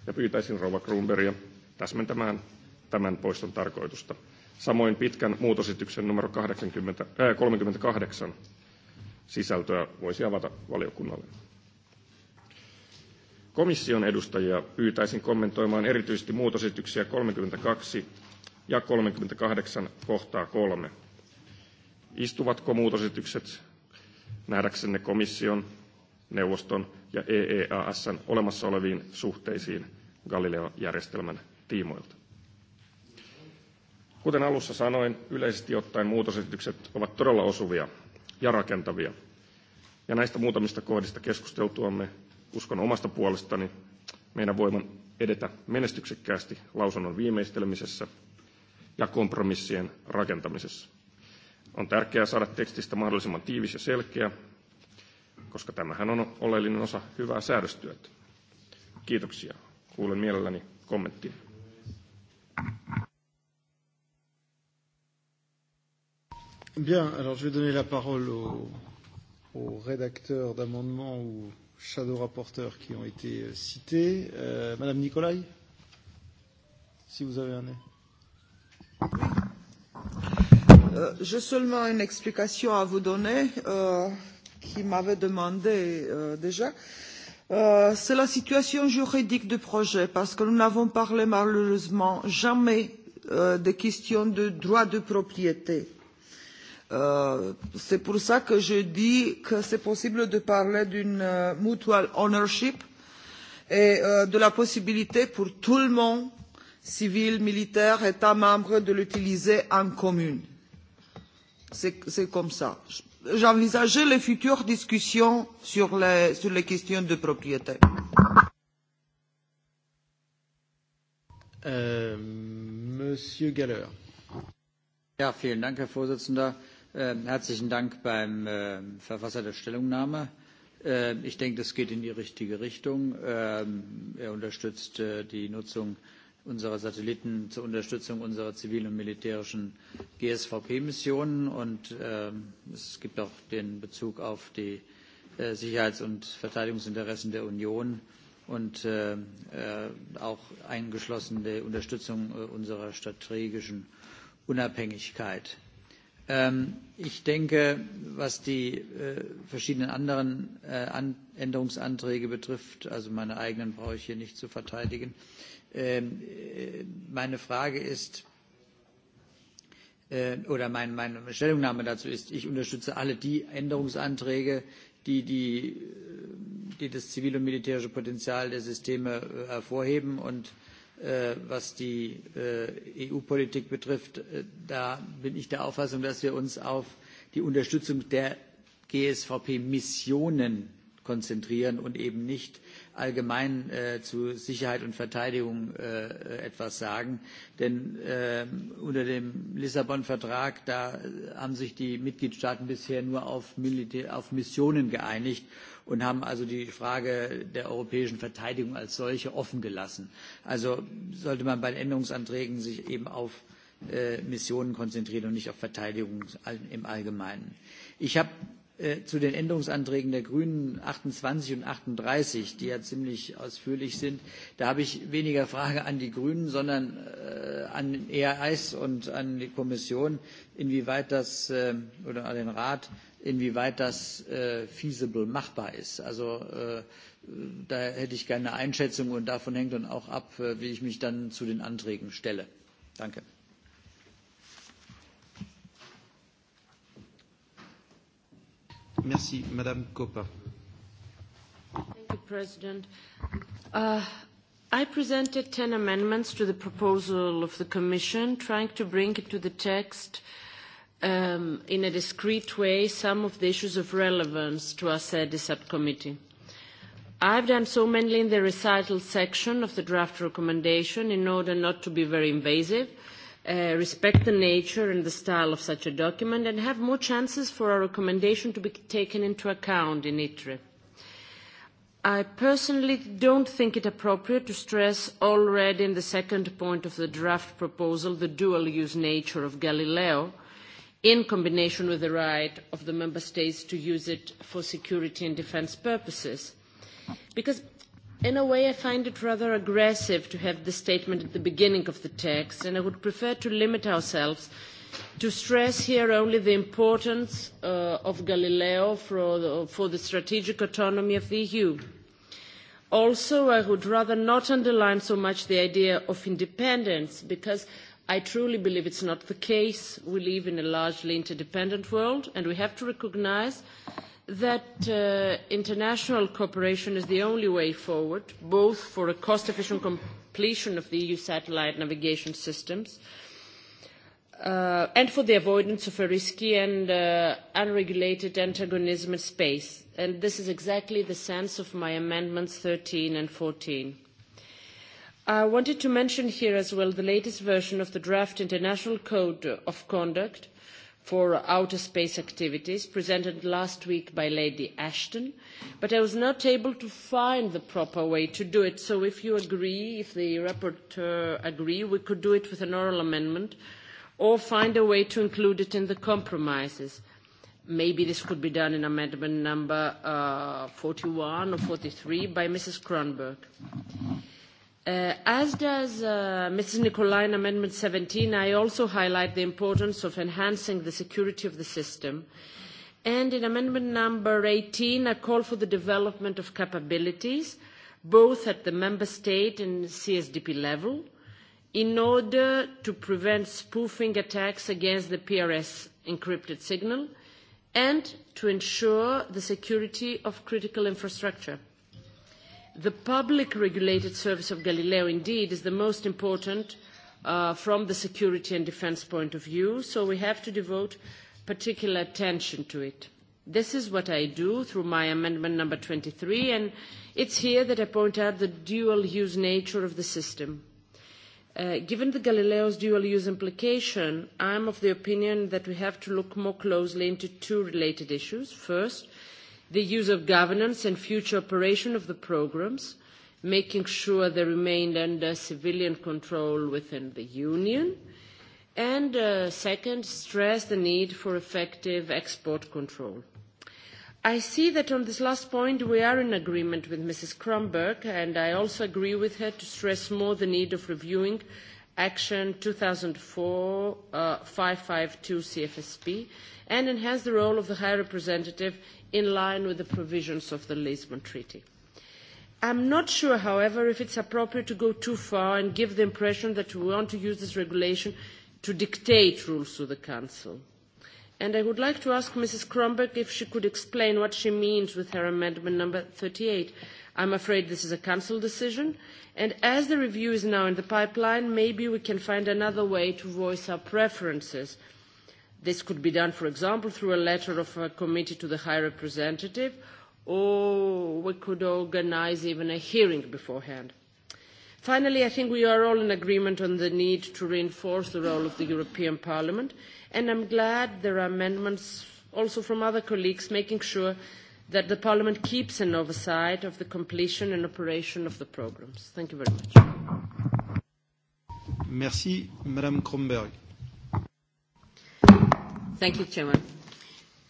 ja pyytäisin rouva Grunbergia täsmentämään tämän poiston tarkoitusta. Samoin pitkän muutosityksen numero 80, äh, 38 sisältöä voisi avata valiokunnalle. Komission edustajia pyytäisin kommentoimaan erityisesti muutosityksiä 32 ja 38 kohtaa 3. Istuvatko muutositykset nähdäksenne komission neuvoston ja EEASn olemassa oleviin suhteisiin Galileo-järjestelmän tiimoilta. Kuten alussa sanoin, yleisesti ottaen muutosesitykset ovat todella osuvia ja rakentavia. Ja näistä muutamista kohdista keskusteltuamme uskon omasta puolestani meidän voiman edetä menestyksekkäästi lausunnon viimeistelemisessä ja kompromissien rakentamisessa. On tärkeää saada tekstistä mahdollisimman tiivis ja selkeä, koska tämähän on oleellinen osa hyvää säädöstyötä. Kiitoksia. Kuulen mielelläni kommenttia. Bien, alors je vais donner la parole aux, aux rédacteurs d'amendements ou shadow rapporteurs qui ont été cités. Euh, Madame Nicolai, si vous avez un nez. Euh, J'ai seulement une explication à vous donner. Euh, qui m'avait demandé euh, déjà, euh, c'est la situation juridique du projet, parce que nous n'avons parlé malheureusement jamais euh, des questions de droit de propriété. Euh, c'est pour ça que je dis que c'est possible de parler d'une euh, mutual ownership et euh, de la possibilité pour tout le monde, civil, militaire, État membre, de l'utiliser en commune. C'est comme ça j'envisageais les futures discussions sur les, sur les questions de propriété. Euh, Monsieur Galler. Ja, vielen Dank, Herr Vorsitzender. Äh, herzlichen Dank beim äh, Verfasser der Stellungnahme. Äh, ich denke, das geht in die richtige Richtung. Äh, er unterstützt äh, die Nutzung äh, unserer Satelliten zur Unterstützung unserer zivilen und militärischen GSVP-Missionen. Und es gibt auch den Bezug auf die Sicherheits- und Verteidigungsinteressen der Union und auch eingeschlossen die Unterstützung unserer strategischen Unabhängigkeit. Ich denke, was die verschiedenen anderen Änderungsanträge betrifft, also meine eigenen brauche ich hier nicht zu verteidigen, Meine Frage ist, oder meine Stellungnahme dazu ist, ich unterstütze alle die Änderungsanträge, die, die, die das zivil- und militärische Potenzial der Systeme hervorheben. Und was die EU-Politik betrifft, da bin ich der Auffassung, dass wir uns auf die Unterstützung der GSVP-Missionen konzentrieren und eben nicht allgemein zu Sicherheit und Verteidigung etwas sagen. Denn unter dem Lissabon-Vertrag, haben sich die Mitgliedstaaten bisher nur auf, Missionen geeinigt und haben also die Frage der europäischen Verteidigung als solche offen gelassen. Also sollte man bei den Änderungsanträgen sich eben auf Missionen konzentrieren und nicht auf Verteidigung im Allgemeinen. Ich habe zu den Änderungsanträgen der Grünen 28 und 38, die ja ziemlich ausführlich sind. Da habe ich weniger Frage an die Grünen, sondern äh, an den EAS und an die Kommission, inwieweit das äh, oder an den Rat, inwieweit das äh, feasible machbar ist. Also äh, da hätte ich gerne eine Einschätzung und davon hängt dann auch ab, wie ich mich dann zu den Anträgen stelle. Danke. Merci, Madame Coppa. Thank you, President. Uh, I presented 10 amendments to the proposal of the Commission, trying to bring into the text um, in a discreet way some of the issues of relevance to our SEDI subcommittee. I've done so mainly in the recital section of the draft recommendation in order not to be very invasive, respect the nature and the style of such a document, and have more chances for our recommendation to be taken into account in ITRE. I personally don't think it appropriate to stress already in the second point of the draft proposal the dual-use nature of Galileo in combination with the right of the member states to use it for security and defence purposes. Because In a way, I find it rather aggressive to have this statement at the beginning of the text, and I would prefer to limit ourselves to stress here only the importance of Galileo for the, strategic autonomy of the EU. Also, I would rather not underline so much the idea of independence, because I truly believe it is not the case. We live in a largely interdependent world, and we have to recognise that that international cooperation is the only way forward, both for a cost-efficient completion of the EU satellite navigation systems and for the avoidance of a risky and unregulated antagonism in space. And this is exactly the sense of my amendments thirteen and fourteen. I wanted to mention here as well the latest version of the draft International Code of Conduct – for outer space activities presented last week by Lady Ashton, but I was not able to find the proper way to do it. So if you agree, if the rapporteur agree, we could do it with an oral amendment or find a way to include it in the compromises. Maybe this could be done in amendment number forty one or forty three by Mrs. Kronberg as does Ms. Nicolai in Amendment seventeen, I also highlight the importance of enhancing the security of the system. And in Amendment number eighteen, I call for the development of capabilities, both at the Member State and CSDP level, in order to prevent spoofing attacks against the PRS encrypted signal and to ensure the security of critical infrastructure. The public regulated service of Galileo indeed is the most important from the security and defence point of view, so we have to devote particular attention to it. This is what I do through my amendment number twenty three and it's here that I point out the dual-use nature of the system. given the Galileo's dual-use implication, I am of the opinion that we have to look more closely into two related issues. First, the use of governance and future operation of the programmes, making sure they remain under civilian control within the Union, and second, stress the need for effective export control. I see that on this last point we are in agreement with Mrs. Kronberg, and I also agree with her to stress more the need of reviewing Action two thousand four 2004-552 CFSP and enhance the role of the High Representative in line with the provisions of the Lisbon Treaty. I am not sure, however, if it is appropriate to go too far and give the impression that we want to use this regulation to dictate rules to the Council. And I would like to ask Mrs. Kronberg if she could explain what she means with her amendment number thirty eight. I am afraid this is a Council decision, and as the review is now in the pipeline, maybe we can find another way to voice our preferences – This could be done, for example, through a letter of a committee to the High Representative, or we could organise even a hearing beforehand. Finally, I think we are all in agreement on the need to reinforce the role of the European Parliament, and I am glad there are amendments also from other colleagues making sure that the Parliament keeps an oversight of the completion and operation of the programmes. Thank you very much. Thank you, Chairman.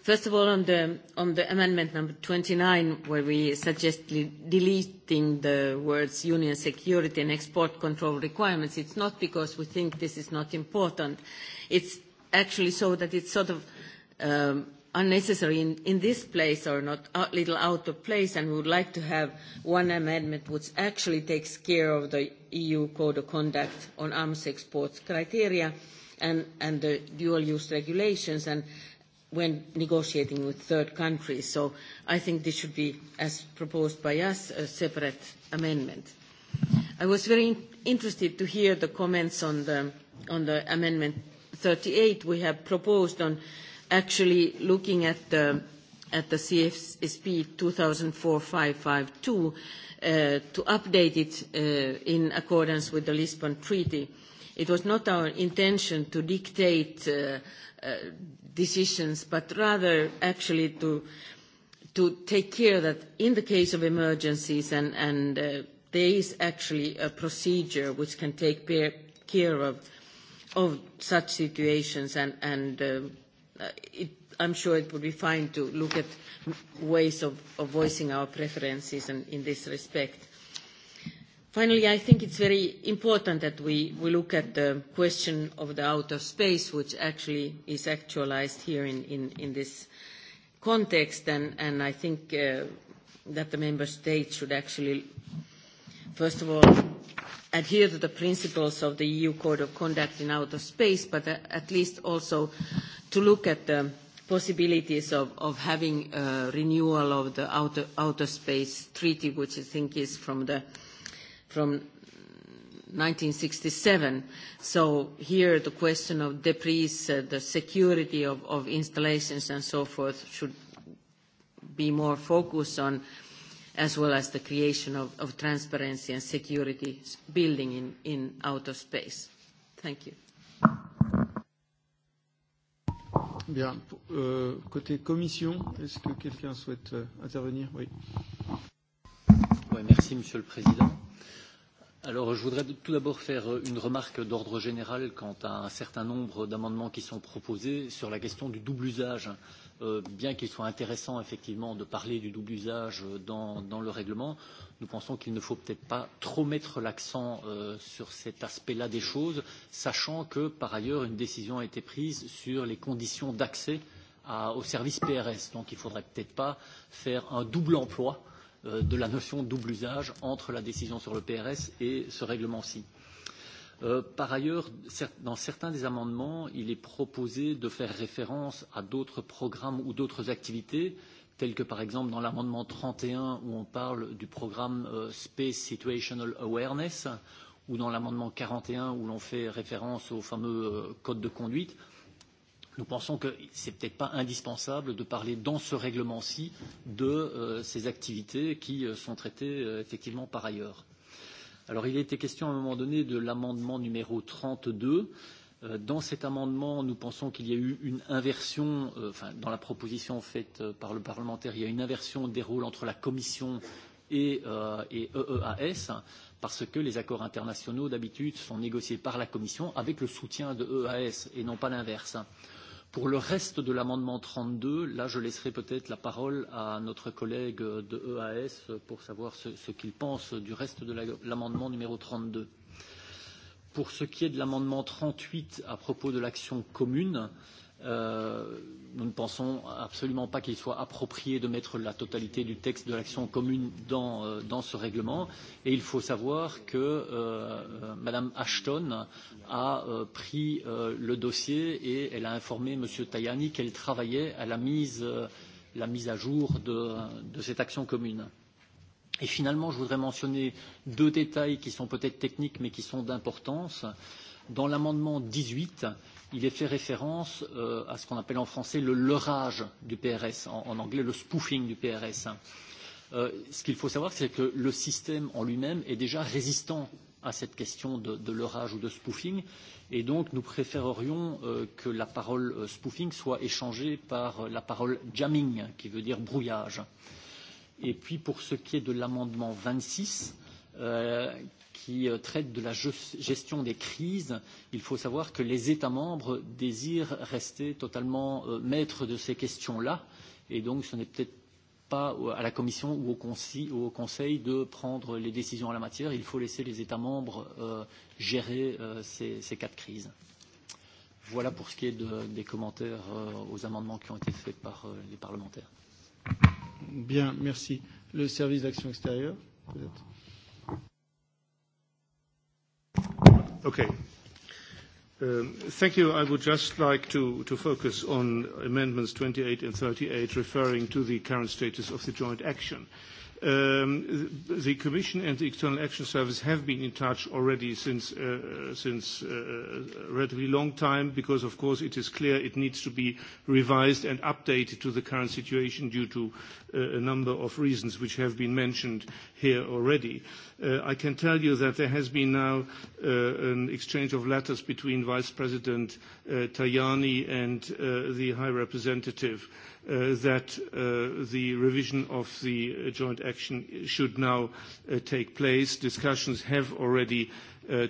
First of all, on the, amendment number 29, where we suggest deleting the words union security and export control requirements, it's not because we think this is not important. It's actually so that it's sort of unnecessary in, in this place or not a little out of place, and we would like to have one amendment which actually takes care of the EU Code of Conduct on arms exports criteria, and, and the dual-use regulations and when negotiating with third countries. So I think this should be, as proposed by us, a separate amendment. I was very interested to hear the comments on the, on the Amendment 38 we have proposed on actually looking at the, at the CFSP 2004-552 uh, to update it uh, in accordance with the Lisbon Treaty uh, It was not our intention to dictate uh, uh, decisions, but rather actually to to take care that in the case of emergencies and, and uh, there is actually a procedure which can take care of, of such situations and, and uh, it, I'm sure it would be fine to look at ways of, of voicing our preferences in this respect. Finally, I think it's very important that we look at the question of the outer space, which actually is actualized here in this context. and I think that the member states should actually, first of all, adhere to the principles of the EU Code of Conduct in outer space, but at least also to look at the possibilities of having a renewal of the outer space treaty, which I think is from the from 1967. So here the question of debris, uh, the security of, of installations and so forth should be more focused on as well as the creation of, of transparency and security building in, in outer space. Thank you. Bien. Euh, côté commission, est-ce que quelqu'un souhaite euh, intervenir Oui. Ouais, merci, Monsieur le Président Alors, je voudrais tout d'abord faire une remarque d'ordre général quant à un certain nombre d'amendements qui sont proposés sur la question du double usage. bien qu'il soit intéressant effectivement de parler du double usage dans, le règlement, nous pensons qu'il ne faut peut-être pas trop mettre l'accent sur cet aspect-là des choses, sachant que par ailleurs une décision a été prise sur les conditions d'accès au service PRS. Donc il ne faudrait peut-être pas faire un double emploi euh, de la notion de double usage entre la décision sur le PRS et ce règlement-ci. Par ailleurs, dans certains des amendements, il est proposé de faire référence à d'autres programmes ou d'autres activités, tels que par exemple dans l'amendement 31 où on parle du programme Space Situational Awareness, ou dans l'amendement 41 où l'on fait référence au fameux code de conduite. Nous pensons que ce n'est peut-être pas indispensable de parler dans ce règlement-ci de ces activités qui sont traitées effectivement par ailleurs. Alors il a été question à un moment donné de l'amendement numéro 32. Dans cet amendement, nous pensons qu'il y a eu une inversion, enfin, dans la proposition faite par le parlementaire, il y a une inversion des rôles entre la Commission et, euh, et EEAS, parce que les accords internationaux, d'habitude, sont négociés par la Commission avec le soutien de EAS et non pas l'inverse. Euh, Pour le reste de l'amendement 32, là, je laisserai peut-être la parole à notre collègue de EAS pour savoir ce, ce qu'il pense du reste de l'amendement numéro 32. Pour ce qui est de l'amendement 38 à propos de l'action commune, euh, nous ne pensons absolument pas qu'il soit approprié de mettre la totalité du texte de l'action commune dans, dans ce règlement. Et il faut savoir que euh, Mme Ashton a euh, pris euh, le dossier et elle a informé M. Tajani qu'elle travaillait à la mise, euh, la mise à jour de, de cette action commune. Et finalement, je voudrais mentionner deux détails qui sont peut-être techniques mais qui sont d'importance. Dans l'amendement 18, il est fait référence euh, à ce qu'on appelle en français le leurrage du PRS, en, en anglais le spoofing du PRS. Euh, ce qu'il faut savoir, c'est que le système en lui-même est déjà résistant à cette question de, de leurrage ou de spoofing, et donc nous préférerions euh, que la parole euh, spoofing soit échangée par euh, la parole jamming, qui veut dire brouillage. Et puis pour ce qui est de l'amendement 26, qui traite de la gestion des crises, il faut savoir que les États membres désirent rester totalement maîtres de ces questions-là, et donc ce n'est peut-être pas à la Commission ou au Conseil de prendre les décisions en la matière. Il faut laisser les États membres gérer ces cas de crise. Voilà pour ce qui est des commentaires aux amendements qui ont été faits par les parlementaires. Bien, merci. Le service d'action extérieure, peut-être Okay. Thank you. I would just like to focus on amendments 28 and 38, referring to the current status of the joint action. The Commission and the External Action Service have been in touch already since a relatively long time because, of course, it is clear it needs to be revised and updated to the current situation due to a number of reasons which have been mentioned here already. I can tell you that there has been now an exchange of letters between Vice President Tajani and the High Representative that the revision of the joint action should now take place. Discussions have already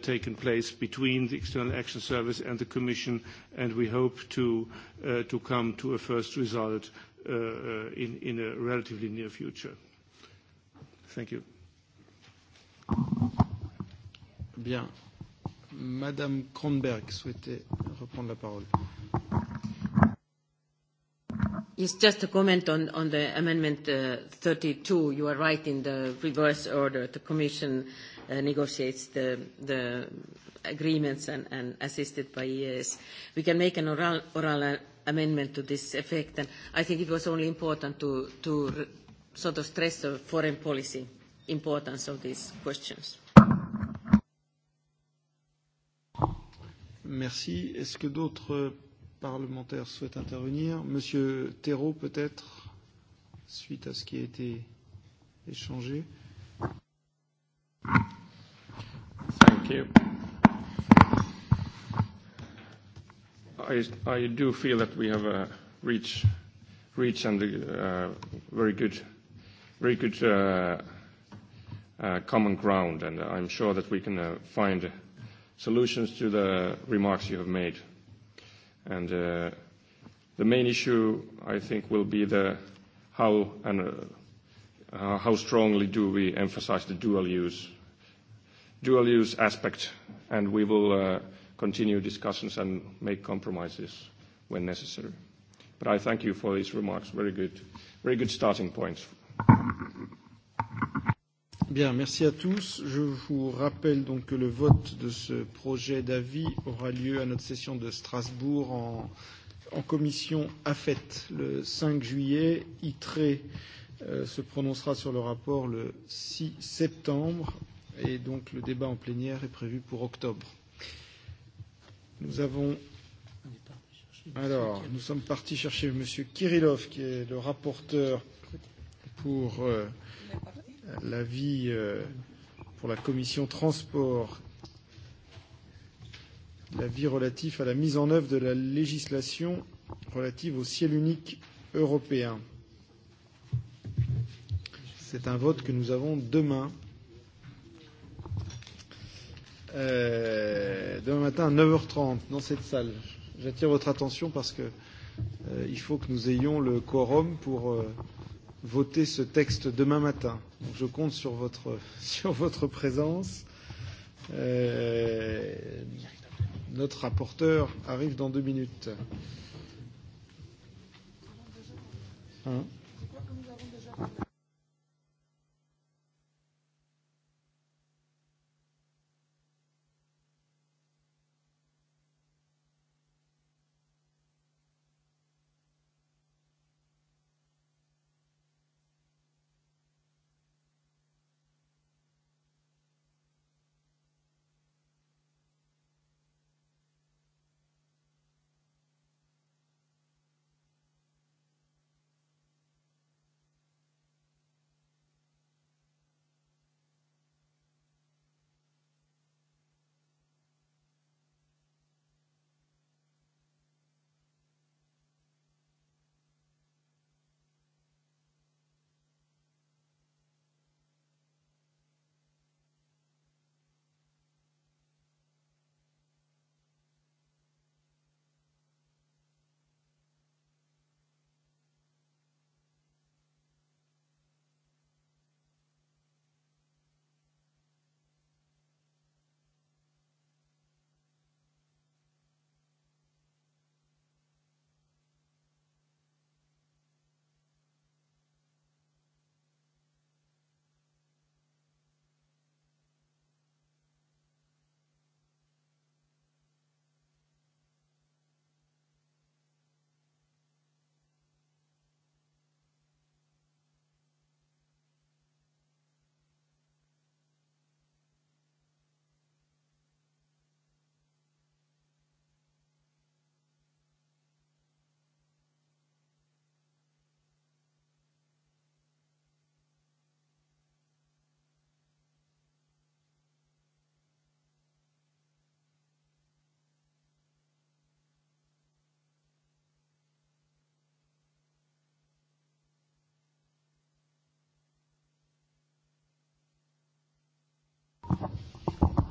taken place between the External Action Service and the Commission, and we hope to come to a first result in a relatively near future. Thank you. Bien. Madame Kronberg souhaitait reprendre la parole. It's just a comment on, the amendment 32. You are right in the reverse order. The Commission negotiates the, agreements and, assisted by EAS. We can make an oral, oral amendment to this effect, and I think it was only important to, to sort of stress the foreign policy importance of these questions. Merci. Est-ce que d'autres parlementaires souhaitent intervenir. Monsieur Thérault, peut-être, suite à ce qui a été échangé. Thank you. I, I do feel that we have uh, reached reach and uh, very good, very good uh, uh, common ground, and I'm sure that we can uh, find solutions to the remarks you have made. And uh, the main issue, I think, will be the how and uh, how strongly do we emphasize the dual use, dual use aspect, and we will uh, continue discussions and make compromises when necessary. But I thank you for these remarks. Very good, very good starting points. Bien, merci à tous. Je vous rappelle donc que le vote de ce projet d'avis aura lieu à notre session de Strasbourg en, en commission AFET le 5 juillet. ITRE euh, se prononcera sur le rapport le 6 septembre et donc le débat en plénière est prévu pour octobre. Nous avons alors, nous sommes partis chercher M. Kirillov, qui est le rapporteur pour euh, l'avis pour la commission transport, l'avis relatif à la mise en œuvre de la législation relative au ciel unique européen. C'est un vote que nous avons demain. Euh, demain matin à 9h30 dans cette salle. J'attire votre attention parce que euh, il faut que nous ayons le quorum pour euh, voter ce texte demain matin. Donc je compte sur votre, sur votre présence. Euh, notre rapporteur arrive dans deux minutes. Hein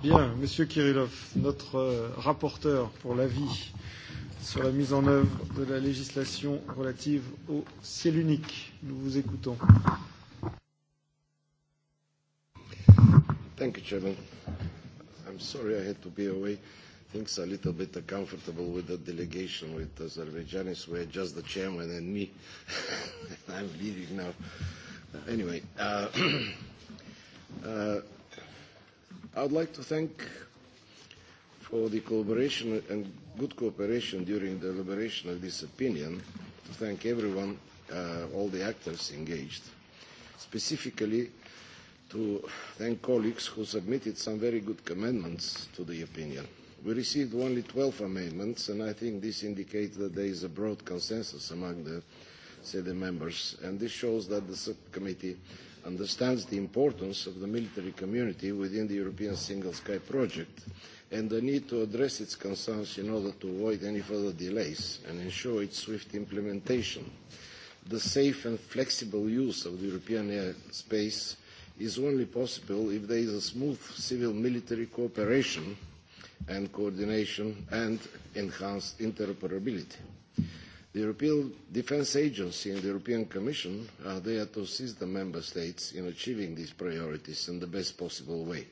Bien, Monsieur Kirillov, notre rapporteur pour l'avis sur la mise en œuvre de la législation relative au ciel unique. Nous vous écoutons. Thank you, Chairman. I'm sorry I had to be away. Things are a little bit uncomfortable with the delegation with Azerbaijan. We're just the chairman and me. I'm leaving now. Anyway, uh, uh, I would like to thank for the collaboration and good cooperation during the elaboration of this opinion, to thank everyone, uh, all the actors engaged, specifically to thank colleagues who submitted some very good amendments to the opinion. We received only 12 amendments, and I think this indicates that there is a broad consensus among the the members, and this shows that the subcommittee understands the importance of the military community within the European Single Sky project and the need to address its concerns in order to avoid any further delays and ensure its swift implementation. The safe and flexible use of the European airspace is only possible if there is a smooth civil-military cooperation and coordination and enhanced interoperability. The European Defence Agency and the European Commission are there to assist the Member States in achieving these priorities in the best possible way.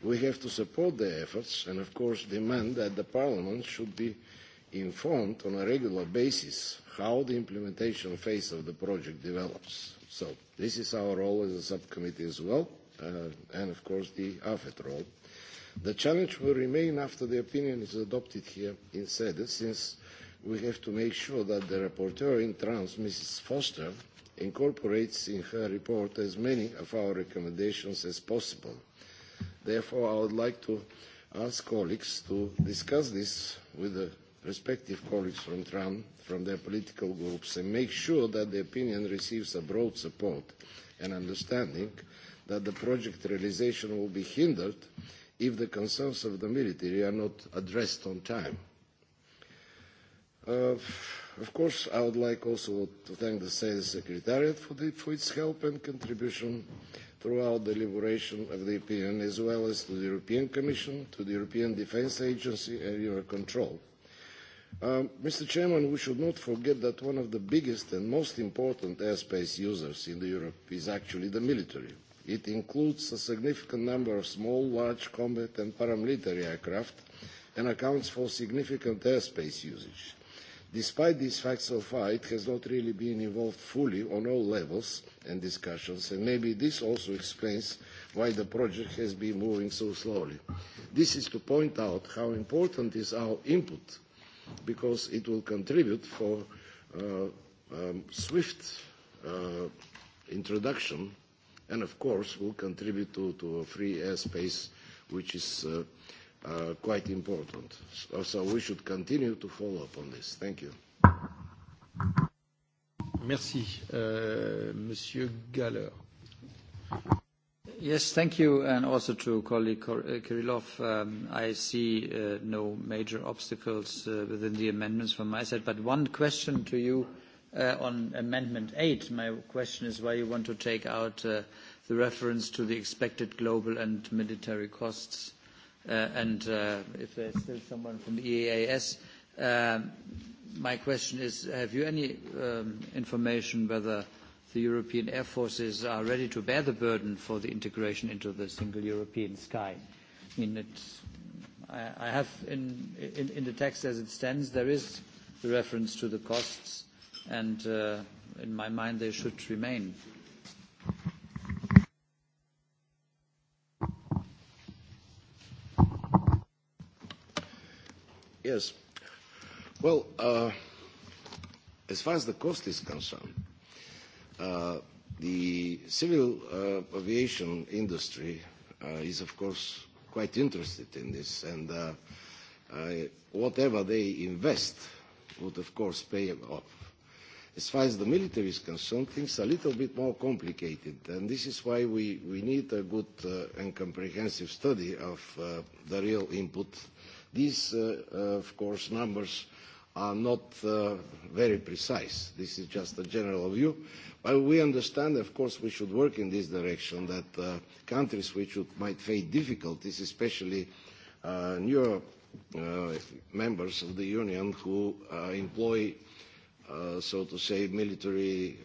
We have to support their efforts and, of course, demand that the Parliament should be informed on a regular basis how the implementation phase of the project develops. So this is our role as a subcommittee as well, and, of course, the AFET role. The challenge will remain after the opinion is adopted here in SEDE, since we have to make sure that the rapporteur in trans, Mrs. Foster, incorporates in her report as many of our recommendations as possible. Therefore, I would like to ask colleagues to discuss this with the respective colleagues from TRAN, from their political groups, and make sure that the opinion receives a broad support and understanding that the project realisation will be hindered if the concerns of the military are not addressed on time. Of course, I would like also to thank the Sales Secretariat for, the, for its help and contribution throughout the deliberation of the opinion, as well as to the European Commission, to the European Defence Agency and Eurocontrol. Mr. Chairman, we should not forget that one of the biggest and most important airspace users in Europe is actually the military. It includes a significant number of small, large combat and paramilitary aircraft and accounts for significant airspace usage. Despite these facts so far, it has not really been involved fully on all levels and discussions, and maybe this also explains why the project has been moving so slowly. This is to point out how important is our input, because it will contribute for swift introduction and, of course, will contribute to, to a free airspace which is uh, quite important. So, so we should continue to follow up on this. Thank you. Merci. Uh, Monsieur Galler. Yes, thank you, and also to colleague Kirillov. I see no major obstacles within the amendments from my side, but one question to you on Amendment 8. My question is why you want to take out the reference to the expected global and military costs and if there's still someone from the EAS, my question is, have you any information whether the European air forces are ready to bear the burden for the integration into the single European sky? I mean, it's, I, I have in, in, in the text as it stands, there is the reference to the costs, and uh, in my mind, they should remain. Yes. Well, uh, as far as the cost is concerned, uh, the civil uh, aviation industry uh, is, of course, quite interested in this, and uh, uh, whatever they invest would, of course, pay off. As far as the military is concerned, things are a little bit more complicated, and this is why we, we need a good uh, and comprehensive study of uh, the real input These, of course, numbers are not very precise. This is just a general view. But we understand, of course, we should work in this direction that countries which might face difficulties, especially newer members of the Union who employ, so to say, military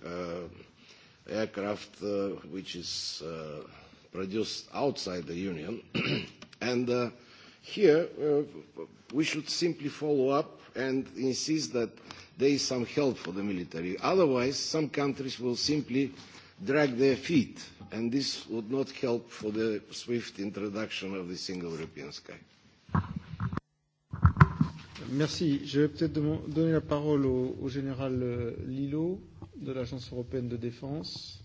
aircraft which is produced outside the Union, and Here, we should simply follow up and insist that there is some help for the military. Otherwise, some countries will simply drag their feet, and this would not help for the swift introduction of the single European sky. Merci. Je vais peut-être donner la parole au, au général de l'Agence européenne de défense.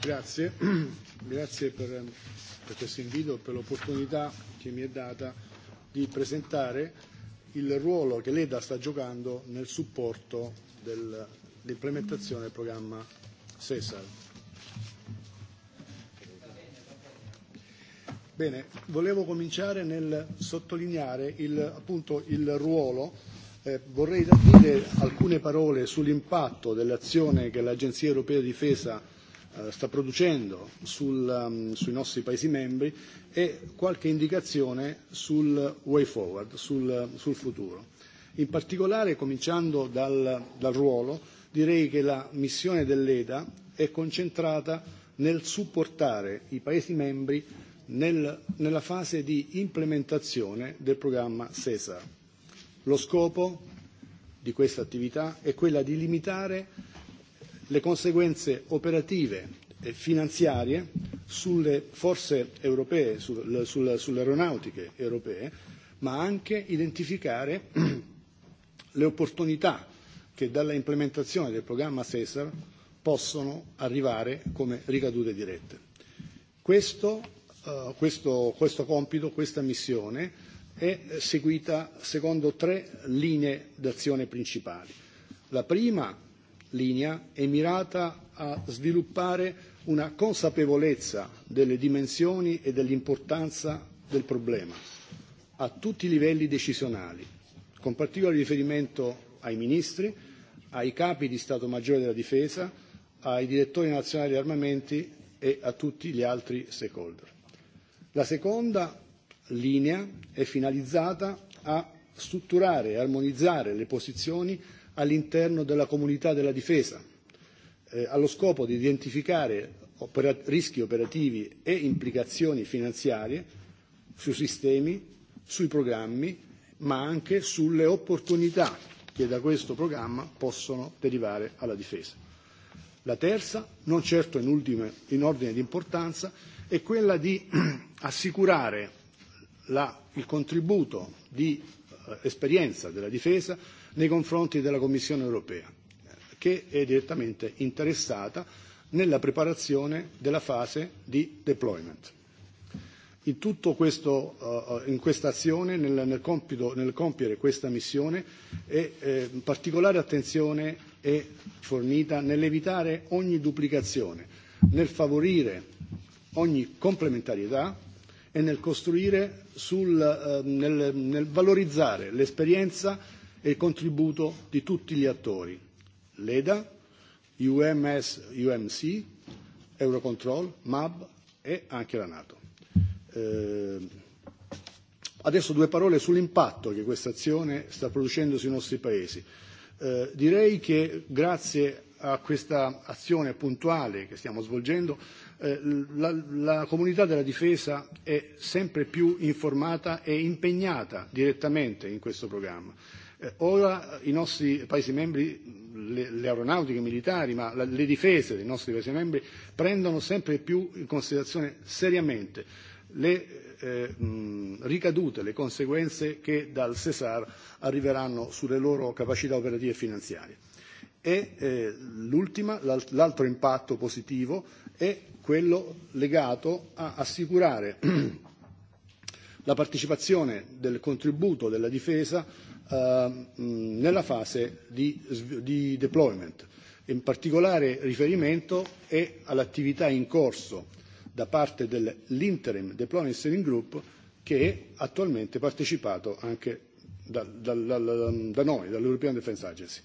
Grazie, grazie per, per questo invito e per l'opportunità che mi è data di presentare il ruolo che l'EDA sta giocando nel supporto dell'implementazione del programma CESAR. Bene, volevo cominciare nel sottolineare il, appunto il ruolo vorrei dire alcune parole sull'impatto dell'azione che l'Agenzia europea di difesa sta producendo sul, sui nostri Paesi membri e qualche indicazione sul way forward, sul, sul futuro. In particolare, cominciando dal, dal ruolo, direi che la missione dell'EDA è concentrata nel supportare i Paesi membri nel, nella fase di implementazione del programma CESAR. Lo scopo di questa attività è quella di limitare le conseguenze operative e finanziarie sulle forze europee, sulle aeronautiche europee, ma anche identificare le opportunità che dalla implementazione del programma Cesar possono arrivare come ricadute dirette. Questo, questo, questo compito, questa missione è seguita secondo tre linee d'azione principali. La prima linea è mirata a sviluppare una consapevolezza delle dimensioni e dell'importanza del problema a tutti i livelli decisionali, con particolare riferimento ai ministri, ai capi di Stato Maggiore della Difesa, ai direttori nazionali di armamenti e a tutti gli altri stakeholder. La seconda linea è finalizzata a strutturare e armonizzare le posizioni all'interno della comunità della difesa, eh, allo scopo di identificare rischi operativi e implicazioni finanziarie sui sistemi, sui programmi, ma anche sulle opportunità che da questo programma possono derivare alla difesa. La terza, non certo in, ultime, in ordine di importanza, è quella di assicurare la, il contributo di eh, esperienza della difesa nei confronti della Commissione europea, che è direttamente interessata nella preparazione della fase di deployment. In tutta questa azione, nel, compiere questa missione, particolare attenzione è fornita nell'evitare ogni duplicazione, nel favorire ogni complementarietà e nel costruire, nel valorizzare l'esperienza e il contributo di tutti gli attori, l'EDA, UMS, UMC, Eurocontrol, MAB e anche la Nato. adesso due parole sull'impatto che questa azione sta producendo sui nostri paesi. direi che grazie a questa azione puntuale che stiamo svolgendo la, comunità della difesa è sempre più informata e impegnata direttamente in questo programma ora i nostri Paesi membri, le, le aeronautiche militari, ma la, le difese dei nostri Paesi membri prendono sempre più in considerazione seriamente le eh, mh, ricadute, le conseguenze che dal Cesar arriveranno sulle loro capacità operative e finanziarie. E eh, l'ultima, l'altro impatto positivo è quello legato a assicurare la partecipazione del contributo della difesa nella fase di deployment. In particolare riferimento è all'attività in corso da parte dell'Interim Deployment Steering Group che è attualmente partecipato anche da, noi, dall'European Defence Agency.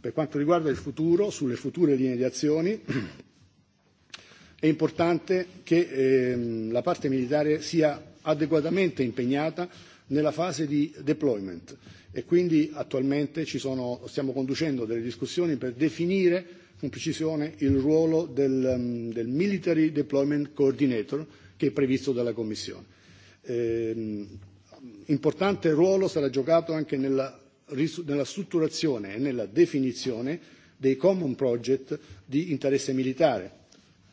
Per quanto riguarda il futuro, sulle future linee di azioni, è importante che la parte militare sia adeguatamente impegnata nella fase di deployment e quindi attualmente ci sono, stiamo conducendo delle discussioni per definire con precisione il ruolo del, del Military Deployment Coordinator che è previsto dalla Commissione. Eh, importante ruolo sarà giocato anche nella, nella strutturazione e nella definizione dei common project di interesse militare,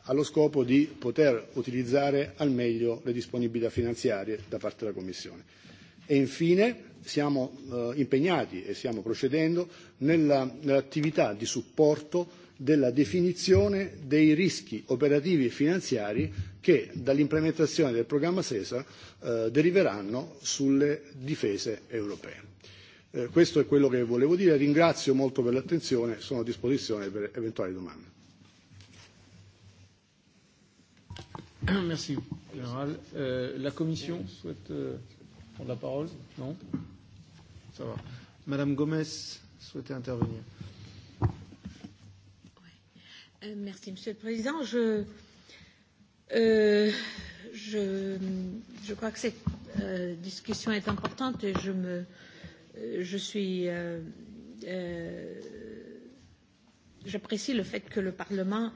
allo scopo di poter utilizzare al meglio le disponibilità finanziarie da parte della Commissione. E infine siamo impegnati e stiamo procedendo nell'attività di supporto della definizione dei rischi operativi e finanziari che dall'implementazione del programma SESA deriveranno sulle difese europee. Questo è quello che volevo dire, ringrazio molto per l'attenzione, e sono a disposizione per eventuali domande. la Commission souhaite prendre la parole Non Ça va. Madame Gomez souhaitait intervenir. Euh, merci, Monsieur le Président. Je, euh, je, je crois que cette euh, discussion est importante et je, me, euh, je suis. Euh, euh, J'apprécie le fait que le Parlement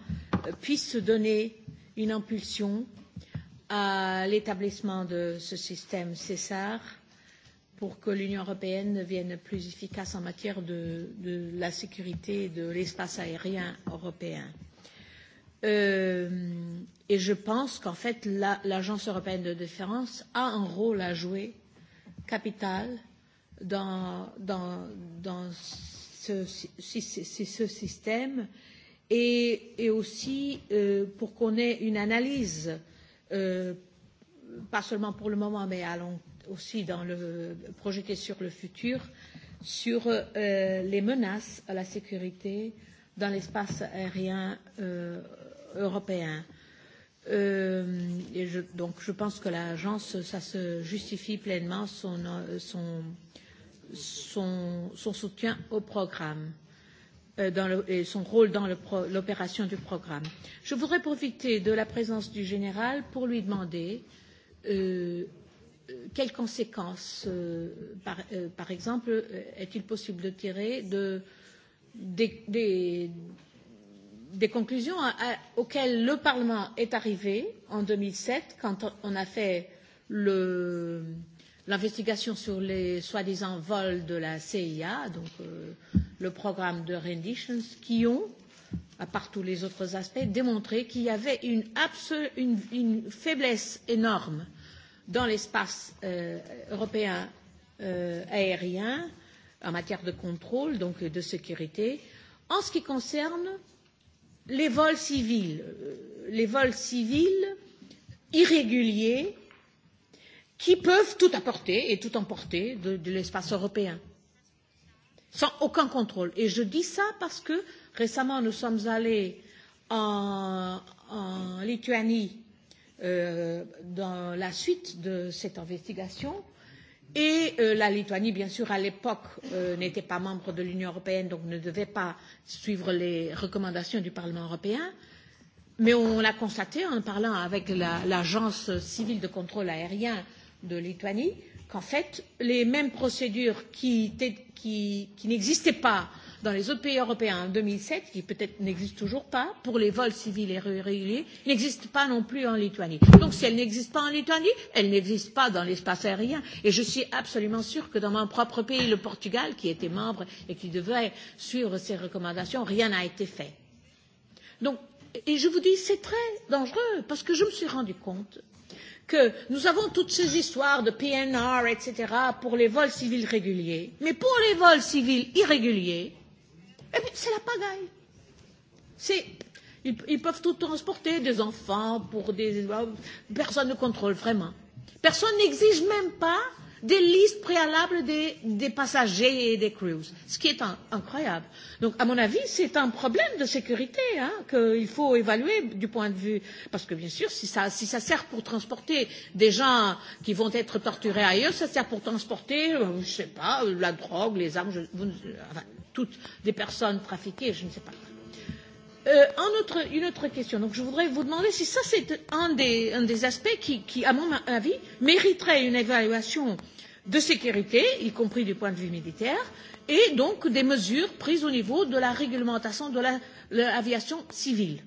puisse se donner une impulsion euh, à l'établissement de ce système César pour que l'Union européenne devienne plus efficace en matière de, de la sécurité de l'espace aérien européen. Euh, et je pense qu'en fait, l'Agence la, européenne de défense a un rôle à jouer capital dans, dans, dans ce, ce système et, et aussi euh, pour qu'on ait une analyse euh, pas seulement pour le moment, mais allons aussi dans le, projeter sur le futur, sur euh, les menaces à la sécurité dans l'espace aérien euh, européen. Euh, et je, donc je pense que l'agence, ça se justifie pleinement son, son, son, son soutien au programme. Euh, dans le, et son rôle dans l'opération du programme. Je voudrais profiter de la présence du général pour lui demander euh, quelles conséquences, euh, par, euh, par exemple, est-il possible de tirer de, des, des, des conclusions à, à, auxquelles le Parlement est arrivé en 2007 quand on a fait le, l'investigation sur les soi-disant vols de la CIA, donc euh, le programme de renditions, qui ont, à part tous les autres aspects, démontré qu'il y avait une, une, une faiblesse énorme dans l'espace euh, européen euh, aérien en matière de contrôle, donc de sécurité, en ce qui concerne les vols civils, les vols civils irréguliers qui peuvent tout apporter et tout emporter de, de l'espace européen, sans aucun contrôle. Et je dis ça parce que récemment, nous sommes allés en, en Lituanie euh, dans la suite de cette investigation. Et euh, la Lituanie, bien sûr, à l'époque, euh, n'était pas membre de l'Union européenne, donc ne devait pas suivre les recommandations du Parlement européen. Mais on l'a constaté en parlant avec l'agence la, civile de contrôle aérien euh, de Lituanie, qu'en fait, les mêmes procédures qui, qui, qui n'existaient pas dans les autres pays européens en 2007, qui peut-être n'existent toujours pas, pour les vols civils et réguliers, n'existent pas non plus en Lituanie. Donc si elles n'existent pas en Lituanie, elles n'existent pas dans l'espace aérien. Et je suis absolument sûre que dans mon propre pays, le Portugal, qui était membre et qui devait suivre ces recommandations, rien n'a été fait. Donc, et je vous dis, c'est très dangereux, parce que je me suis rendu compte que nous avons toutes ces histoires de PNR, etc., pour les vols civils réguliers, mais pour les vols civils irréguliers, eh bien, c'est la pagaille. C'est, ils, ils peuvent tout transporter, des enfants, pour des... Personne ne contrôle vraiment. Personne n'exige même pas des listes préalables des, des passagers et des crews, ce qui est un, incroyable. Donc, à mon avis, c'est un problème de sécurité hein, qu'il faut évaluer du point de vue. Parce que, bien sûr, si ça, si ça sert pour transporter des gens qui vont être torturés ailleurs, ça sert pour transporter, je ne sais pas, la drogue, les armes, je, vous, enfin, toutes des personnes trafiquées, je ne sais pas. Euh, un autre, une autre question. Donc, je voudrais vous demander si ça, c'est un des, un des aspects qui, qui, à mon avis, mériterait une évaluation de sécurité, y compris du point de vue militaire, et donc des mesures prises au niveau de la réglementation de l'aviation civile.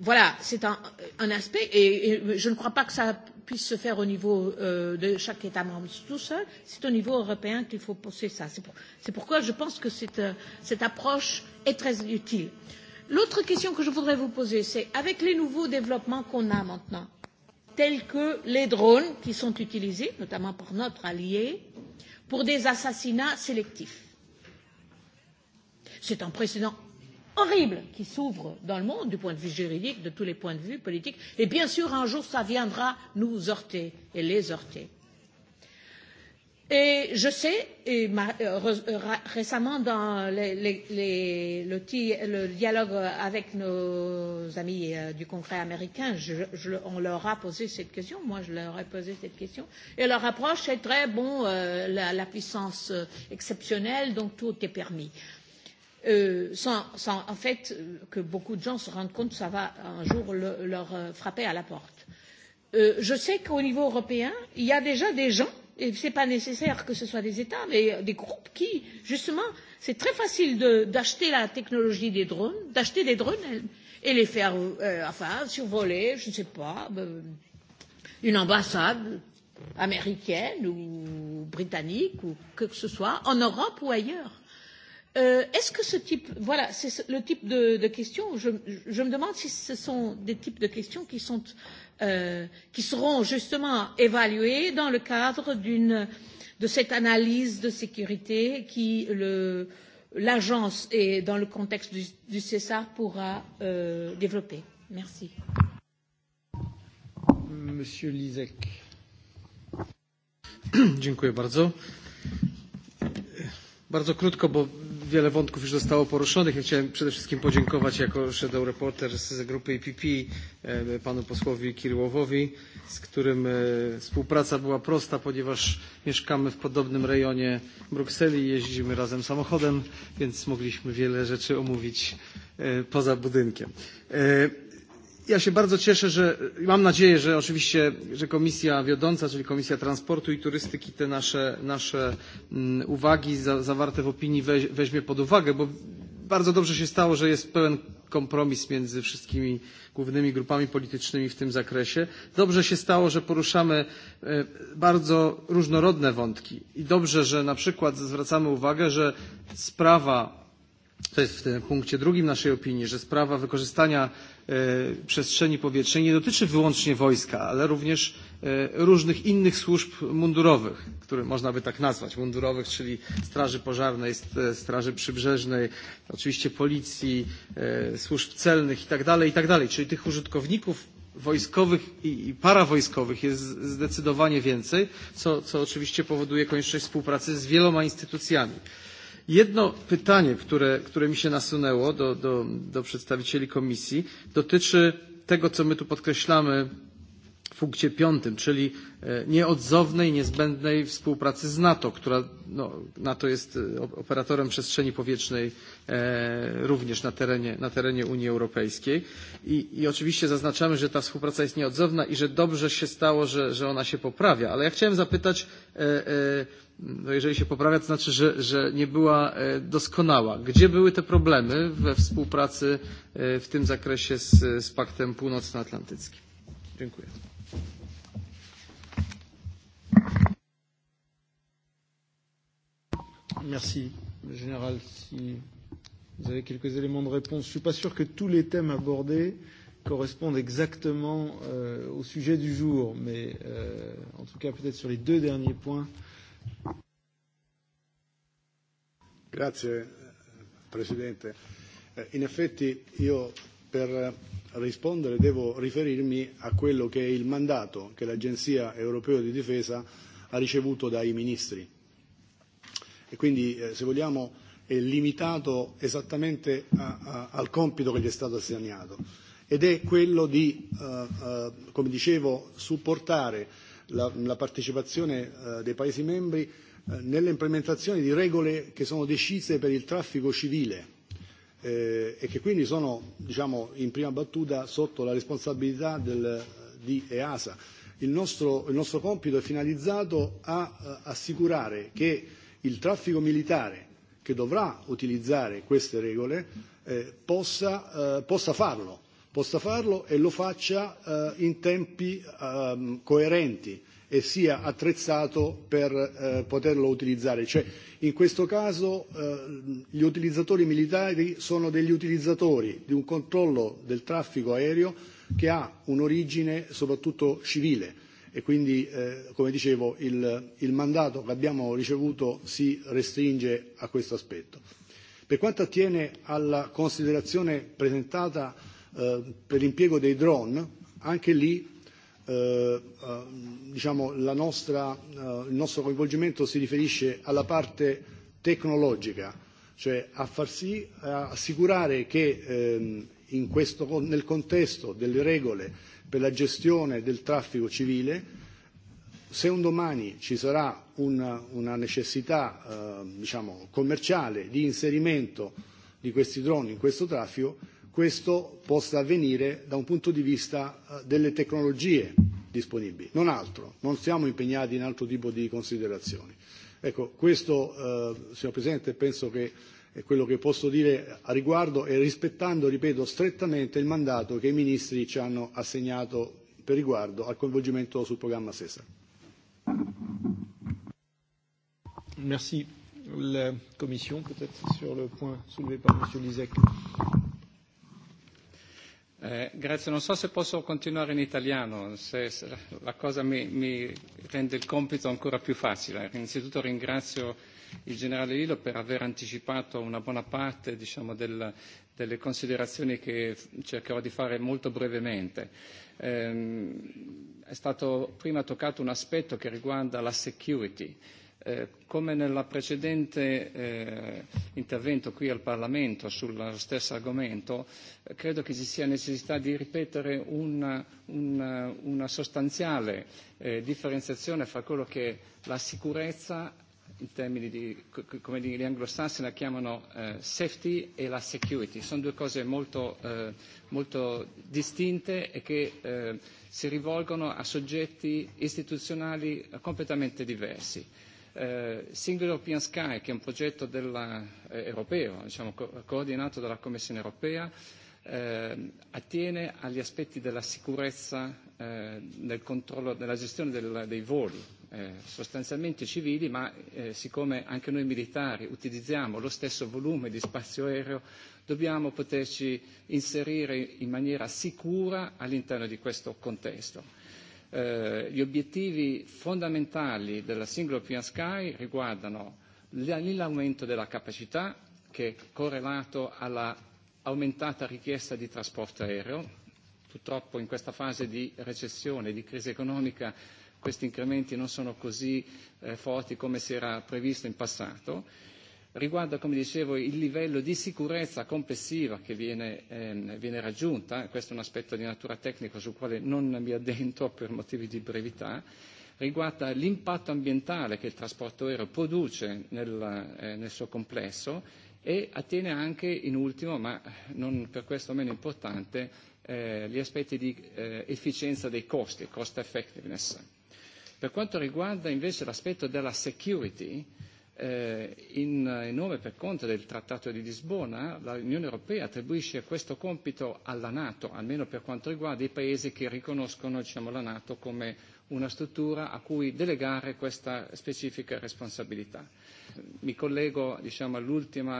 Voilà, c'est un, un aspect, et, et je ne crois pas que ça puisse se faire au niveau euh, de chaque État membre tout seul, c'est au niveau européen qu'il faut poser ça. C'est pour, pourquoi je pense que cette, cette approche est très utile. Euh, L'autre question que je voudrais vous poser, c'est avec les nouveaux développements qu'on a maintenant, tels que les drones qui sont utilisés, notamment par notre allié, pour des assassinats sélectifs. C'est un précédent horrible qui s'ouvre dans le monde, du point de vue juridique, de tous les points de vue politiques, et bien sûr, un jour, ça viendra nous heurter et les heurter. Et je sais, et ma, récemment dans les, les, les, le, le dialogue avec nos amis du Congrès américain, je, je, on leur a posé cette question, moi je leur ai posé cette question, et leur approche est très bon, euh, la, la puissance exceptionnelle, donc tout est permis. Euh, sans, sans en fait que beaucoup de gens se rendent compte, ça va un jour le, leur frapper à la porte. Euh, je sais qu'au niveau européen, il y a déjà des gens et ce n'est pas nécessaire que ce soit des États, mais des groupes qui, justement, c'est très facile d'acheter la technologie des drones, d'acheter des drones et les faire, euh, enfin, survoler, je ne sais pas, euh, une ambassade américaine ou britannique ou que ce soit, en Europe ou ailleurs. Euh, Est-ce que ce type, voilà, c'est le type de, de questions. Je, je me demande si ce sont des types de questions qui sont qui seront justement évaluées dans le cadre de cette analyse de sécurité qui le l'agence et dans le contexte du, du César pourra euh, développer. Merci. Monsieur Lisek. Dziękuję bardzo. Bardzo krótko, bo wiele wątków już zostało poruszonych. Ja chciałem przede wszystkim podziękować jako shadow reporter z grupy PPE, panu posłowi Kirłowowi, z którym współpraca była prosta, ponieważ mieszkamy w podobnym rejonie Brukseli i jeździmy razem samochodem, więc mogliśmy wiele rzeczy omówić poza budynkiem. Ja się bardzo cieszę, że mam nadzieję, że oczywiście, że komisja wiodąca, czyli Komisja Transportu i Turystyki te nasze, nasze uwagi za, zawarte w opinii weź, weźmie pod uwagę, bo bardzo dobrze się stało, że jest pełen kompromis między wszystkimi głównymi grupami politycznymi w tym zakresie. Dobrze się stało, że poruszamy bardzo różnorodne wątki i dobrze, że na przykład zwracamy uwagę, że sprawa to jest w tym punkcie drugim naszej opinii, że sprawa wykorzystania przestrzeni powietrznej nie dotyczy wyłącznie wojska, ale również różnych innych służb mundurowych, które można by tak nazwać mundurowych, czyli Straży Pożarnej, Straży Przybrzeżnej, oczywiście Policji, służb celnych itd., itd. Czyli tych użytkowników wojskowych i parawojskowych jest zdecydowanie więcej, co, co oczywiście powoduje konieczność współpracy z wieloma instytucjami. Jedno pytanie, które, które mi się nasunęło do, do, do przedstawicieli komisji, dotyczy tego, co my tu podkreślamy punkcie piątym, czyli nieodzownej, niezbędnej współpracy z NATO, która no, NATO jest operatorem przestrzeni powietrznej również na terenie, na terenie Unii Europejskiej. I, I oczywiście zaznaczamy, że ta współpraca jest nieodzowna i że dobrze się stało, że, że ona się poprawia. Ale ja chciałem zapytać, no jeżeli się poprawia, to znaczy, że, że nie była doskonała. Gdzie były te problemy we współpracy w tym zakresie z, z Paktem Północnoatlantyckim? Dziękuję. Merci, Général. Si vous avez quelques éléments de réponse, je ne suis pas sûr que tous les thèmes abordés correspondent exactement euh, au sujet du jour, mais euh, en tout cas peut-être sur les deux derniers points. Grazie Presidente. In effetti io per rispondere devo riferirmi a quello che è il mandato che l'Agenzia europea di difesa ha ricevuto dai ministri. E quindi, se vogliamo, è limitato esattamente al compito che gli è stato assegnato ed è quello di, come dicevo, supportare la, partecipazione dei Paesi membri nell'implementazione di regole che sono decise per il traffico civile eh, e che quindi sono diciamo, in prima battuta sotto la responsabilità del, di EASA. Il nostro, il nostro compito è finalizzato a, assicurare che il traffico militare che dovrà utilizzare queste regole eh, possa, eh, possa farlo, possa farlo e lo faccia eh, in tempi eh, coerenti e sia attrezzato per poterlo utilizzare. Cioè, in questo caso gli utilizzatori militari sono degli utilizzatori di un controllo del traffico aereo che ha un'origine soprattutto civile e quindi, come dicevo, il, mandato che abbiamo ricevuto si restringe a questo aspetto. Per quanto attiene alla considerazione presentata per l'impiego dei drone, anche lì diciamo, la nostra, il nostro coinvolgimento si riferisce alla parte tecnologica, cioè a far sì, a assicurare che in questo, nel contesto delle regole per la gestione del traffico civile, se un domani ci sarà una, una necessità eh, diciamo, commerciale di inserimento di questi droni in questo traffico, questo possa avvenire da un punto di vista delle tecnologie disponibili, non altro, non siamo impegnati in altro tipo di considerazioni. Ecco, questo, signor Presidente, penso che è quello che posso dire a riguardo e rispettando, ripeto, strettamente il mandato che i ministri ci hanno assegnato per riguardo al coinvolgimento sul programma SESAR. Merci. La Commission, peut-être, sur le point soulevé par M. Lisek grazie, non so se posso continuare in italiano, se, la cosa mi, mi rende il compito ancora più facile. Innanzitutto ringrazio il generale Lillo per aver anticipato una buona parte diciamo, del, delle considerazioni che cercherò di fare molto brevemente. è stato prima toccato un aspetto che riguarda la security come nel precedente intervento qui al Parlamento sullo stesso argomento, credo che ci sia necessità di ripetere una, sostanziale differenziazione fra quello che è la sicurezza in termini di, come gli anglosassi la chiamano safety e la security. Sono due cose molto, molto distinte e che si rivolgono a soggetti istituzionali completamente diversi Single European Sky, che è un progetto della, eh, europeo, diciamo, co- coordinato dalla Commissione europea, eh, attiene agli aspetti della sicurezza eh, nel controllo, nella gestione del, dei voli, eh, sostanzialmente civili, ma eh, siccome anche noi militari utilizziamo lo stesso volume di spazio aereo, dobbiamo poterci inserire in maniera sicura all'interno di questo contesto gli obiettivi fondamentali della Single European Sky riguardano l'aumento della capacità, che è correlato all'aumentata richiesta di trasporto aereo. Purtroppo in questa fase di recessione, di crisi economica, questi incrementi non sono così forti come si era previsto in passato riguarda, come dicevo, il livello di sicurezza complessiva che viene, ehm, viene raggiunta, questo è un aspetto di natura tecnica sul quale non mi addentro per motivi di brevità, riguarda l'impatto ambientale che il trasporto aereo produce nel, eh, nel suo complesso e attiene anche, in ultimo, ma non per questo meno importante, eh, gli aspetti di eh, efficienza dei costi, cost effectiveness. Per quanto riguarda invece l'aspetto della security, in, nome per conto del Trattato di Lisbona, l'Unione Europea attribuisce questo compito alla Nato, almeno per quanto riguarda i paesi che riconoscono diciamo, la Nato come una struttura a cui delegare questa specifica responsabilità. Mi collego diciamo, all'ultima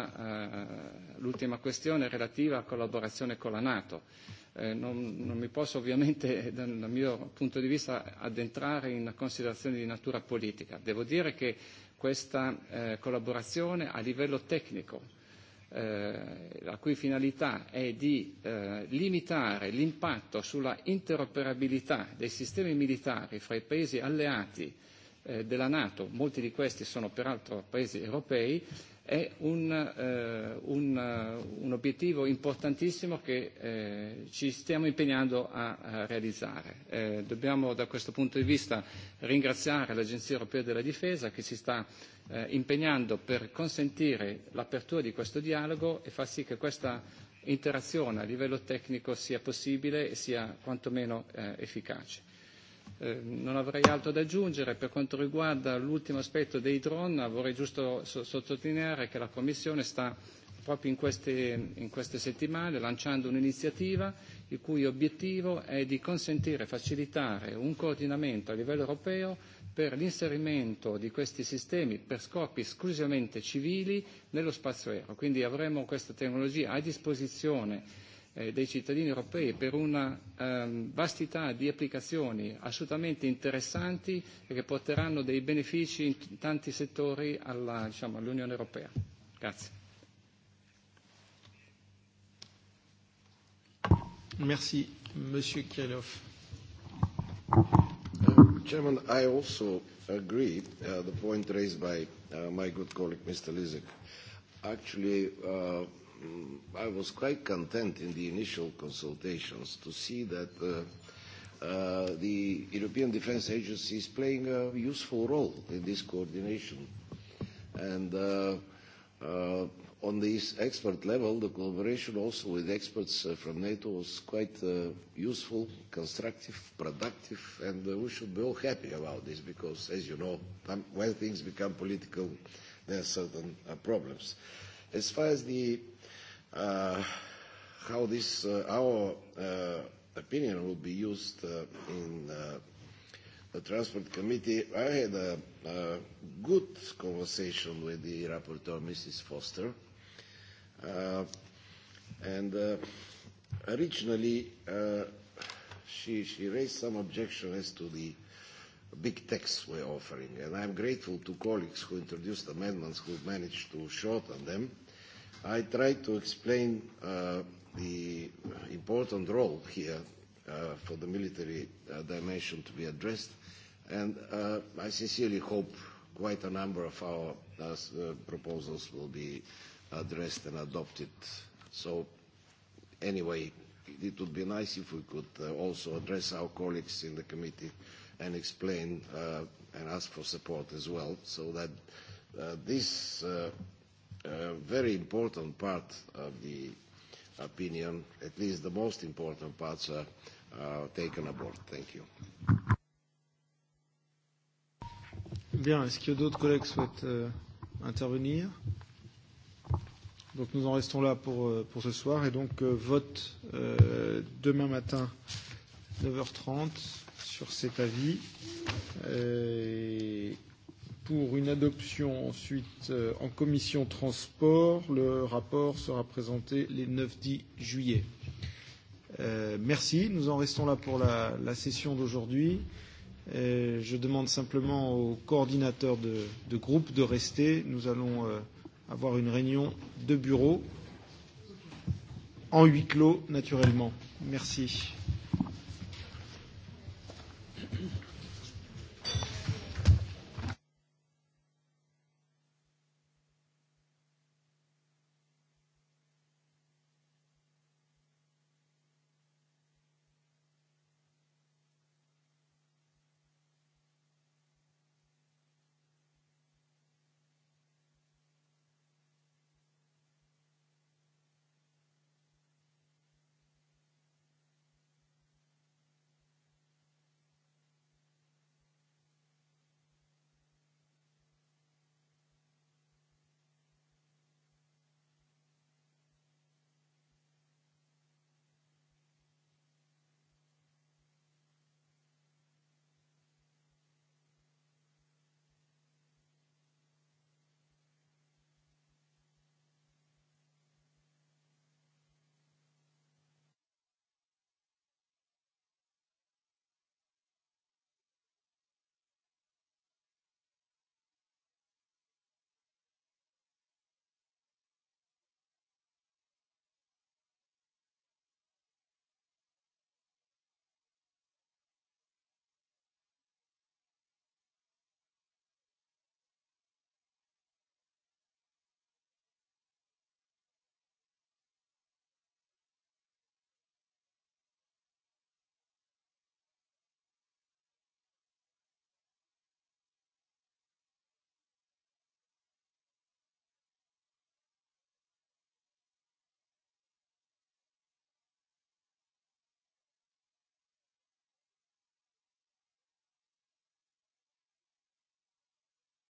questione relativa alla collaborazione con la Nato. Eh, non, non mi posso ovviamente dal mio punto di vista addentrare in considerazioni di natura politica. Devo dire che questa collaborazione a livello tecnico, la cui finalità è di limitare l'impatto sulla interoperabilità dei sistemi militari fra i paesi alleati della Nato, molti di questi sono peraltro paesi europei, è un, eh, un, un obiettivo importantissimo che eh, ci stiamo impegnando a, a realizzare. Eh, dobbiamo da questo punto di vista ringraziare l'Agenzia europea della difesa che si sta eh, impegnando per consentire l'apertura di questo dialogo e far sì che questa interazione a livello tecnico sia possibile e sia quantomeno eh, efficace non avrei altro da aggiungere. Per quanto riguarda l'ultimo aspetto dei drone, vorrei giusto sottolineare che la Commissione sta proprio in queste, in queste settimane lanciando un'iniziativa il cui obiettivo è di consentire e facilitare un coordinamento a livello europeo per l'inserimento di questi sistemi per scopi esclusivamente civili nello spazio aereo. Quindi avremo questa tecnologia a disposizione dei cittadini europei per una vastità di applicazioni assolutamente interessanti e che porteranno dei benefici in tanti settori alla, diciamo, all'Unione Europea. Grazie. Merci, Monsieur Kirillov. Chairman, I also agree uh, the point raised by uh, my good colleague, Mr. Lizek. Actually, uh, I was quite content in the initial consultations to see that uh, uh, the European Defence Agency is playing a useful role in this coordination. And uh, uh, on this expert level, the collaboration also with experts uh, from NATO was quite uh, useful, constructive, productive, and uh, we should be all happy about this because, as you know, when things become political, there are certain uh, problems. As far as the uh, how this uh, our uh, opinion will be used uh, in uh, the transport committee. I had a, a good conversation with the rapporteur, Mrs. Foster, uh, and uh, originally uh, she she raised some objection as to the big tax we're offering, and I'm grateful to colleagues who introduced amendments who managed to shorten them I tried to explain uh, the important role here uh, for the military uh, dimension to be addressed, and uh, I sincerely hope quite a number of our uh, proposals will be addressed and adopted. So anyway, it would be nice if we could uh, also address our colleagues in the committee and explain uh, and ask for support as well, so that uh, this uh, a very important part of the opinion, at least the most important parts, are uh, taken aboard. Thank you. Bien, est-ce que d'autres collègues souhaitent euh, intervenir Donc nous en restons là pour, pour ce soir et donc euh, vote euh, demain matin 9h30 sur cet avis. Euh, pour une adoption ensuite euh, en commission transport. Le rapport sera présenté les 9-10 juillet. Euh, merci. Nous en restons là pour la, la session d'aujourd'hui. Euh, je demande simplement aux coordinateurs de, de groupe de rester. Nous allons euh, avoir une réunion de bureau en huis clos, naturellement. Merci.